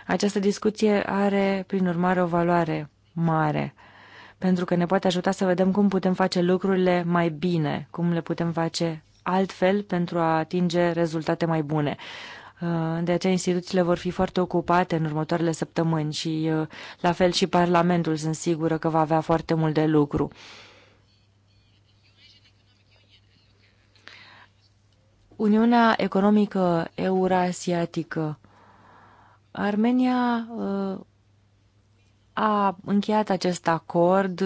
Această discuție are, prin urmare, o valoare mare, pentru că ne poate ajuta să vedem cum putem face lucrurile mai bine, cum le putem face altfel pentru a atinge rezultate mai bune. Uh, de aceea instituțiile vor fi foarte ocupate în următoarele săptămâni și uh, la fel și Parlamentul sunt sigură că va avea foarte mult de lucru. Uniunea Economică Eurasiatică. Armenia uh, a încheiat acest acord.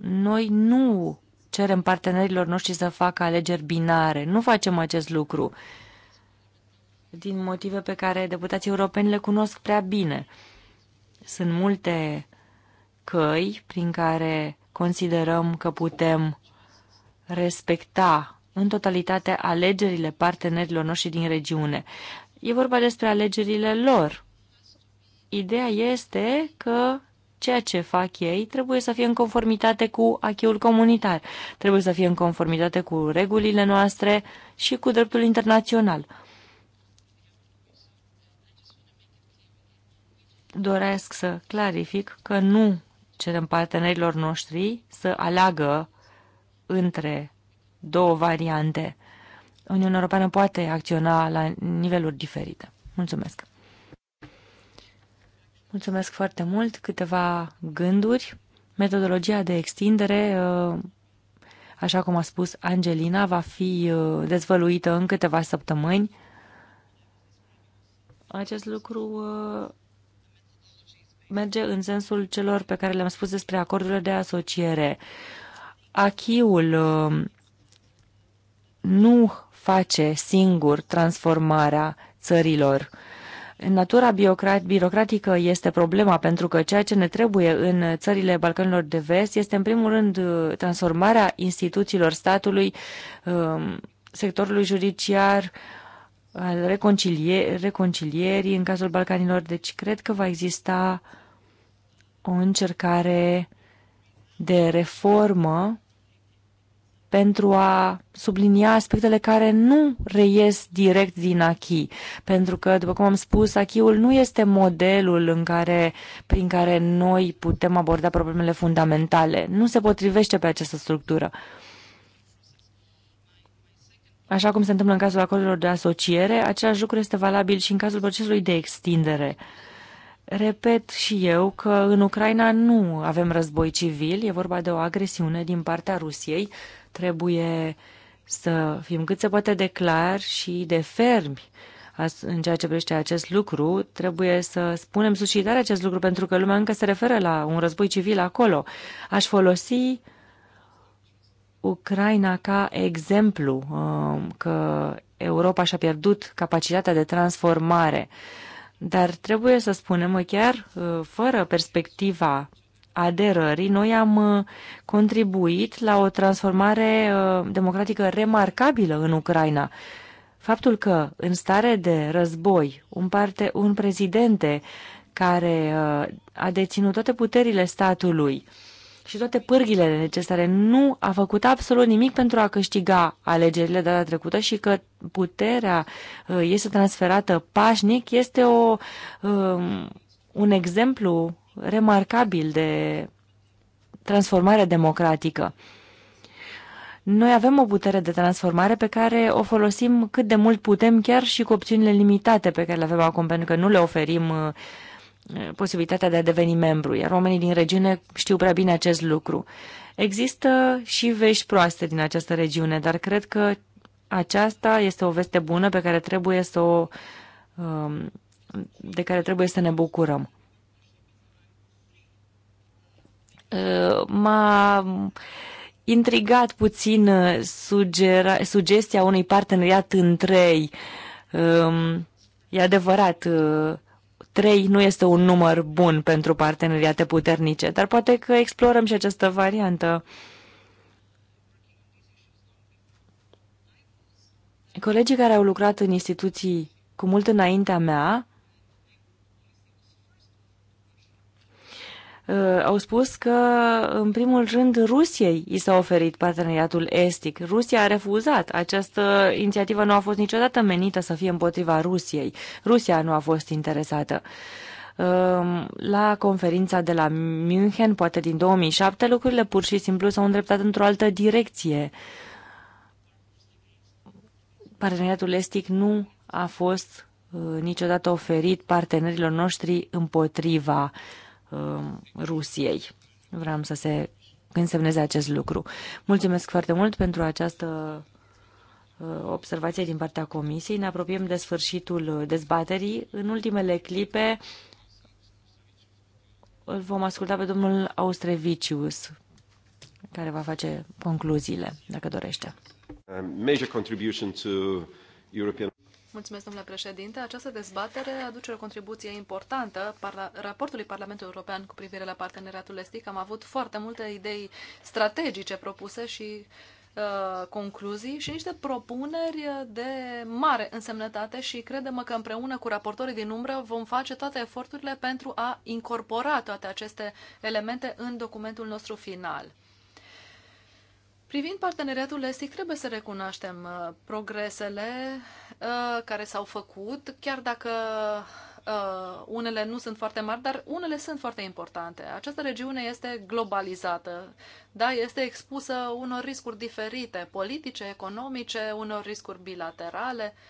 Noi nu cerem partenerilor noștri să facă alegeri binare. Nu facem acest lucru din motive pe care deputații europeni le cunosc prea bine. Sunt multe căi prin care considerăm că putem respecta în totalitate alegerile partenerilor noștri din regiune. E vorba despre alegerile lor. Ideea este că ceea ce fac ei trebuie să fie în conformitate cu acheul comunitar, trebuie să fie în conformitate cu regulile noastre și cu dreptul internațional. Doresc să clarific că nu cerem partenerilor noștri să aleagă între două variante. Uniunea Europeană poate acționa la niveluri diferite. Mulțumesc! Mulțumesc foarte mult! Câteva gânduri. Metodologia de extindere, uh, așa cum a spus Angelina, va fi uh, dezvăluită în câteva săptămâni. Acest lucru uh, merge în sensul celor pe care le-am spus despre acordurile de asociere. Achiul nu face singur transformarea țărilor. Natura birocratică este problema, pentru că ceea ce ne trebuie în țările Balcanilor de Vest este, în primul rând, transformarea instituțiilor statului, um, sectorului judiciar, al reconcilie reconcilierii în cazul Balcanilor. Deci, cred că va exista o încercare de reformă pentru a sublinia aspectele care nu reies direct din achi. Pentru că, după cum am spus, achiul nu este modelul în care, prin care noi putem aborda problemele fundamentale. Nu se potrivește pe această structură. Așa cum se întâmplă în cazul acordurilor de asociere, același lucru este valabil și în cazul procesului de extindere. Repet și eu că în Ucraina nu avem război civil, e vorba de o agresiune din partea Rusiei Trebuie să fim cât se poate de clar și de fermi în ceea ce privește acest lucru. Trebuie să spunem sus și tare acest lucru, pentru că lumea încă se referă la un război civil acolo. Aș folosi Ucraina ca exemplu um, că Europa și-a pierdut capacitatea de transformare. Dar trebuie să spunem, chiar uh, fără perspectiva aderării, noi am uh, contribuit la o transformare uh, democratică remarcabilă în Ucraina. Faptul că în stare de război un, parte, un prezidente care uh, a deținut toate puterile statului și toate pârghile necesare nu a făcut absolut nimic pentru a câștiga alegerile data trecută și că puterea este transferată pașnic este o, um, un exemplu remarcabil de transformare democratică. Noi avem o putere de transformare pe care o folosim cât de mult putem, chiar și cu opțiunile limitate pe care le avem acum, pentru că nu le oferim uh, posibilitatea de a deveni membru, iar oamenii din regiune știu prea bine acest lucru. Există și vești proaste din această regiune, dar cred că aceasta este o veste bună pe care trebuie să o, um, de care trebuie să ne bucurăm. m-a intrigat puțin uh, sugera, sugestia unui parteneriat în trei. Um, e adevărat, uh, trei nu este un număr bun pentru parteneriate puternice, dar poate că explorăm și această variantă. Colegii care au lucrat în instituții cu mult înaintea mea Uh, au spus că, în primul rând, Rusiei i s-a oferit parteneriatul estic. Rusia a refuzat. Această inițiativă nu a fost niciodată menită să fie împotriva Rusiei. Rusia nu a fost interesată. Um, la conferința de la München, poate din 2007, lucrurile pur și simplu s-au îndreptat într-o altă direcție. Parteneriatul estic nu a fost uh, niciodată oferit partenerilor noștri împotriva uh, Um, Rusiei. Vreau să se însemneze acest lucru. Mulțumesc foarte mult pentru această uh, observație din partea Comisiei. Ne apropiem de sfârșitul dezbaterii. În ultimele clipe îl vom asculta pe domnul Austrevicius, care va face concluziile, dacă dorește. Major contribution to European... Mulțumesc, domnule președinte. Această dezbatere aduce o contribuție importantă parla raportului Parlamentului European cu privire la parteneriatul estic. Am avut foarte multe idei strategice propuse și uh, concluzii și niște propuneri de mare însemnătate și credem că împreună cu raportorii din umbră vom face toate eforturile pentru a incorpora toate aceste elemente în documentul nostru final. Privind parteneriatul estic, trebuie să recunoaștem uh, progresele uh, care s-au făcut, chiar dacă Uh, unele nu sunt foarte mari, dar unele sunt foarte importante. Această regiune este globalizată, da, este expusă unor riscuri diferite, politice, economice, unor riscuri bilaterale. Uh,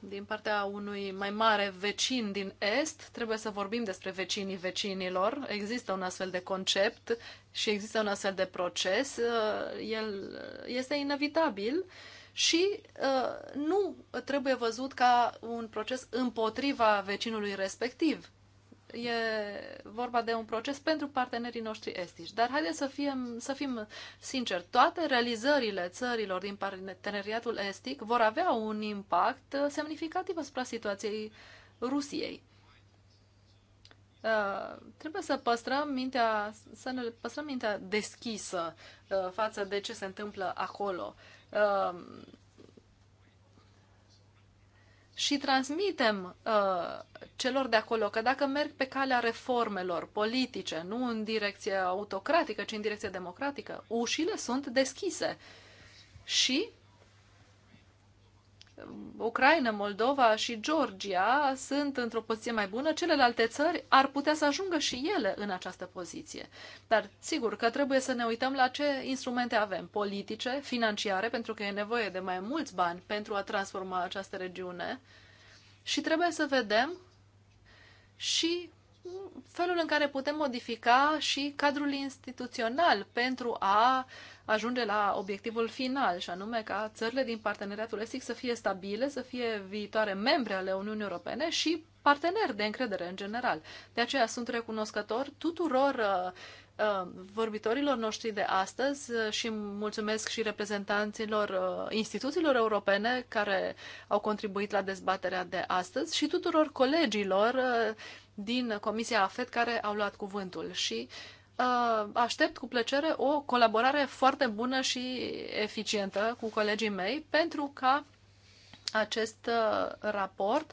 din partea unui mai mare vecin din Est, trebuie să vorbim despre vecinii vecinilor. Există un astfel de concept și există un astfel de proces. Uh, el uh, este inevitabil și uh, nu trebuie văzut ca un proces împotriva vecinului respectiv e vorba de un proces pentru partenerii noștri estici. Dar haideți să fim, să fim sinceri, toate realizările țărilor din parteneriatul estic vor avea un impact semnificativ asupra situației Rusiei. Uh, trebuie să păstrăm mintea, să ne păstrăm mintea deschisă uh, față de ce se întâmplă acolo. Uh, și transmitem uh, celor de acolo că dacă merg pe calea reformelor politice, nu în direcție autocratică, ci în direcție democratică, ușile sunt deschise. Și Ucraina, Moldova și Georgia sunt într-o poziție mai bună, celelalte țări ar putea să ajungă și ele în această poziție. Dar sigur că trebuie să ne uităm la ce instrumente avem, politice, financiare, pentru că e nevoie de mai mulți bani pentru a transforma această regiune și trebuie să vedem și felul în care putem modifica și cadrul instituțional pentru a ajunge la obiectivul final, și anume ca țările din parteneriatul estic să fie stabile, să fie viitoare membre ale Uniunii Europene și parteneri de încredere în general. De aceea sunt recunoscător tuturor uh, uh, vorbitorilor noștri de astăzi uh, și mulțumesc și reprezentanților instituțiilor europene care au contribuit la dezbaterea de astăzi și tuturor colegilor din Comisia AFET care au luat cuvântul și uh, Uh, aștept cu plăcere o colaborare foarte bună și eficientă cu colegii mei pentru ca acest uh, raport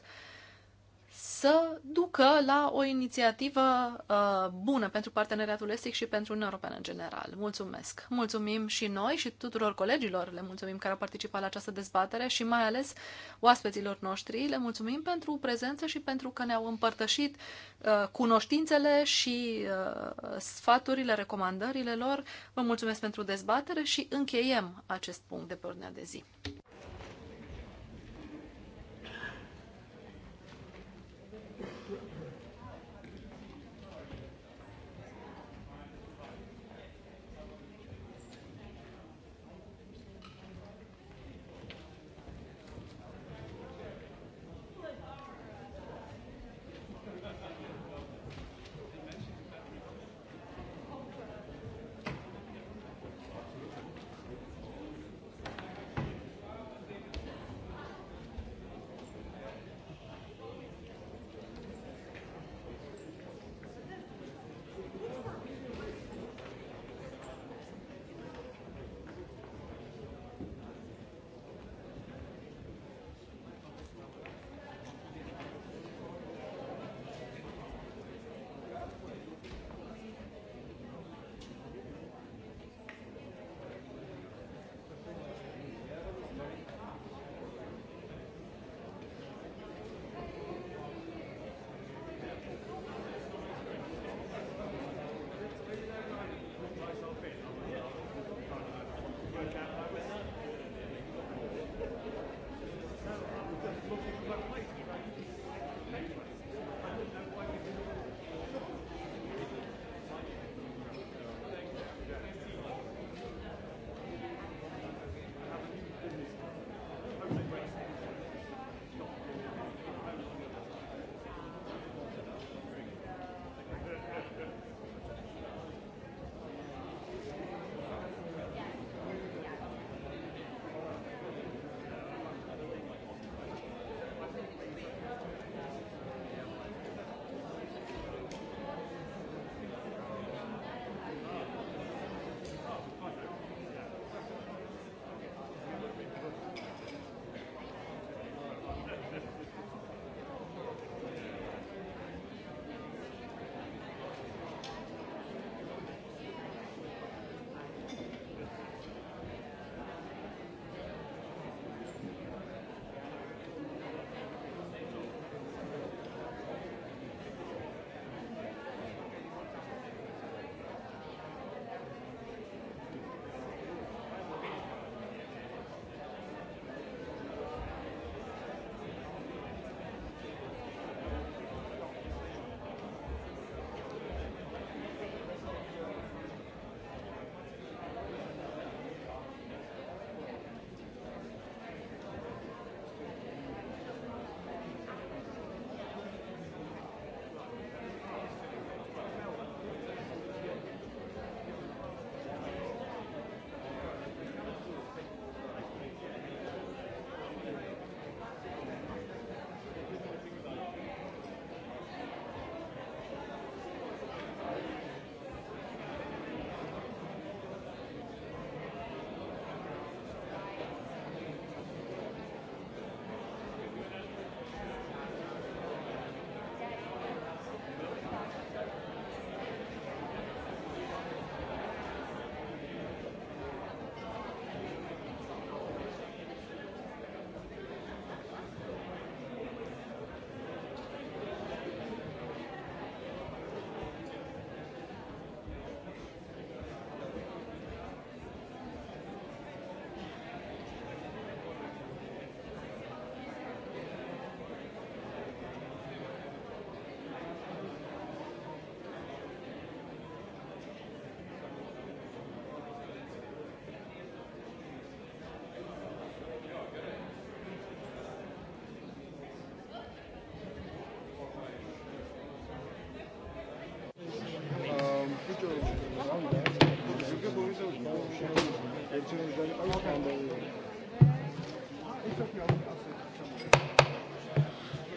să ducă la o inițiativă uh, bună pentru parteneriatul estic și pentru Uniunea Europeană în general. Mulțumesc! Mulțumim și noi și tuturor colegilor, le mulțumim care au participat la această dezbatere și mai ales oaspeților noștri, le mulțumim pentru prezență și pentru că ne-au împărtășit uh, cunoștințele și uh, sfaturile, recomandările lor. Vă mulțumesc pentru dezbatere și încheiem acest punct de pe ordinea de zi.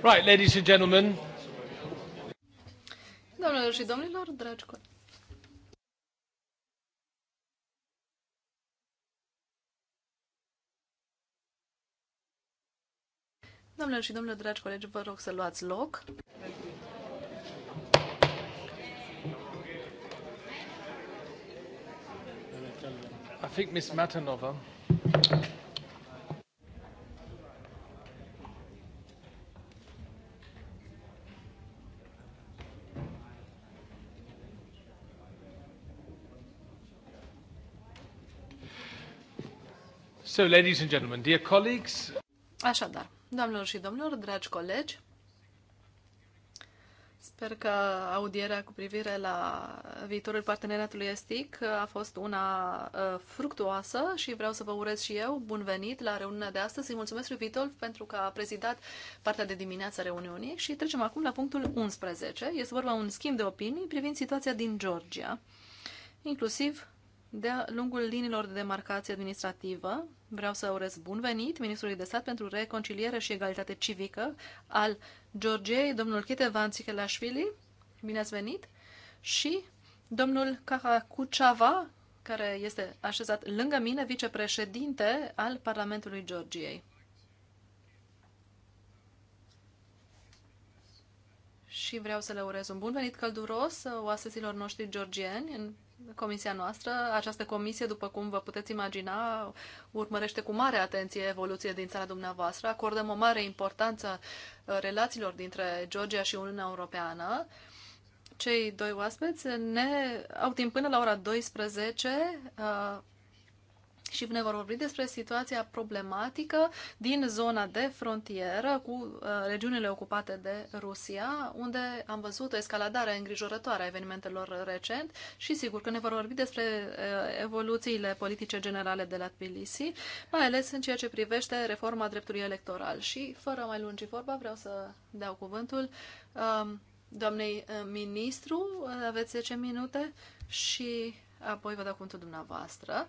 Right, ladies and gentlemen. Doamnelor și domnilor, dragi colegi. Doamnelor și domnilor, dragi colegi, vă rog să luați loc. Așadar, doamnelor și domnilor, dragi colegi, Sper că audierea cu privire la viitorul parteneriatului estic a fost una ă, fructuoasă și vreau să vă urez și eu bun venit la reuniunea de astăzi. Îi mulțumesc lui Vitol pentru că a prezidat partea de dimineață reuniunii și trecem acum la punctul 11. Este vorba un schimb de opinii privind situația din Georgia, inclusiv de-a lungul liniilor de demarcație administrativă. Vreau să urez bun venit ministrului de stat pentru reconciliere și egalitate civică al Georgiei, domnul Chite Vanțichelașvili, bine ați venit, și domnul Kahakuchava, care este așezat lângă mine, vicepreședinte al Parlamentului Georgiei. Și vreau să le urez un bun venit călduros oasezilor noștri georgieni în comisia noastră. Această comisie, după cum vă puteți imagina, urmărește cu mare atenție evoluția din țara dumneavoastră. Acordăm o mare importanță uh, relațiilor dintre Georgia și Uniunea Europeană. Cei doi oaspeți ne au timp până la ora 12 și ne vor vorbi despre situația problematică din zona de frontieră cu uh, regiunile ocupate de Rusia, unde am văzut o escaladare îngrijorătoare a evenimentelor recent și sigur că ne vor vorbi despre uh, evoluțiile politice generale de la Tbilisi, mai ales în ceea ce privește reforma dreptului electoral. Și fără mai lungi vorba, vreau să dau cuvântul um, uh, doamnei ministru, aveți 10 minute și apoi vă dau cuvântul dumneavoastră.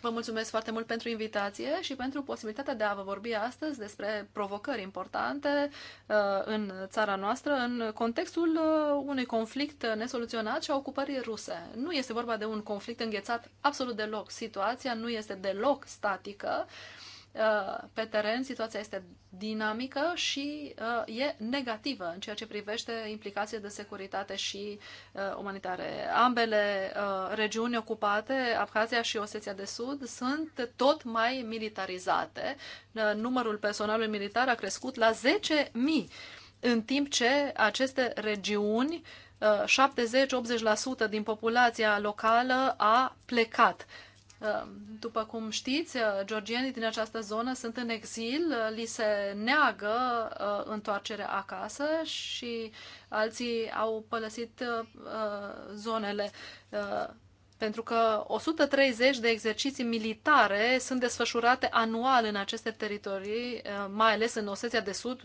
Vă mulțumesc foarte mult pentru invitație și pentru posibilitatea de a vă vorbi astăzi despre provocări importante uh, în țara noastră în contextul uh, unui conflict nesoluționat și a ocupării ruse. Nu este vorba de un conflict înghețat absolut deloc. Situația nu este deloc statică. Uh, pe teren situația este dinamică și uh, e negativă în ceea ce privește implicații de securitate și uh, umanitare. Ambele regiuni ocupate, Abhazia și Oseția de Sud, sunt tot mai militarizate. Numărul personalului militar a crescut la 10.000, în timp ce aceste regiuni 70-80% din populația locală a plecat. Uh, după cum știți, uh, georgienii din această zonă sunt în exil, uh, li se neagă întoarcerea acasă și alții au părăsit zonele pentru că 130 de exerciții militare sunt desfășurate anual în aceste teritorii, mai ales în Osetia de Sud,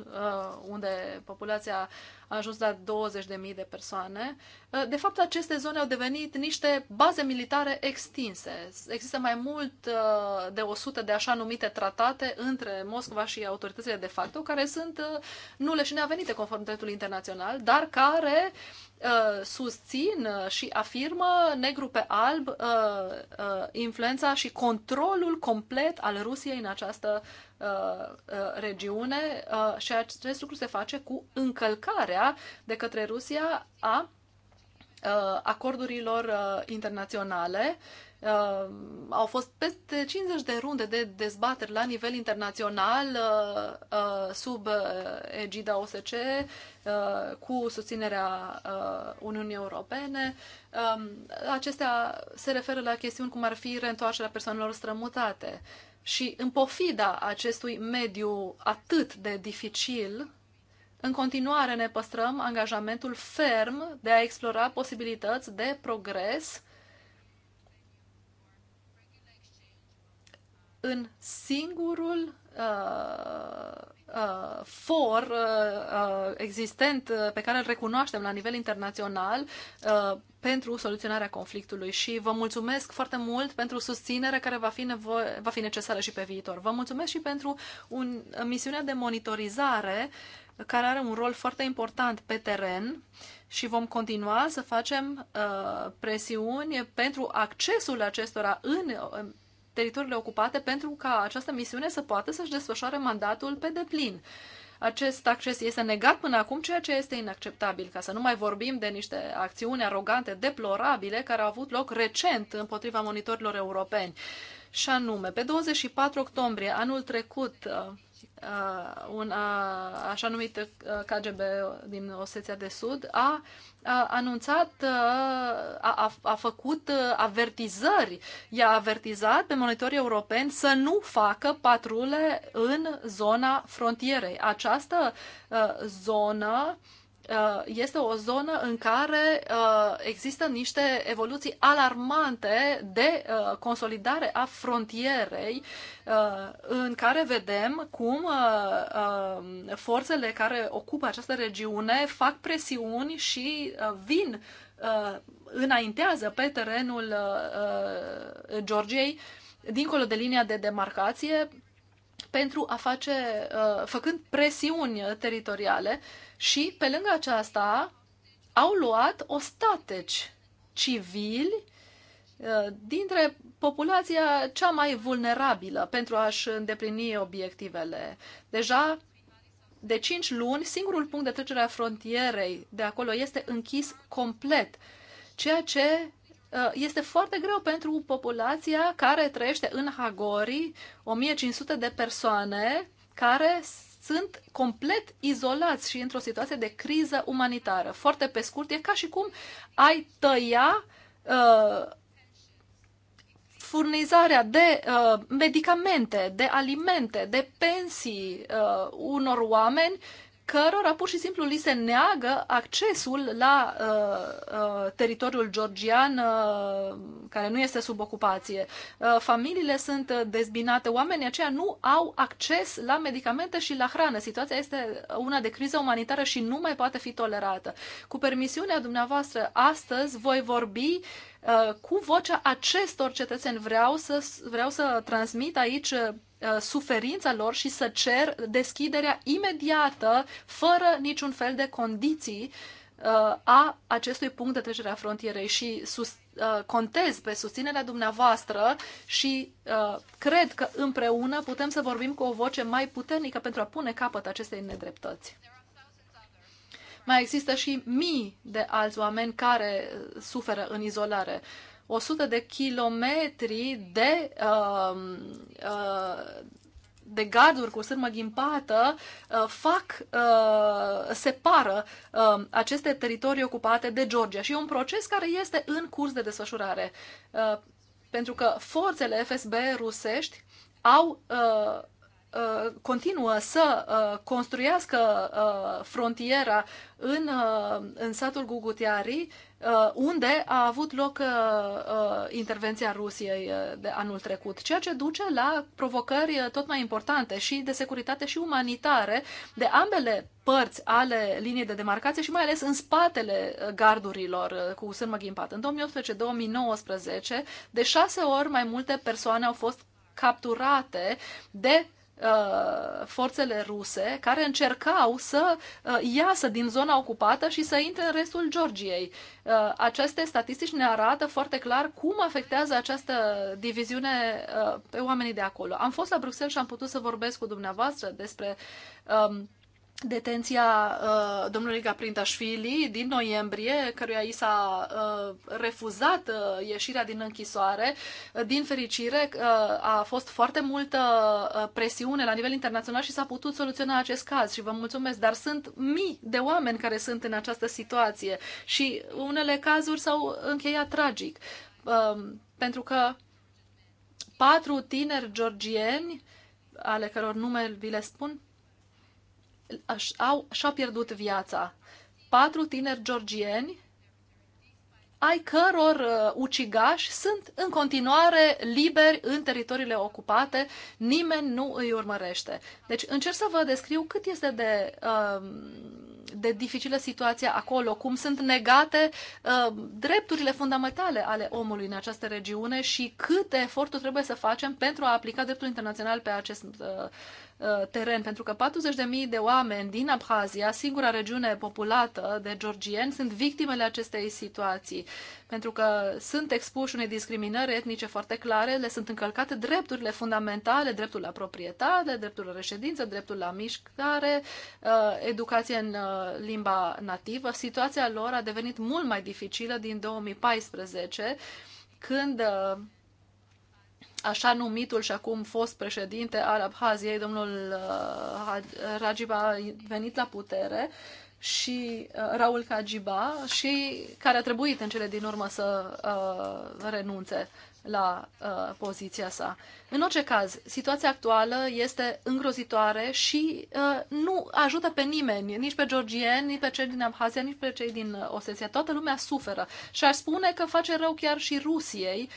unde populația a ajuns la 20.000 de persoane. Uh, de fapt, aceste zone au devenit niște baze militare extinse. Există mai mult uh, de 100 de așa numite tratate între Moscova și autoritățile de facto, care sunt uh, nule și neavenite conform dreptului internațional, dar care susțin și afirmă negru pe alb influența și controlul complet al Rusiei în această Uh, uh, regiune uh, și acest lucru se face cu încălcarea de către Rusia a acordurilor internaționale. Au fost peste 50 de runde de dezbateri la nivel internațional sub egida OSCE cu susținerea Uniunii Europene. Um, acestea se referă la chestiuni cum ar fi reîntoarcerea persoanelor strămutate și în pofida acestui mediu atât de dificil, în continuare ne păstrăm angajamentul ferm de a explora posibilități de progres în singurul Uh, uh, for uh, uh existent uh, pe care îl recunoaștem la nivel internațional uh, pentru soluționarea conflictului și vă mulțumesc foarte mult pentru susținere care va fi, nevo- va fi necesară și pe viitor. Vă mulțumesc și pentru un, misiunea de monitorizare care are un rol foarte important pe teren și vom continua să facem uh, presiuni pentru accesul acestora în teritoriile ocupate pentru ca această misiune să poată să-și desfășoare mandatul pe deplin. Acest acces este negat până acum, ceea ce este inacceptabil, ca să nu mai vorbim de niște acțiuni arogante, deplorabile, care au avut loc recent împotriva monitorilor europeni. Și anume, pe 24 octombrie anul trecut, uh, Uh, un uh, așa numit uh, KGB din Oseția de Sud, a, a anunțat, a, a făcut avertizări, i-a avertizat pe monitorii europeni să nu facă patrule în zona frontierei. Această zonă uh, Uh, este o zonă în care uh, există niște evoluții alarmante de uh, consolidare a frontierei, în care vedem cum forțele care ocupă această regiune fac presiuni și vin, înaintează pe terenul Georgiei, dincolo de linia de demarcație, pentru a face, făcând presiuni teritoriale și, pe lângă aceasta, au luat ostateci civili uh, dintre populația cea mai vulnerabilă pentru a-și îndeplini obiectivele. Deja de 5 luni, singurul punct de trecere a frontierei de acolo este închis complet, ceea ce uh, este foarte greu pentru populația care trăiește în Hagori, 1500 de persoane care sunt complet izolați și într-o situație de criză umanitară. Foarte pe scurt, e ca și cum ai tăia uh, furnizarea de uh, medicamente, de alimente, de pensii uh, unor oameni cărora pur și simplu li se neagă accesul la uh, uh, teritoriul georgian uh, care nu este sub ocupație. Uh, familiile sunt dezbinate, oamenii aceia nu au acces la medicamente și la hrană. Situația este una de criză umanitară și nu mai poate fi tolerată. Cu permisiunea dumneavoastră, astăzi voi vorbi uh, cu vocea acestor cetățeni. Vreau să, vreau să transmit aici uh, Uh, suferința lor și să cer deschiderea imediată, fără niciun fel de condiții, uh, a acestui punct de trecere a frontierei și sus, uh, contez pe susținerea dumneavoastră și cred că împreună putem să vorbim cu o voce mai puternică pentru a pune capăt acestei nedreptăți. Mai există și mii de alți oameni care suferă în izolare. 100 de kilometri de, uh, uh, de garduri cu sârmă ghimpată uh, fac, uh, separă uh, aceste teritorii ocupate de Georgia și e un proces care este în curs de desfășurare. Uh, pentru că forțele FSB rusești au uh, Uh, continuă să uh, construiască uh, frontiera în, uh, în satul Gugutiari, uh, unde a avut loc uh, uh, intervenția Rusiei uh, de anul trecut, ceea ce duce la provocări uh, tot mai importante și de securitate și umanitare de ambele părți ale liniei de demarcație și mai ales în spatele uh, gardurilor uh, cu sârmă ghimpată. În 2018-2019, de șase ori mai multe persoane au fost capturate de Uh, forțele ruse care încercau să uh, iasă din zona ocupată și să intre în restul Georgiei. Uh, aceste statistici ne arată foarte clar cum afectează această diviziune pe oamenii de acolo. Am fost la Bruxelles și am putut să vorbesc cu dumneavoastră despre um, detenția uh, domnului Gaprintașvili din noiembrie, căruia i s-a uh, refuzat uh, ieșirea din închisoare. Din fericire, uh, a fost foarte multă uh, presiune la nivel internațional și s-a putut soluționa acest caz și vă mulțumesc, dar sunt mii de oameni care sunt în această situație și unele cazuri s-au încheiat tragic, uh, pentru că patru tineri georgieni, ale căror nume vi le spun, au, și-au pierdut viața. Patru tineri georgieni ai căror uh, ucigași sunt în continuare liberi în teritoriile ocupate, nimeni nu îi urmărește. Deci încerc să vă descriu cât este de, uh, de dificilă situația acolo, cum sunt negate uh, drepturile fundamentale ale omului în această regiune și cât efortul trebuie să facem pentru a aplica dreptul internațional pe acest uh, Uh, teren, pentru că 40.000 de oameni din Abhazia, singura regiune populată de georgieni, sunt victimele acestei situații, pentru că sunt expuși unei discriminări etnice foarte clare, le sunt încălcate drepturile fundamentale, dreptul la proprietate, dreptul la reședință, dreptul la mișcare, uh, educație în uh, limba nativă. Situația lor a devenit mult mai dificilă din 2014, când așa numitul și acum fost președinte al Abhaziei, domnul uh, Rajib a venit la putere și uh, Raul Kajiba și care a trebuit în cele din urmă să uh, renunțe la uh, poziția sa. În orice caz, situația actuală este îngrozitoare și uh, nu ajută pe nimeni, nici pe georgieni, nici pe cei din Abhazia, nici pe cei din uh, Osetia. Toată lumea suferă și aș spune că face rău chiar și Rusiei,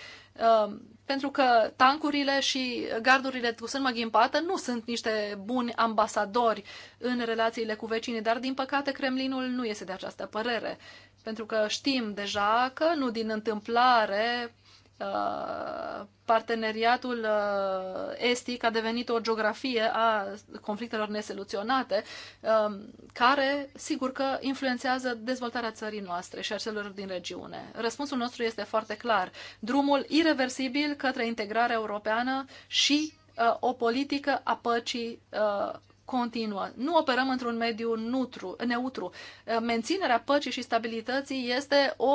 uh, pentru că tancurile și gardurile cu sârmă ghimpată nu sunt niște buni ambasadori în relațiile cu vecinii, dar din păcate Kremlinul nu este de această părere, pentru că știm deja că nu din întâmplare Uh, parteneriatul uh, estic a devenit o geografie a conflictelor nesoluționate, um, care, sigur că, influențează dezvoltarea țării noastre și a celor din regiune. Răspunsul nostru este foarte clar. Drumul irreversibil către integrarea europeană și uh, o politică a păcii continuă. Nu operăm într-un mediu neutru, neutru. Eh, menținerea păcii și stabilității este o,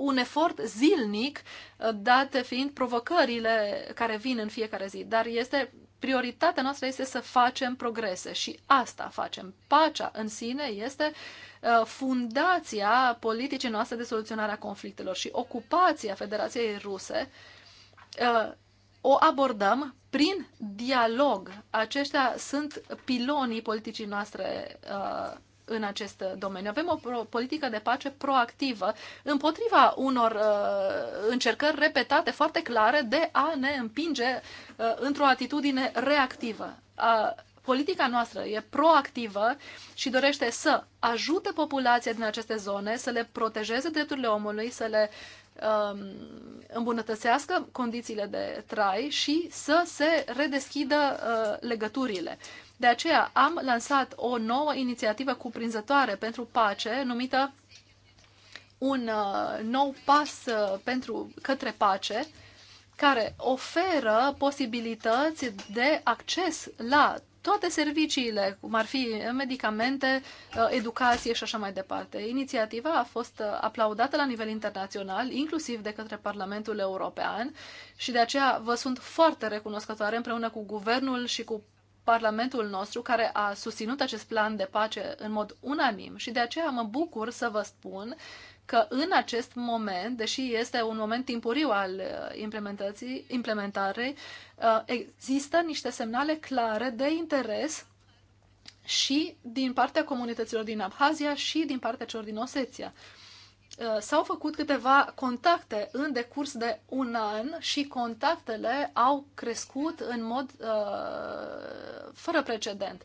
un efort zilnic, eh, date fiind provocările care vin în fiecare zi. Dar este prioritatea noastră este să facem progrese și asta facem. Pacea în sine este eh, fundația politicii noastre de soluționare a conflictelor și ocupația Federației Ruse o abordăm prin dialog. Aceștia sunt pilonii politicii noastre uh, în acest domeniu. Avem o politică de pace proactivă împotriva unor uh, încercări repetate foarte clare de a ne împinge uh, într-o atitudine reactivă. Uh, politica noastră e proactivă și dorește să ajute populația din aceste zone, să le protejeze drepturile omului, să le uh, Um, îmbunătățească condițiile de trai și să se redeschidă uh, legăturile. De aceea am lansat o nouă inițiativă cuprinzătoare pentru pace, numită un uh, nou pas uh, pentru către pace, care oferă posibilități de acces la toate serviciile, cum ar fi medicamente, uh, educație și așa mai departe. Inițiativa a fost uh, aplaudată la nivel internațional, inclusiv de către Parlamentul European și de aceea vă sunt foarte recunoscătoare împreună cu guvernul și cu Parlamentul nostru care a susținut acest plan de pace în mod unanim și de aceea mă bucur să vă spun că în acest moment, deși este un moment timpuriu al uh, implementării, uh, există niște semnale clare de interes și din partea comunităților din Abhazia și din partea celor din Osetia. Uh, s-au făcut câteva contacte în decurs de un an și contactele au crescut în mod uh, fără precedent.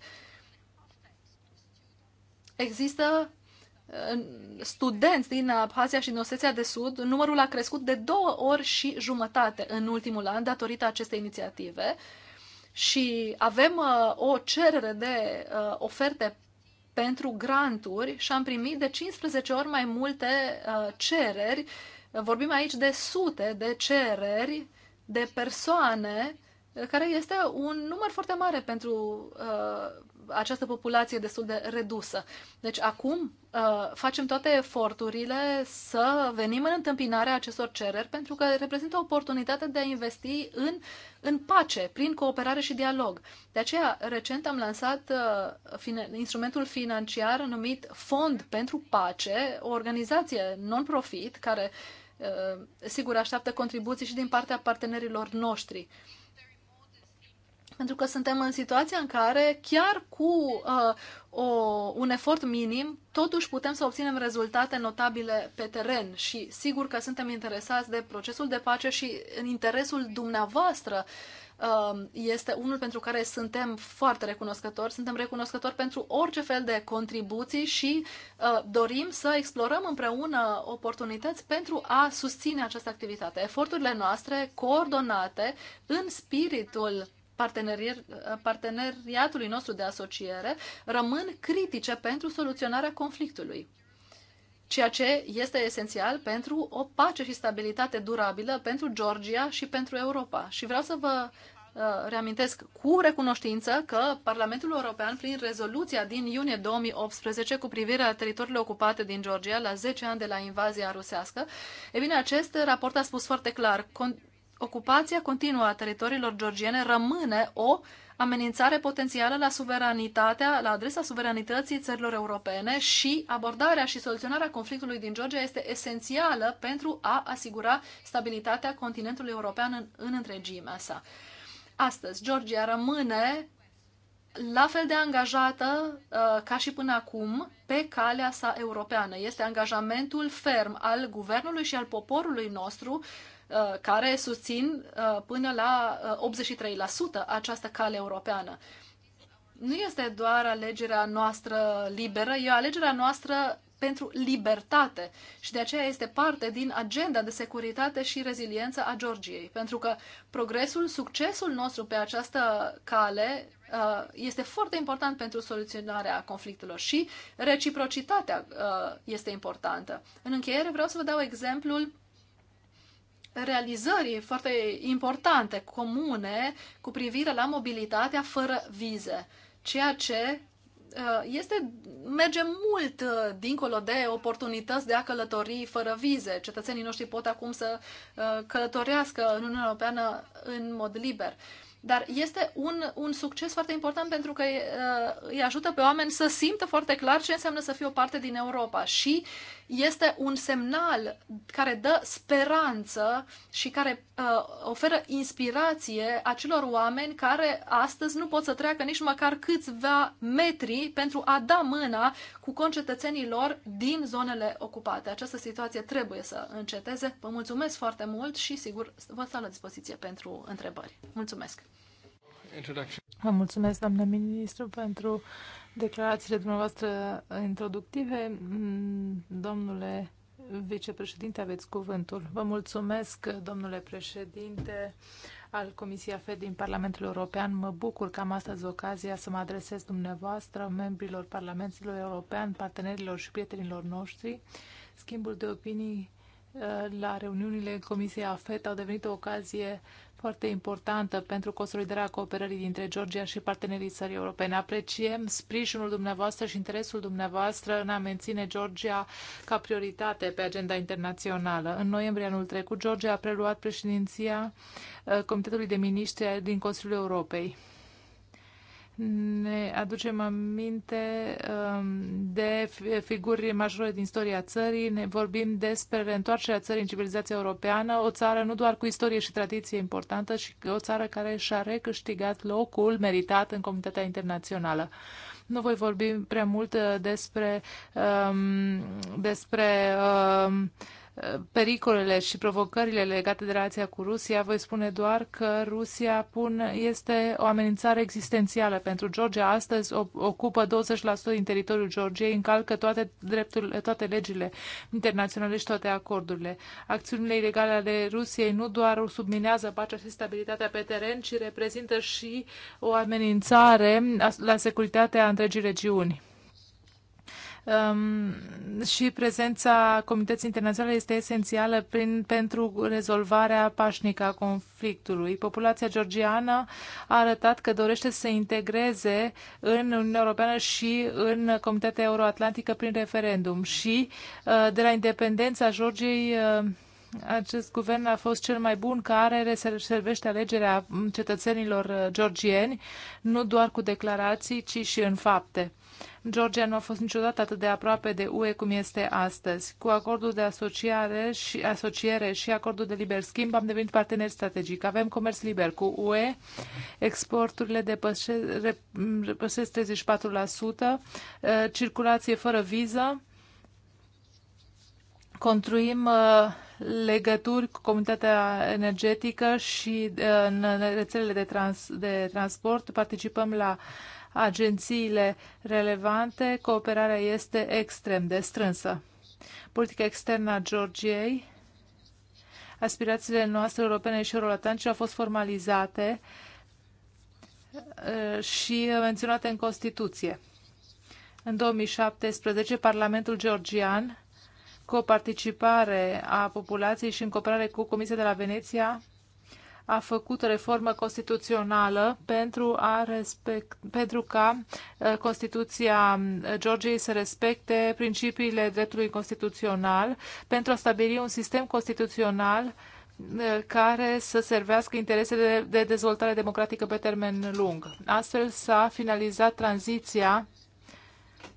Există studenți din Abhazia și din de Sud, numărul a crescut de două ori și jumătate în ultimul an datorită acestei inițiative și avem uh, o cerere de uh, oferte pentru granturi și am primit de 15 ori mai multe uh, cereri. Vorbim aici de sute de cereri de persoane, uh, care este un număr foarte mare pentru uh, această populație destul de redusă. Deci acum uh, facem toate eforturile să venim în întâmpinarea acestor cereri pentru că reprezintă o oportunitate de a investi în, în pace, prin cooperare și dialog. De aceea, recent am lansat uh, instrumentul financiar numit Fond pentru Pace, o organizație non-profit care uh, sigur așteaptă contribuții și din partea partenerilor noștri. Uh, pentru că suntem în situația în care, chiar cu uh, o, un efort minim, totuși putem să obținem rezultate notabile pe teren și sigur că suntem interesați de procesul de pace și în interesul dumneavoastră uh, este unul pentru care suntem foarte recunoscători. Suntem recunoscători pentru orice fel de contribuții și uh, dorim să explorăm împreună oportunități pentru a susține această activitate. Eforturile noastre coordonate în spiritul parteneriatului nostru de asociere rămân critice pentru soluționarea conflictului ceea ce este esențial pentru o pace și stabilitate durabilă pentru Georgia și pentru Europa. Și vreau să vă uh, reamintesc cu recunoștință că Parlamentul European, prin rezoluția din iunie 2018 cu privire la teritoriile ocupate din Georgia la 10 ani de la invazia rusească, e bine, acest raport a spus foarte clar, ocupația continuă a teritoriilor georgiene rămâne o amenințare potențială la suveranitatea, la adresa suveranității țărilor europene și abordarea și soluționarea conflictului din Georgia este esențială pentru a asigura stabilitatea continentului european în, în întregimea sa. Astăzi, Georgia rămâne la fel de angajată uh, ca și până acum pe calea sa europeană. Este angajamentul ferm al guvernului și al poporului nostru Uh, care susțin uh, până la 83% uh, această cale europeană. Nu este doar alegerea noastră liberă, e alegerea noastră pentru libertate și de aceea este parte din agenda de securitate și reziliență a Georgiei, pentru că progresul, succesul nostru pe această cale este foarte important pentru soluționarea conflictelor și reciprocitatea este importantă. În încheiere vreau să vă dau exemplul realizări foarte importante, comune, cu privire la mobilitatea fără vize, ceea ce uh, este, merge mult uh, dincolo de oportunități de a călători fără vize. Cetățenii noștri pot acum să uh, călătorească în Uniunea Europeană în mod liber. Dar este un, un succes foarte important pentru că uh, îi ajută pe oameni să simtă foarte clar ce înseamnă să fie o parte din Europa și este un semnal care dă speranță și care Uh, oferă inspirație acelor oameni care astăzi nu pot să treacă nici măcar câțiva metri pentru a da mâna cu concetățenii lor din zonele ocupate. Această situație trebuie să înceteze. Vă mulțumesc foarte mult și sigur vă stau la dispoziție pentru întrebări. Mulțumesc! Vă mulțumesc, doamnă ministru, pentru declarațiile dumneavoastră introductive. Mm, domnule vicepreședinte, aveți cuvântul. Vă mulțumesc, domnule președinte al Comisiei AFED din Parlamentul European. Mă bucur că am astăzi ocazia să mă adresez dumneavoastră, membrilor Parlamentului European, partenerilor și prietenilor noștri. Schimbul de opinii uh, la reuniunile Comisiei AFET au devenit o ocazie foarte importantă pentru consolidarea cooperării dintre Georgia și partenerii țării europene. Apreciem sprijinul dumneavoastră și interesul dumneavoastră în a menține Georgia ca prioritate pe agenda internațională. În noiembrie anul trecut, Georgia a preluat președinția uh, Comitetului de Miniștri din Consiliul Europei ne aducem aminte um, de figuri majore din istoria țării, ne vorbim despre reîntoarcerea țării în civilizația europeană, o țară nu doar cu istorie și tradiție importantă, ci o țară care și-a recâștigat locul meritat în comunitatea internațională. Nu voi vorbi prea mult uh, despre, um, despre um, pericolele și provocările legate de relația cu Rusia, voi spune doar că Rusia pun, este o amenințare existențială pentru Georgia. Astăzi ocupă 20% din teritoriul Georgiei, încalcă toate, drepturile, toate legile internaționale și toate acordurile. Acțiunile ilegale ale Rusiei nu doar subminează pacea și stabilitatea pe teren, ci reprezintă și o amenințare la securitatea întregii regiuni um, și prezența comunității internaționale este esențială prin, pentru rezolvarea pașnică a conflictului. Populația georgiană a arătat că dorește să se integreze în Uniunea Europeană și în Comunitatea Euroatlantică prin referendum și uh, de la independența Georgiei uh, acest guvern a fost cel mai bun care servește alegerea cetățenilor uh, georgieni, nu doar cu declarații, ci și în fapte. Georgia nu a fost niciodată atât de aproape de UE cum este astăzi. Cu acordul de asociare și, asociere și acordul de liber schimb am devenit partener strategic. Avem comerț liber cu UE, exporturile depășesc 34%, uh, circulație fără viză, construim uh, legături cu comunitatea energetică și uh, în rețelele de, trans, de transport. Participăm la agențiile relevante. Cooperarea este extrem de strânsă. Politica externă a Georgiei. Aspirațiile noastre europene și euroatlantice au fost formalizate uh, și menționate în Constituție. În 2017, Parlamentul georgian cu o participare a populației și în cooperare cu Comisia de la Veneția a făcut o reformă constituțională pentru, a respect, pentru ca uh, Constituția Georgiei să respecte principiile dreptului constituțional, pentru a stabili un sistem constituțional uh, care să servească interesele de dezvoltare democratică pe termen lung. Astfel s-a finalizat tranziția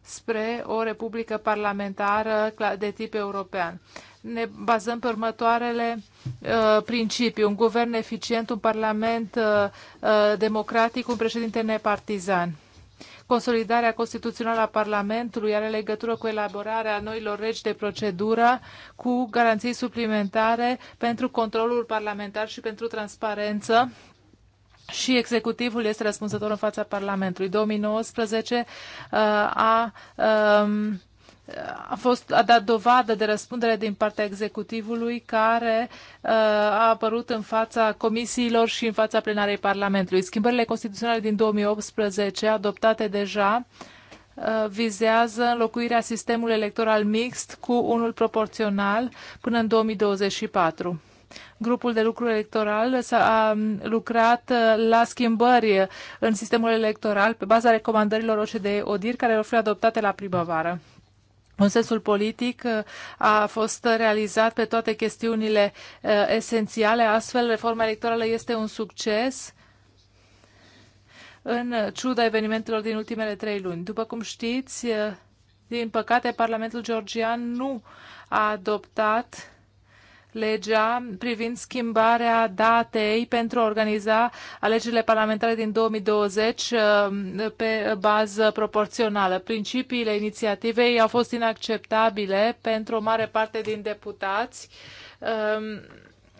spre o republică parlamentară de tip european. Ne bazăm pe următoarele uh, principii. Un guvern eficient, un parlament uh, uh, democratic, un președinte nepartizan. Consolidarea constituțională a Parlamentului are legătură cu elaborarea noilor regi de procedură cu garanții suplimentare pentru controlul parlamentar și pentru transparență și executivul este răspunzător în fața Parlamentului. 2019 uh, a, a, um, a, fost, a dat dovadă de răspundere din partea executivului care uh, a apărut în fața comisiilor și în fața plenarei Parlamentului. Schimbările constituționale din 2018 adoptate deja uh, vizează înlocuirea sistemului electoral mixt cu unul proporțional până în 2024. Grupul de lucru electoral s-a lucrat uh, la schimbări în sistemul electoral pe baza recomandărilor OCDE-ODIR care au fost adoptate la primăvară. Consensul politic uh, a fost realizat pe toate chestiunile uh, esențiale, astfel reforma electorală este un succes în ciuda evenimentelor din ultimele trei luni. După cum știți, din păcate, Parlamentul georgian nu a adoptat legea privind schimbarea datei pentru a organiza alegerile parlamentare din 2020 uh, pe bază proporțională. Principiile inițiativei au fost inacceptabile pentru o mare parte din deputați um,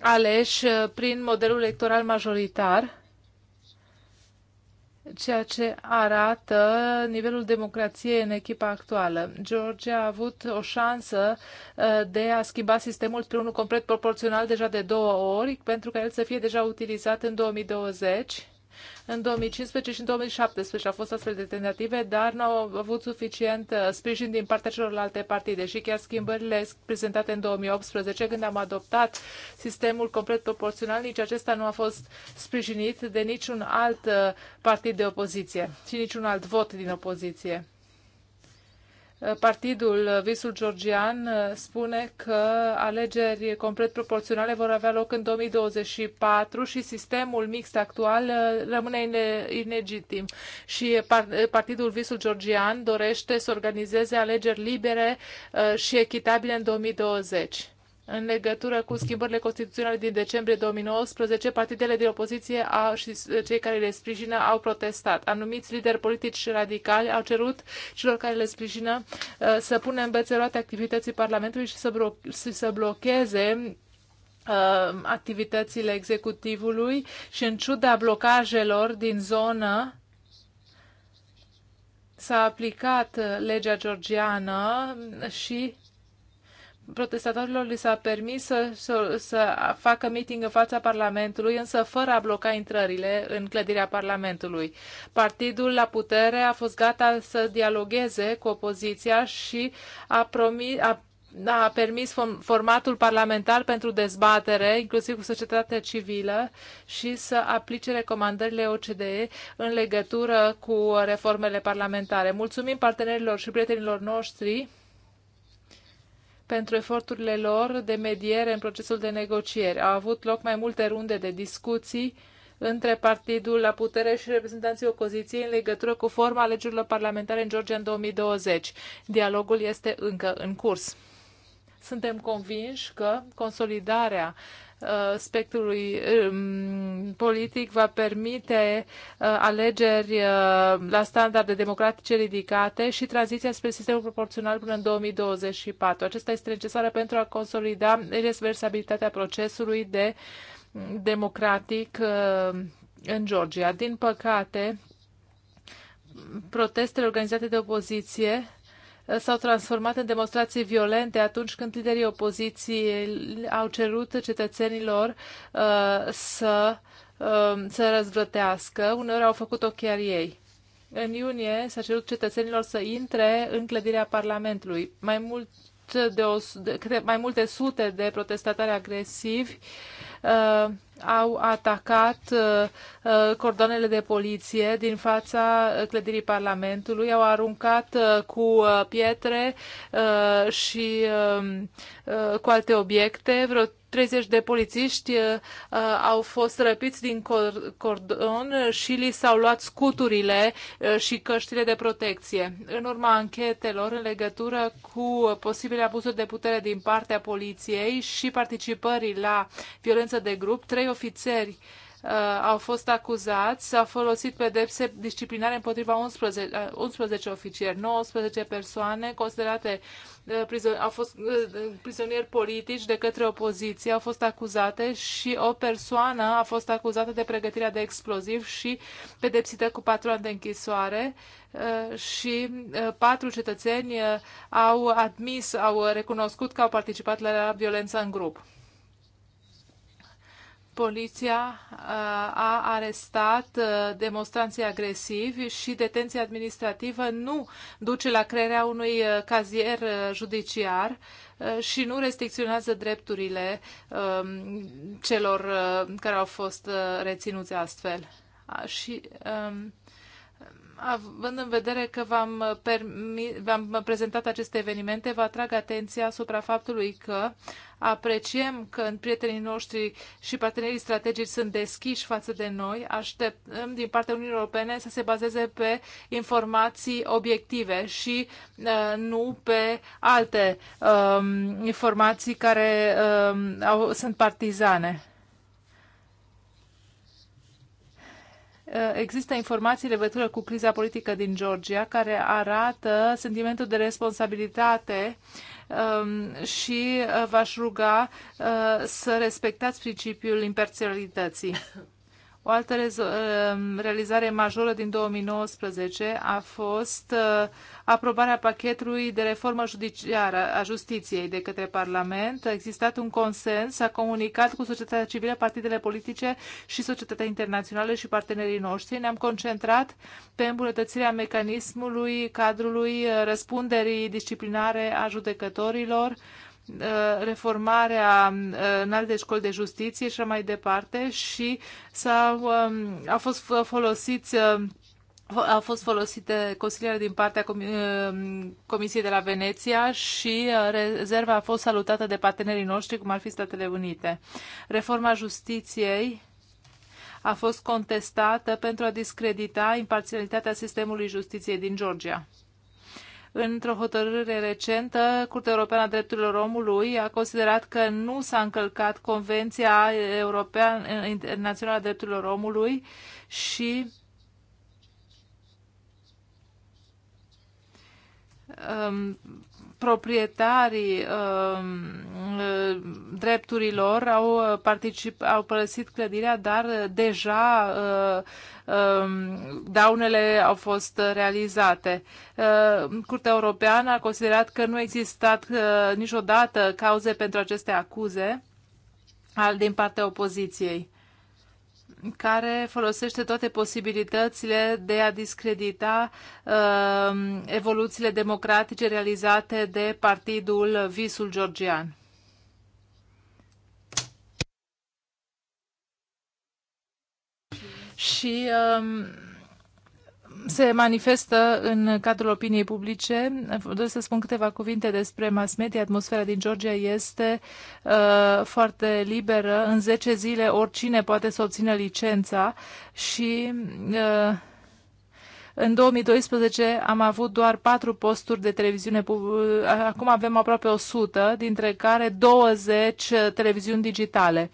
aleși uh, prin modelul electoral majoritar ceea ce arată nivelul democrației în echipa actuală. Georgia a avut o șansă uh, de a schimba sistemul spre unul complet proporțional deja de două ori, pentru ca el să fie deja utilizat în 2020 în 2015 și în 2017 au fost astfel de tentative, dar nu au avut suficient uh, sprijin din partea celorlalte partide și chiar schimbările prezentate în 2018, când am adoptat sistemul complet proporțional, nici acesta nu a fost sprijinit de niciun alt uh, partid de opoziție și niciun alt vot din opoziție. Eh, partidul eh, Visul Georgian eh, spune că alegeri complet proporționale vor avea loc în 2024 și sistemul mixt actual rămâne inegitim. Și Partidul Visul Georgian dorește să organizeze alegeri libere și echitabile în 2020 în legătură cu schimbările constituționale din decembrie 2019, partidele de opoziție au, și cei care le sprijină au protestat. Anumiți lideri politici radicali au cerut celor care le sprijină uh, să pună în bețe roate activității Parlamentului și să, blo- și să blocheze uh, activitățile executivului și în ciuda blocajelor din zonă s-a aplicat uh, legea georgiană și protestatorilor li s-a permis să, să, să facă meeting în fața Parlamentului, însă fără a bloca intrările în clădirea Parlamentului. Partidul la putere a fost gata să dialogueze cu opoziția și a, promis, a a permis formatul parlamentar pentru dezbatere, inclusiv cu societatea civilă, și să aplice recomandările OCDE în legătură cu reformele parlamentare. Mulțumim partenerilor și prietenilor noștri pentru eforturile lor de mediere în procesul de negocieri. Au avut loc mai multe runde de discuții între partidul la putere și reprezentanții opoziției în legătură cu forma alegerilor parlamentare în Georgia în 2020. Dialogul este încă în curs. Suntem convinși că consolidarea uh, Uh, spectrului um, politic va permite uh, alegeri uh, la standarde democratice ridicate și tranziția spre sistemul proporțional până în 2024. Acesta este necesară pentru a consolida reversibilitatea procesului de mm, democratic în Georgia. Din păcate, protestele organizate de opoziție s-au transformat în demonstrații violente atunci când liderii opoziției au cerut cetățenilor uh, să um, să răzvrătească, uneori au făcut-o chiar ei. În iunie s-a cerut cetățenilor să intre în clădirea Parlamentului. Mai, mult de o, de, mai multe sute de protestatari agresivi uh, au atacat cordonele uh, uh, cordoanele de poliție din fața uh, clădirii Parlamentului, au aruncat cu pietre și um, cu alte obiecte. Vreo 30 de polițiști uh, uh, au fost răpiți din cordon și li s-au luat scuturile uh, și căștile de protecție. În urma anchetelor în legătură cu posibile abuzuri de putere din partea poliției și participării la violență de grup, trei ofițeri uh, uh, au fost acuzați, s-au folosit pedepse disciplinare împotriva 11, uh, 11 oficieri, 19 persoane considerate uh, au fost uh, uh, prizonieri politici de către opoziție, au fost acuzate și o persoană a fost acuzată de pregătirea de exploziv și pedepsită cu patru ani de închisoare și patru cetățeni au admis, au recunoscut că au participat la violența în grup poliția uh, a arestat uh, demonstranții agresivi și detenția administrativă nu duce la crearea unui uh, cazier judiciar și nu restricționează drepturile um, celor care au fost reținuți astfel. Și um, având în vedere că v-am, v-am prezentat aceste evenimente, vă atrag atenția asupra faptului că apreciem că în prietenii noștri și partenerii strategici sunt deschiși față de noi. Așteptăm din partea Uniunii Europene să se bazeze pe informații obiective și uh, nu pe alte uh, informații care uh, au, sunt partizane. Eh, există informații legătură cu criza politică din Georgia care arată sentimentul de responsabilitate ehm, și eh, v-aș ruga eh, să respectați principiul imparțialității. (coughs) O altă uh, realizare majoră din 2019 a fost uh, aprobarea pachetului de reformă judiciară a justiției de către Parlament. A existat un consens, s-a comunicat cu societatea civilă, partidele politice și societatea internațională și partenerii noștri. Ne-am concentrat pe îmbunătățirea mecanismului, cadrului uh, răspunderii disciplinare a judecătorilor, Uh, reformarea uh, în alte școli de justiție și mai departe și s-au, um, a fost folosit uh, a fost folosite consiliere din partea Comisiei de la Veneția și rezerva a fost salutată de partenerii noștri, cum ar fi Statele Unite. Reforma justiției a fost contestată pentru a discredita imparțialitatea sistemului justiției din Georgia. Într-o hotărâre recentă, Curtea Europeană a Drepturilor Omului a considerat că nu s-a încălcat Convenția Europeană Internațională a Drepturilor Omului și um, proprietarii um, uh, drepturilor au, uh, particip, au părăsit clădirea, dar deja uh, um, daunele au fost realizate. Curtea Europeană a considerat că nu a existat niciodată cauze pentru aceste acuze al din partea opoziției care folosește toate posibilitățile de a discredita uh, evoluțiile democratice realizate de partidul Visul Georgian. Și uh, se manifestă în cadrul opiniei publice. Vreau să spun câteva cuvinte despre mass media. Atmosfera din Georgia este uh, foarte liberă. În 10 zile oricine poate să obțină licența și uh, în 2012 am avut doar patru posturi de televiziune, acum avem aproape 100, dintre care 20 uh, televiziuni digitale.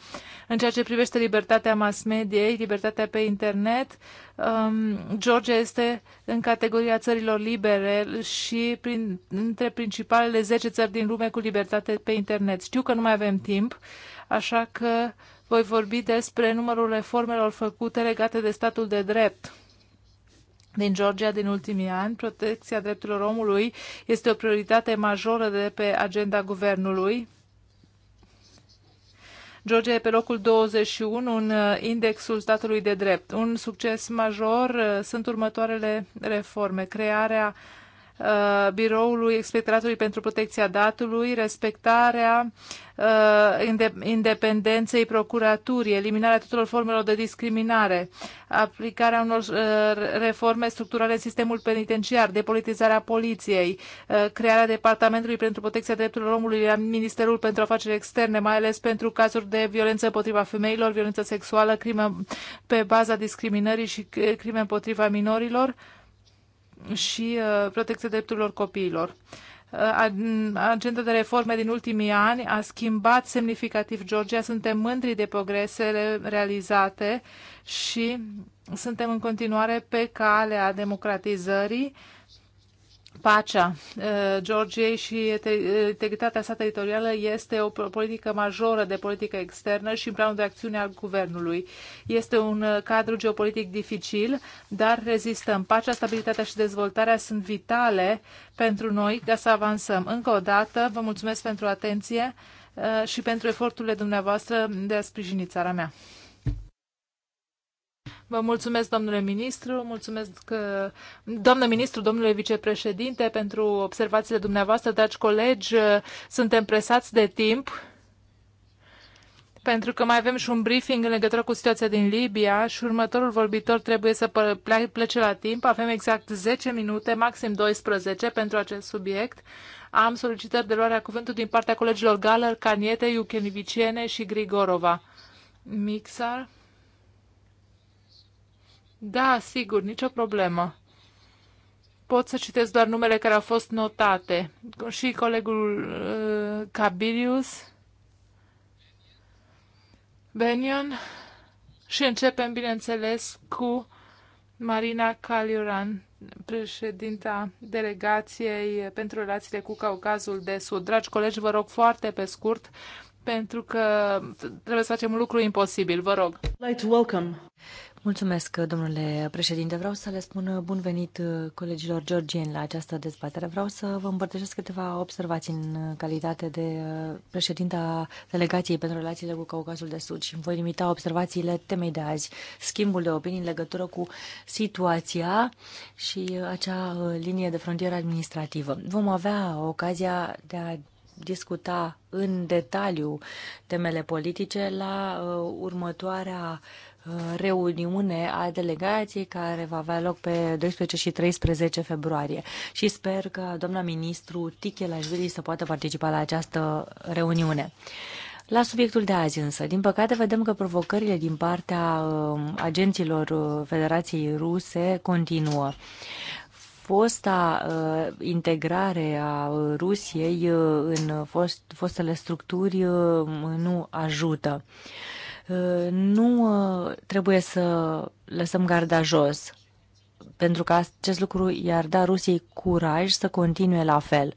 În ceea ce privește libertatea mass mediei, libertatea pe internet, um, Georgia este în categoria țărilor libere și prin, între principalele 10 țări din lume cu libertate pe internet. Știu că nu mai avem timp, așa că voi vorbi despre numărul reformelor făcute legate de statul de drept din Georgia din ultimii ani, protecția drepturilor omului este o prioritate majoră de pe agenda guvernului. Georgia e pe locul 21 în uh, indexul statului de drept. Un succes major uh, sunt următoarele reforme. Crearea uh, Uh, biroului Inspectoratului pentru Protecția Datului, respectarea uh, independenței procuraturii, eliminarea tuturor formelor de discriminare, aplicarea unor uh, reforme structurale în sistemul penitenciar, depolitizarea poliției, crearea Departamentului pentru Protecția Drepturilor Omului la Ministerul pentru Afaceri Externe, mai ales pentru cazuri de violență împotriva femeilor, violență sexuală, crime pe baza discriminării și crime împotriva minorilor și uh, protecția drepturilor copiilor. Uh, agenda de reforme din ultimii ani a schimbat semnificativ Georgia. Suntem mândri de progresele realizate și suntem în continuare pe calea democratizării pacea Georgiei și integritatea sa teritorială este o politică majoră de politică externă și în planul de acțiune al guvernului. Este un cadru geopolitic dificil, dar rezistăm. Pacea, stabilitatea și dezvoltarea sunt vitale pentru noi ca să avansăm. Încă o dată, vă mulțumesc pentru atenție și pentru eforturile dumneavoastră de a sprijini țara mea. Vă mulțumesc, domnule ministru, mulțumesc, doamnă ministru, domnule vicepreședinte, pentru observațiile dumneavoastră, dragi colegi, suntem presați de timp pentru că mai avem și un briefing în legătură cu situația din Libia și următorul vorbitor trebuie să plece la timp. Avem exact 10 minute, maxim 12 pentru acest subiect. Am solicitări de luarea cuvântului din partea colegilor Galer, Caniete, Iuchenivicene și Grigorova. Mixar. Da, sigur, nicio problemă. Pot să citesc doar numele care au fost notate. Și colegul uh, Cabilius, Benion și începem, bineînțeles, cu Marina Caliuran, președinta delegației pentru relațiile cu Caucazul de Sud. Dragi colegi, vă rog foarte pe scurt, pentru că trebuie să facem un lucru imposibil. Vă rog. welcome. Mulțumesc, domnule președinte. Vreau să le spun bun venit uh, colegilor georgieni la această dezbatere. Vreau să vă împărtășesc câteva observații în uh, calitate de uh, președinta delegației pentru relațiile cu Caucasul de Sud și îmi voi limita observațiile temei de azi, schimbul de opinii în legătură cu situația și acea linie de frontieră administrativă. Vom avea ocazia de a discuta în detaliu temele politice la următoarea uh, Uh, reuniune a delegației care va avea loc pe 12 și 13 februarie și sper că doamna ministru Tichelashvili să poată participa la această reuniune. La subiectul de azi însă, din păcate vedem că provocările din partea uh, agenților uh, Federației Ruse continuă. Fosta integrare a Rusiei în fost, fostele structuri nu ajută. Uh, Uh, nu uh, trebuie să lăsăm garda jos, pentru că acest lucru i-ar da Rusiei curaj să continue la fel.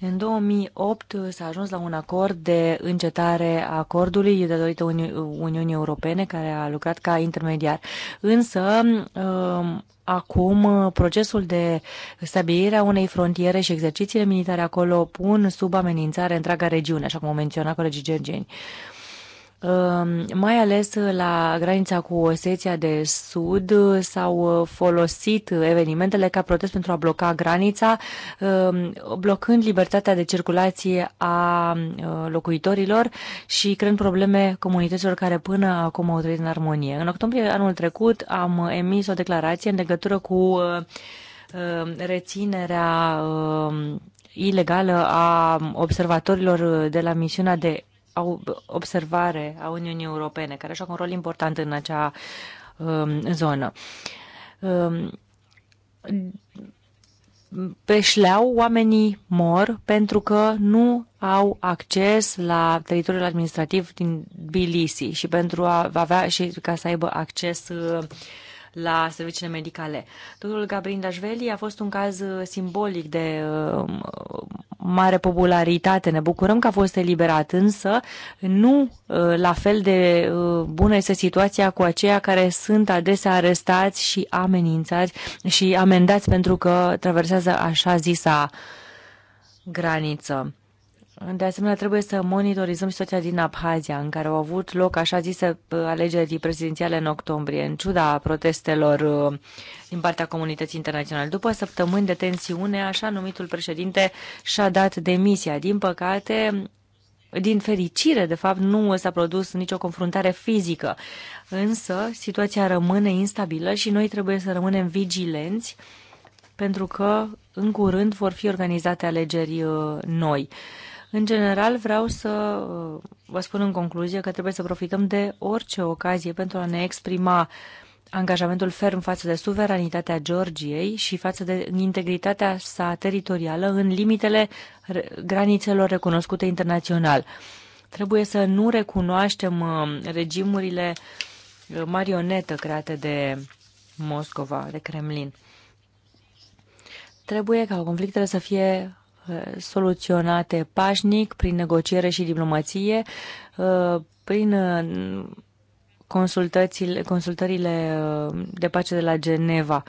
În 2008 s-a ajuns la un acord de încetare a acordului datorită Uni- Uniunii Europene, care a lucrat ca intermediar. Însă, um, acum, procesul de stabilire a unei frontiere și exercițiile militare acolo pun sub amenințare întreaga regiune, așa cum au menționat colegii gergeni. Uh, Ehm, mai ales la granița cu Oseția de Sud s-au uh, folosit evenimentele ca protest pentru a bloca granița, ehm, blocând libertatea de circulație a uh, locuitorilor și creând probleme comunităților care până acum au trăit în armonie. În octombrie anul trecut am emis o declarație în legătură cu uh, ehm, reținerea ilegală a observatorilor de la misiunea de observare a Uniunii Europene, care joacă un rol important în acea um, zonă. Um, pe șleau oamenii mor pentru că nu au acces la teritoriul administrativ din Bilisi și pentru a avea și ca să aibă acces uh, la serviciile medicale. Totul Gabriel Dașveli a fost un caz uh, simbolic de uh, mare popularitate. Ne bucurăm că a fost eliberat, însă nu uh, la fel de bună este situația cu aceia care sunt adesea arestați și amenințați și amendați pentru că traversează așa zisa graniță. De asemenea, trebuie să monitorizăm situația din Abhazia, în care au avut loc așa zise alegeri prezidențiale în octombrie, în ciuda protestelor uh, din partea comunității internaționale. După săptămâni de tensiune, așa numitul președinte și-a dat demisia. Din păcate, din fericire, de fapt, nu s-a produs nicio confruntare fizică. Însă, situația rămâne instabilă și noi trebuie să rămânem vigilenți pentru că în curând vor fi organizate alegeri uh, noi. În general, vreau să uh, vă spun în concluzie că trebuie să profităm de orice ocazie pentru a ne exprima angajamentul ferm față de suveranitatea Georgiei și față de integritatea sa teritorială în limitele granițelor recunoscute internațional. Trebuie să nu recunoaștem uh, regimurile uh, marionetă create de Moscova, de Kremlin. Trebuie ca conflictele să fie Uh, soluționate pașnic, prin negociere și diplomație, uh, prin uh, consultările de pace de la Geneva.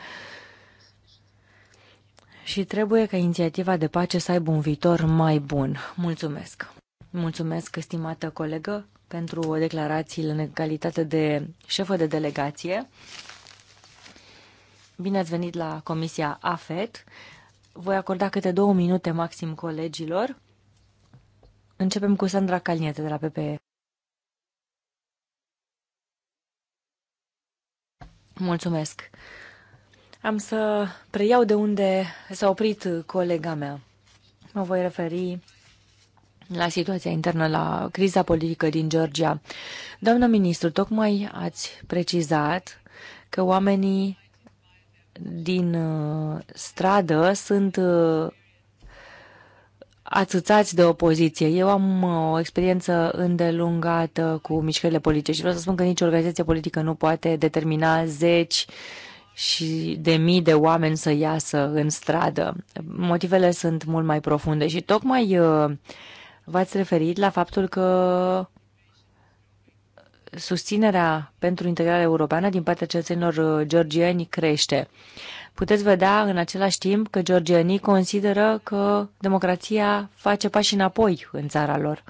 Și trebuie ca inițiativa de pace să aibă un viitor mai bun. Mulțumesc! Mulțumesc, stimată colegă, pentru declarațiile în calitate de șefă de delegație. Bine ați venit la Comisia AFET. Voi acorda câte două minute maxim colegilor. Începem cu Sandra Calniete de la PPE. Mulțumesc. Am să preiau de unde s-a oprit colega mea. Mă voi referi la situația internă, la criza politică din Georgia. Doamnă ministru, tocmai ați precizat că oamenii din uh, stradă sunt uh, atâțați de opoziție. Eu am uh, o experiență îndelungată cu mișcările politice și vreau să spun că nici organizație politică nu poate determina zeci și de mii de oameni să iasă în stradă. Motivele sunt mult mai profunde și tocmai v-ați referit la faptul că susținerea pentru integrarea europeană din partea cetățenilor uh, georgieni crește. Puteți vedea în același timp că georgienii consideră că democrația face pași înapoi în țara lor.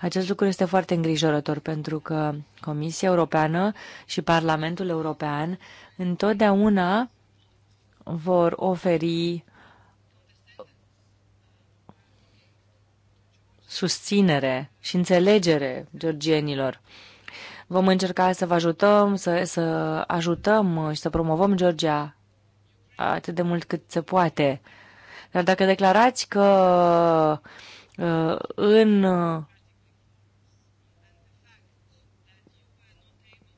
Acest lucru este foarte îngrijorător pentru că Comisia Europeană și Parlamentul European întotdeauna vor oferi susținere și înțelegere georgienilor. Vom încerca să vă ajutăm, să, să ajutăm și să promovăm Georgia atât de mult cât se poate. Dar dacă declarați că uh, în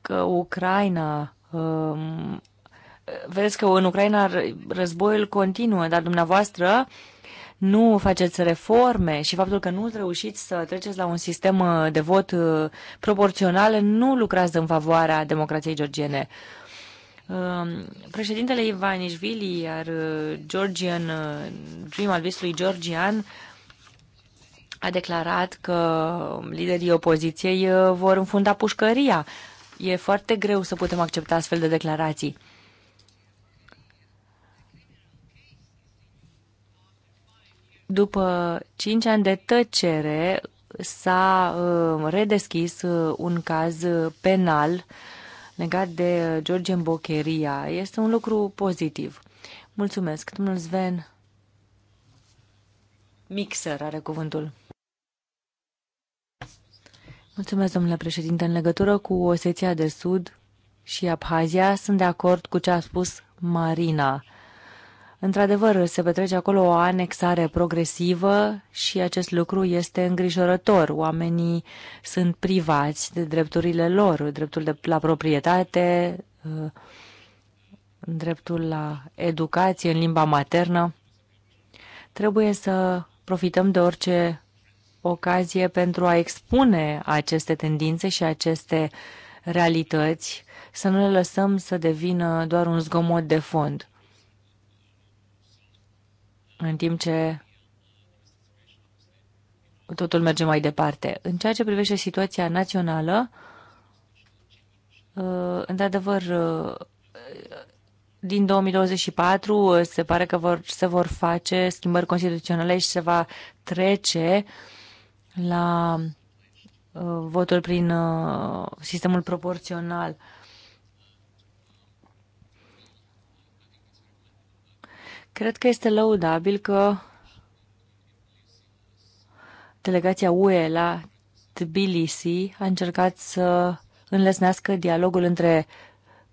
că Ucraina um, vedeți că în Ucraina războiul continuă, dar dumneavoastră nu faceți reforme și faptul că nu reușiți să treceți la un sistem uh, de vot uh, proporțional, nu lucrați în favoarea democrației georgiene. Um, președintele Ivanișvili, iar uh, Georgian, Dream al visului georgian, a declarat că liderii opoziției vor înfunda pușcăria. E foarte greu să putem accepta astfel de declarații. După cinci ani de tăcere s-a uh, redeschis uh, un caz penal legat de uh, George Bocheria. Este un lucru pozitiv. Mulțumesc. Domnul Sven Mixer are cuvântul. Mulțumesc, domnule președinte. În legătură cu Oseția de Sud și Abhazia, sunt de acord cu ce a spus Marina. Într-adevăr, se petrece acolo o anexare progresivă și acest lucru este îngrijorător. Oamenii sunt privați de drepturile lor, dreptul de, la proprietate, uh, dreptul la educație în limba maternă. Trebuie să profităm de orice ocazie pentru a expune aceste tendințe și aceste realități, să nu le lăsăm să devină doar un zgomot de fond în timp ce totul merge mai departe. În ceea ce privește situația națională, uh, într-adevăr, uh, din 2024 uh, se pare că vor, se vor face schimbări constituționale și se va trece la votul prin sistemul proporțional. Cred că este lăudabil că delegația UE la Tbilisi a încercat să înlesnească dialogul între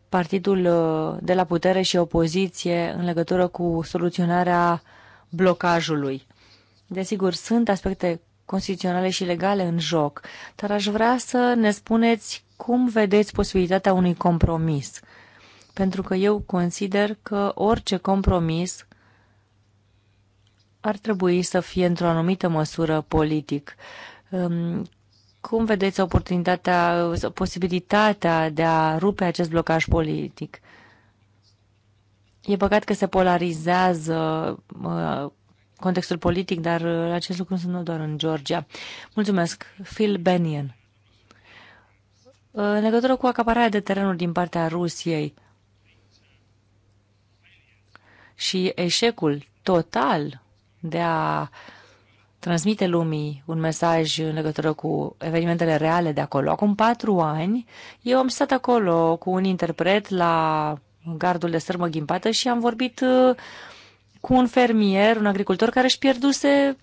partidul uh, de la putere și opoziție în legătură cu soluționarea blocajului. Desigur, sunt aspecte constituționale și legale în joc, dar aș vrea să ne spuneți cum vedeți posibilitatea unui compromis. Pentru că eu consider că orice compromis ar trebui să fie într-o anumită măsură politic. Cum vedeți oportunitatea, posibilitatea de a rupe acest blocaj politic? E păcat că se polarizează contextul politic, dar uh, acest lucru sunt doar în Georgia. Mulțumesc. Phil Benian. În legătură cu acapararea de terenuri din partea Rusiei și eșecul total de a transmite lumii un mesaj în legătură cu evenimentele reale de acolo. Acum patru ani, eu am stat acolo cu un interpret la gardul de sârmă ghimpată și am vorbit uh, cu un fermier, un agricultor care își pierduse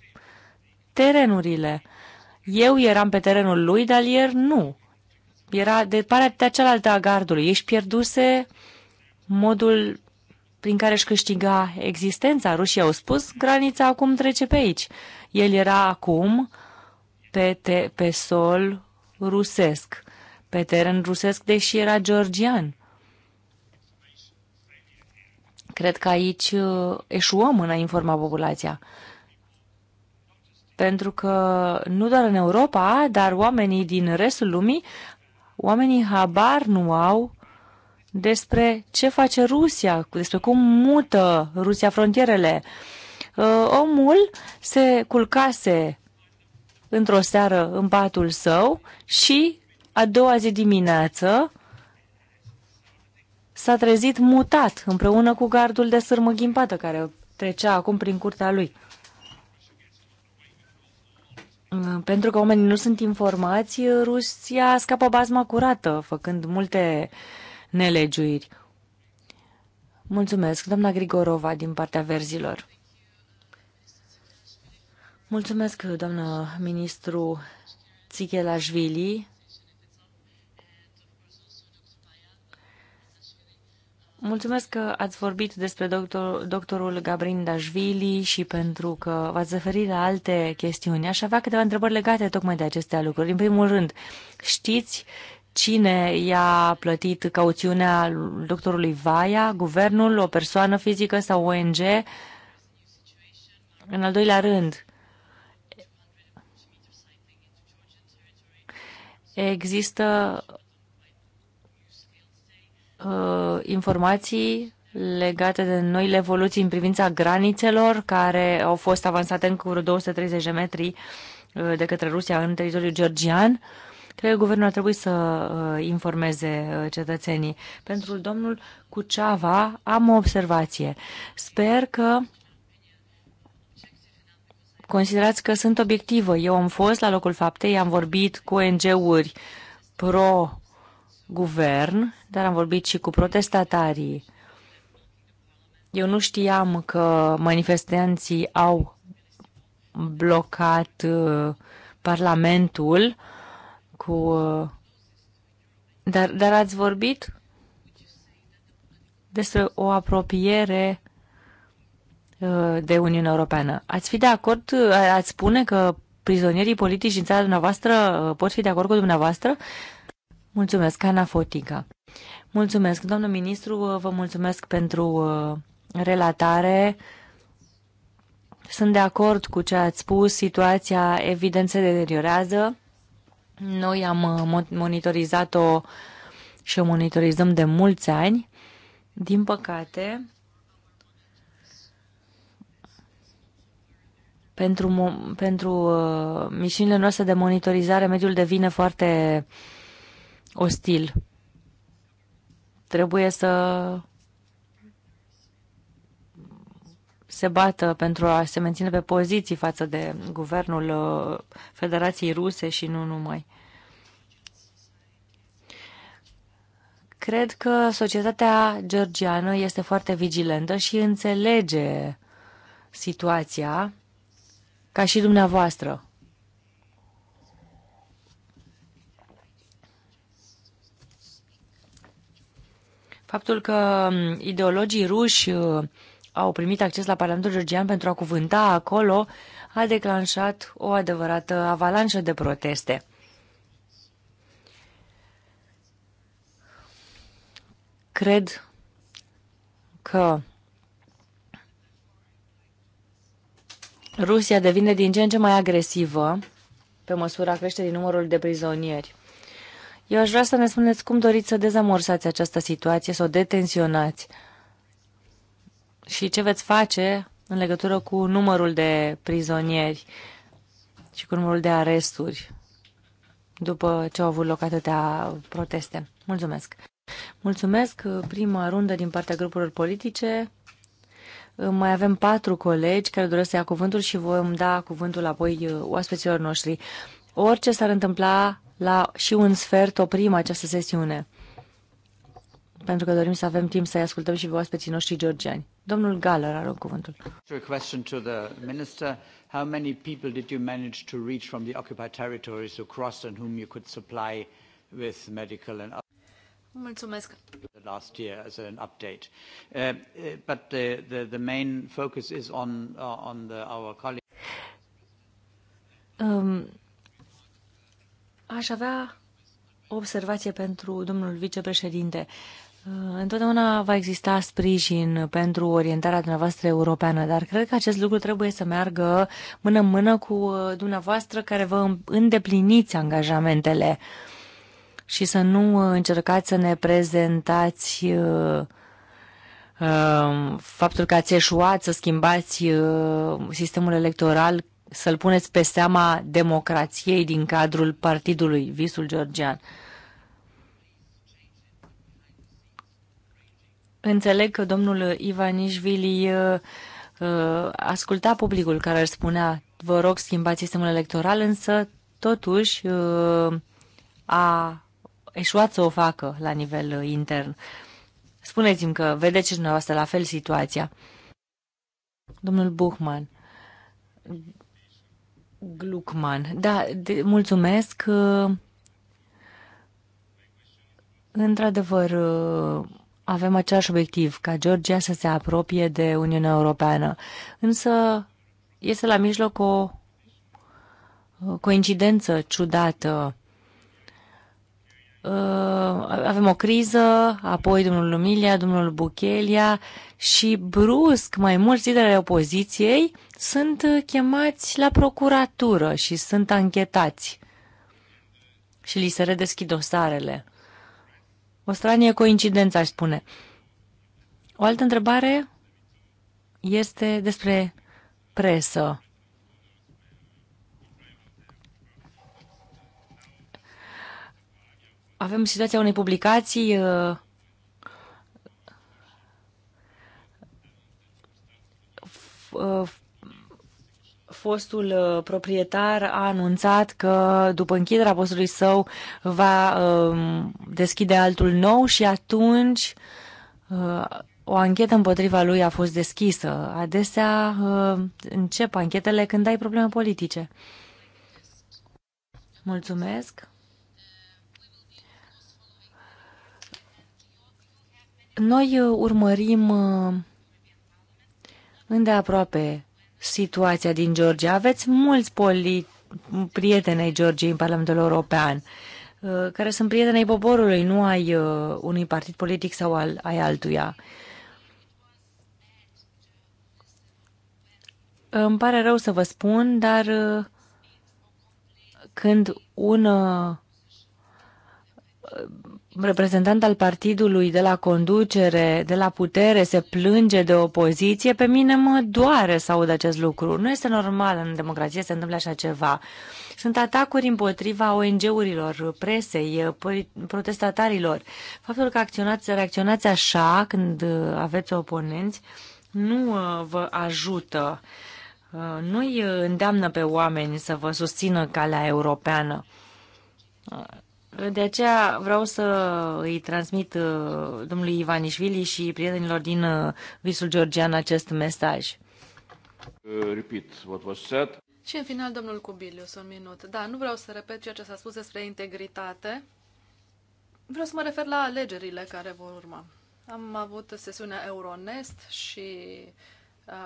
terenurile. Eu eram pe terenul lui, dar el nu. Era de partea cealaltă a gardului. Ești pierduse modul prin care își câștiga existența. Rușii au spus, granița acum trece pe aici. El era acum pe, te, pe sol rusesc, pe teren rusesc, deși era georgian. Cred că aici uh, eșuăm în a informa populația. Pentru că nu doar în Europa, dar oamenii din restul lumii, oamenii habar nu au despre ce face Rusia, despre cum mută Rusia frontierele. Uh, omul se culcase într-o seară în patul său și a doua zi dimineață s-a trezit mutat împreună cu gardul de sârmă ghimpată care trecea acum prin curtea lui. Uh, pentru că oamenii nu sunt informați, Rusia scapă bazma curată, făcând multe uh, nelegiuiri. Mulțumesc, doamna Grigorova, din partea verzilor. Mulțumesc, doamnă ministru Țichelașvili. Mulțumesc că ați vorbit despre doctor, doctorul Gabrin Dașvili și pentru că v-ați referit la alte chestiuni. Aș avea câteva întrebări legate tocmai de acestea lucruri. În primul rând, știți cine i-a plătit cauțiunea doctorului Vaia, guvernul, o persoană fizică sau ONG. În al doilea rând, există uh, informații legate de noile evoluții în privința granițelor care au fost avansate în cu 230 de metri uh, de către Rusia în teritoriul georgian. Uh, Cred că guvernul ar trebui să uh, informeze uh, cetățenii. Pentru domnul Cuceava am o observație. Sper că considerați că sunt obiectivă. Eu am fost la locul faptei, am vorbit cu ONG-uri pro-guvern, dar am vorbit și cu protestatarii. Eu nu știam că manifestanții au blocat uh, Parlamentul uh, cu... Dar, dar ați vorbit despre o apropiere uh, de Uniunea Europeană. Ați fi de acord, uh, ați spune că prizonierii politici din țara dumneavoastră uh, pot fi de acord cu dumneavoastră? Mulțumesc, Ana Fotica. Mulțumesc, domnul ministru, vă mulțumesc pentru relatare. Sunt de acord cu ce ați spus, situația evident se deteriorează. Noi am uh, monitorizat-o și o monitorizăm de mulți ani. Din păcate, pentru, pentru uh, misiunile noastre de monitorizare, mediul devine foarte ostil. Trebuie să se bată pentru a se menține pe poziții față de guvernul uh, Federației Ruse și nu numai. Cred că societatea georgiană este foarte vigilentă și înțelege situația ca și dumneavoastră. Faptul că um, ideologii ruși uh, au primit acces la Parlamentul Georgian pentru a cuvânta acolo, a declanșat o adevărată avalanșă de proteste. Cred că Rusia devine din ce în ce mai agresivă pe măsura creșterii numărului de prizonieri. Eu aș vrea să ne spuneți cum doriți să dezamorsați această situație, să o detenționați și ce veți face în legătură cu numărul de prizonieri și cu numărul de aresturi după ce au avut loc atâtea proteste. Mulțumesc! Mulțumesc! Prima rundă din partea grupurilor politice. Mai avem patru colegi care doresc să ia cuvântul și vom da cuvântul apoi oaspeților noștri. Orice s-ar întâmpla, la și un sfert oprim această sesiune pentru că dorim să avem timp să-i ascultăm și pe oaspeții noștri georgiani. Domnul Galler are un cuvântul. How many people did you manage to reach from the occupied territories who crossed and whom you could supply with medical and other Mulțumesc. Last year as an update. Uh, uh but the, the, the main focus is on, uh, on the, our colleague. Um, aș avea o observație pentru domnul vicepreședinte. Uh, Uh, întotdeauna va exista sprijin pentru orientarea dumneavoastră europeană, dar cred că acest lucru trebuie să meargă mână-mână cu uh, dumneavoastră care vă îndepliniți angajamentele și să nu uh, încercați să ne prezentați faptul că ați eșuat să schimbați sistemul electoral, să-l puneți pe seama democrației din cadrul partidului Visul Georgian. Înțeleg că domnul Ivanișvili uh, uh, asculta publicul care îl spunea vă rog schimbați sistemul electoral, însă totuși uh, a eșuat să o facă la nivel intern. Spuneți-mi că vedeți și dumneavoastră la fel situația. Domnul Buchman. Gluckman. Da, de, mulțumesc. Într-adevăr, avem același obiectiv, ca Georgia să se apropie de Uniunea Europeană. Însă este la mijloc o coincidență ciudată. Uh, avem o criză, apoi domnul Lumilia, domnul Buchelia și brusc mai mulți liderele opoziției sunt chemați la procuratură și sunt anchetați și li se redeschid dosarele. O stranie coincidență, aș spune. O altă întrebare este despre presă. Avem situația unei publicații uh, uh, fostul uh, proprietar a anunțat că după închiderea postului său va um, deschide altul nou și atunci uh, o anchetă împotriva lui a fost deschisă. Adesea uh, încep anchetele când ai probleme politice. Mulțumesc. Noi urmărim îndeaproape situația din Georgia. Aveți mulți poli- prieteni Georgiei în Parlamentul European, uh, care sunt prieteni poporului, nu ai uh, unui partid politic sau al, ai altuia. Îmi pare rău să vă spun, dar uh, când un reprezentant al partidului de la conducere, de la putere, se plânge de opoziție, pe mine mă doare să aud acest lucru. Nu este normal în democrație să se întâmple așa ceva. Sunt atacuri împotriva ONG-urilor, presei, protestatarilor. Faptul că acționați, reacționați așa când uh, aveți oponenți nu uh, vă ajută. Uh, nu îi îndeamnă pe oameni să vă susțină calea europeană de aceea vreau să îi transmit uh, domnului Ivanișvili și prietenilor din uh, visul georgian acest mesaj. Uh, repeat what was said. Și în final, domnul Cubilius, un minut. Da, nu vreau să repet ceea ce s-a spus despre integritate. Vreau să mă refer la alegerile care vor urma. Am avut sesiunea Euronest și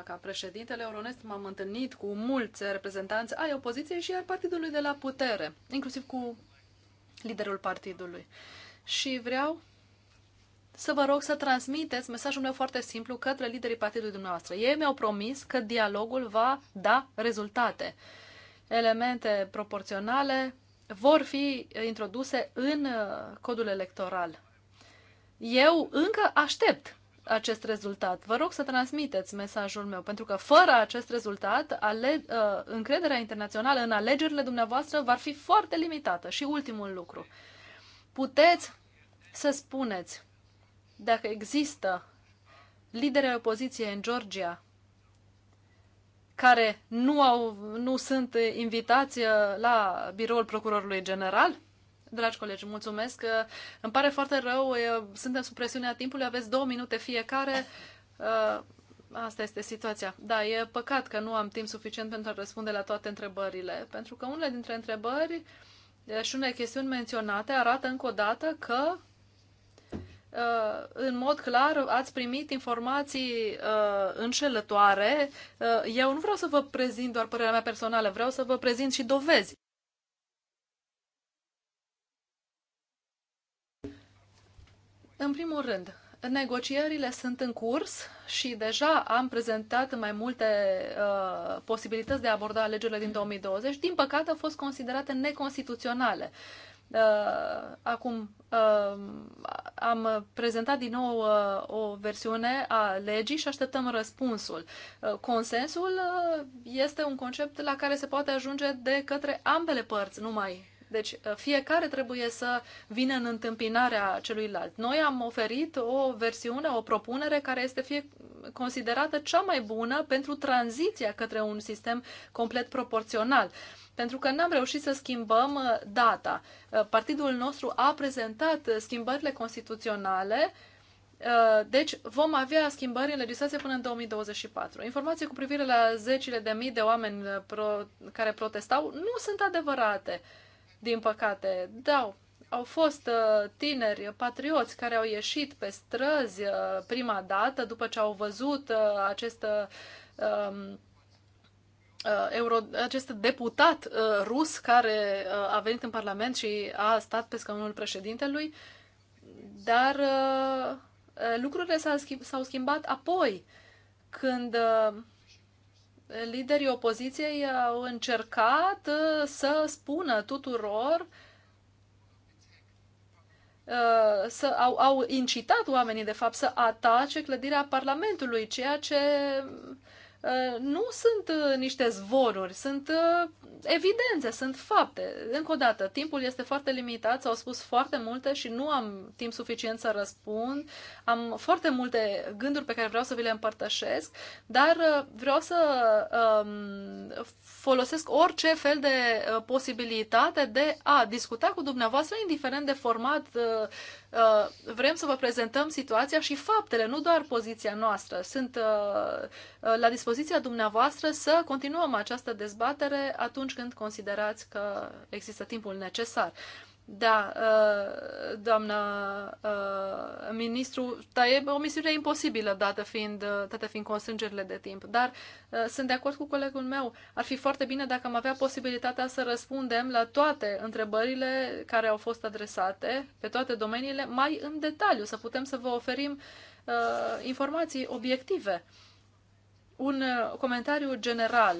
ca președintele Euronest m-am întâlnit cu mulți reprezentanți ai opoziției și ai partidului de la putere, inclusiv cu liderul partidului. Și vreau să vă rog să transmiteți mesajul meu foarte simplu către liderii partidului dumneavoastră. Ei mi-au promis că dialogul va da rezultate. Elemente proporționale vor fi introduse în uh, codul electoral. Eu încă aștept acest rezultat. Vă rog să transmiteți mesajul meu, pentru că fără acest rezultat, ale, uh, încrederea internațională în alegerile dumneavoastră va fi foarte limitată. Și ultimul lucru. Puteți să spuneți dacă există lideri opoziției în Georgia care nu, au, nu sunt invitați uh, la biroul procurorului general? Dragi colegi, mulțumesc. Uh, îmi pare foarte rău, uh, suntem sub presiunea timpului, aveți două minute fiecare. Uh, asta este situația. Da, e păcat că nu am timp suficient pentru a răspunde la toate întrebările, pentru că unele dintre întrebări și unele chestiuni menționate arată încă o dată că în mod clar ați primit informații uh, înșelătoare. eu nu vreau să vă prezint doar părerea mea personală, vreau să vă prezint și dovezi. În primul rând, negocierile sunt în curs și deja am prezentat mai multe uh, posibilități de a aborda alegerile din 2020. Din păcate, au fost considerate neconstituționale. Uh, acum uh, am prezentat din nou uh, o versiune a legii și așteptăm răspunsul. Uh, consensul uh, este un concept la care se poate ajunge de către ambele părți, numai deci uh, fiecare trebuie să vină în întâmpinarea celuilalt. Noi am oferit o versiune, o propunere care este fie considerată cea mai bună pentru tranziția către un sistem complet proporțional. Pentru că n-am reușit să schimbăm uh, data. Uh, partidul nostru a prezentat schimbările constituționale deci vom avea schimbări în legislație până în 2024. Informații cu privire la zecile de mii de oameni pro, care protestau nu sunt adevărate. Uh, din păcate. Da, au fost uh, tineri patrioți care au ieșit pe străzi uh, prima dată după ce au văzut uh, acest um, euro, acest deputat uh, rus care uh, a venit în Parlament și a stat pe scaunul președintelui, dar uh, lucrurile s-au schimbat apoi, când uh, liderii opoziției au încercat uh, să spună tuturor uh, să au, au incitat oamenii, de fapt, să atace clădirea Parlamentului, ceea ce Uh, nu sunt uh, niște zvoruri, sunt uh, evidențe, sunt fapte. Încă o dată, timpul este foarte limitat, s-au spus foarte multe și nu am timp suficient să răspund. Am foarte multe gânduri pe care vreau să vi le împărtășesc, dar vreau să um, folosesc orice fel de posibilitate de a discuta cu dumneavoastră, indiferent de format Uh, vrem să vă prezentăm situația și faptele, nu doar poziția noastră. Sunt uh, uh, la dispoziția dumneavoastră să continuăm această dezbatere atunci când considerați că există timpul necesar. Da, uh, doamna uh, ministru, dar e o misiune imposibilă, dată fiind, uh, dată fiind constrângerile de timp. Dar sunt de acord cu colegul meu. Ar fi foarte bine dacă am avea posibilitatea să răspundem la toate întrebările care au fost adresate, pe toate domeniile, mai în detaliu, să putem să vă oferim informații obiective. Un comentariu general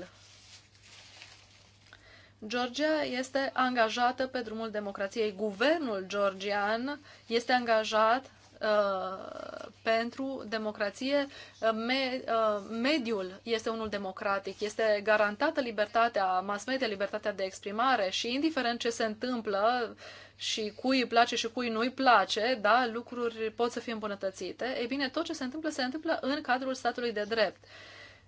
Georgia este angajată pe drumul democrației. Guvernul georgian este angajat uh, pentru democrație. Uh, me, uh, mediul este unul democratic. Este garantată libertatea mass media, libertatea de exprimare și indiferent ce se întâmplă și cui îi place și cui nu îi place, da, lucruri pot să fie îmbunătățite. Ei bine, tot ce se întâmplă se întâmplă în cadrul statului de drept.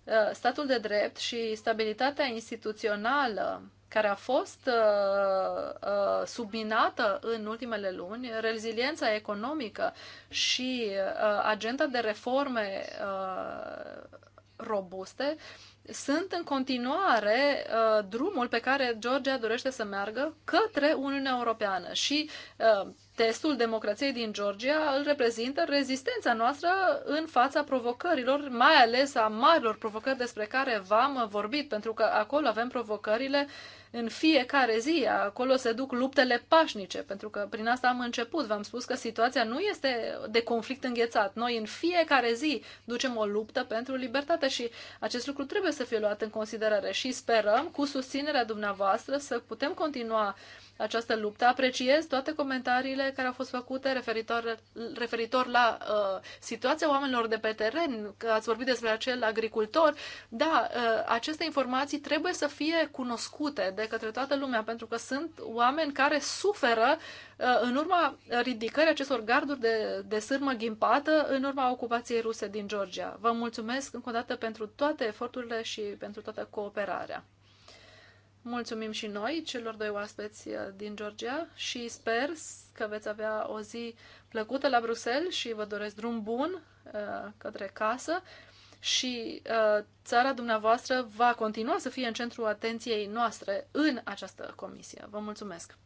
Uh, statul de drept și stabilitatea instituțională care a fost uh, uh, subminată în ultimele luni, reziliența economică și uh, agenda de reforme uh, robuste, sunt în continuare uh, drumul pe care Georgia dorește să meargă către Uniunea Europeană și uh, testul democrației din Georgia îl reprezintă rezistența noastră în fața provocărilor, mai ales a marilor provocări despre care v-am vorbit, pentru că acolo avem provocările în fiecare zi, acolo se duc luptele pașnice, pentru că prin asta am început, v-am spus că situația nu este de conflict înghețat. Noi în fiecare zi ducem o luptă pentru libertate și acest lucru trebuie să fie luat în considerare și sperăm cu susținerea dumneavoastră să putem continua uh, această luptă. Apreciez toate comentariile care au fost făcute referitor, referitor la uh, situația oamenilor de pe teren, că ați vorbit despre acel agricultor. Da, uh, aceste informații trebuie să fie cunoscute de către toată lumea, pentru că sunt oameni care suferă uh, în urma ridicării acestor garduri de, de sârmă ghimpată, în urma ocupației ruse din Georgia. Vă mulțumesc încă o dată pentru toate eforturile și pentru toată cooperarea. Mulțumim și noi celor doi oaspeți eh, din Georgia și sper că veți avea o zi plăcută la Bruxelles și vă doresc drum bun eh, către casă și eh, țara dumneavoastră va continua să fie în centrul atenției noastre în această comisie. Vă mulțumesc!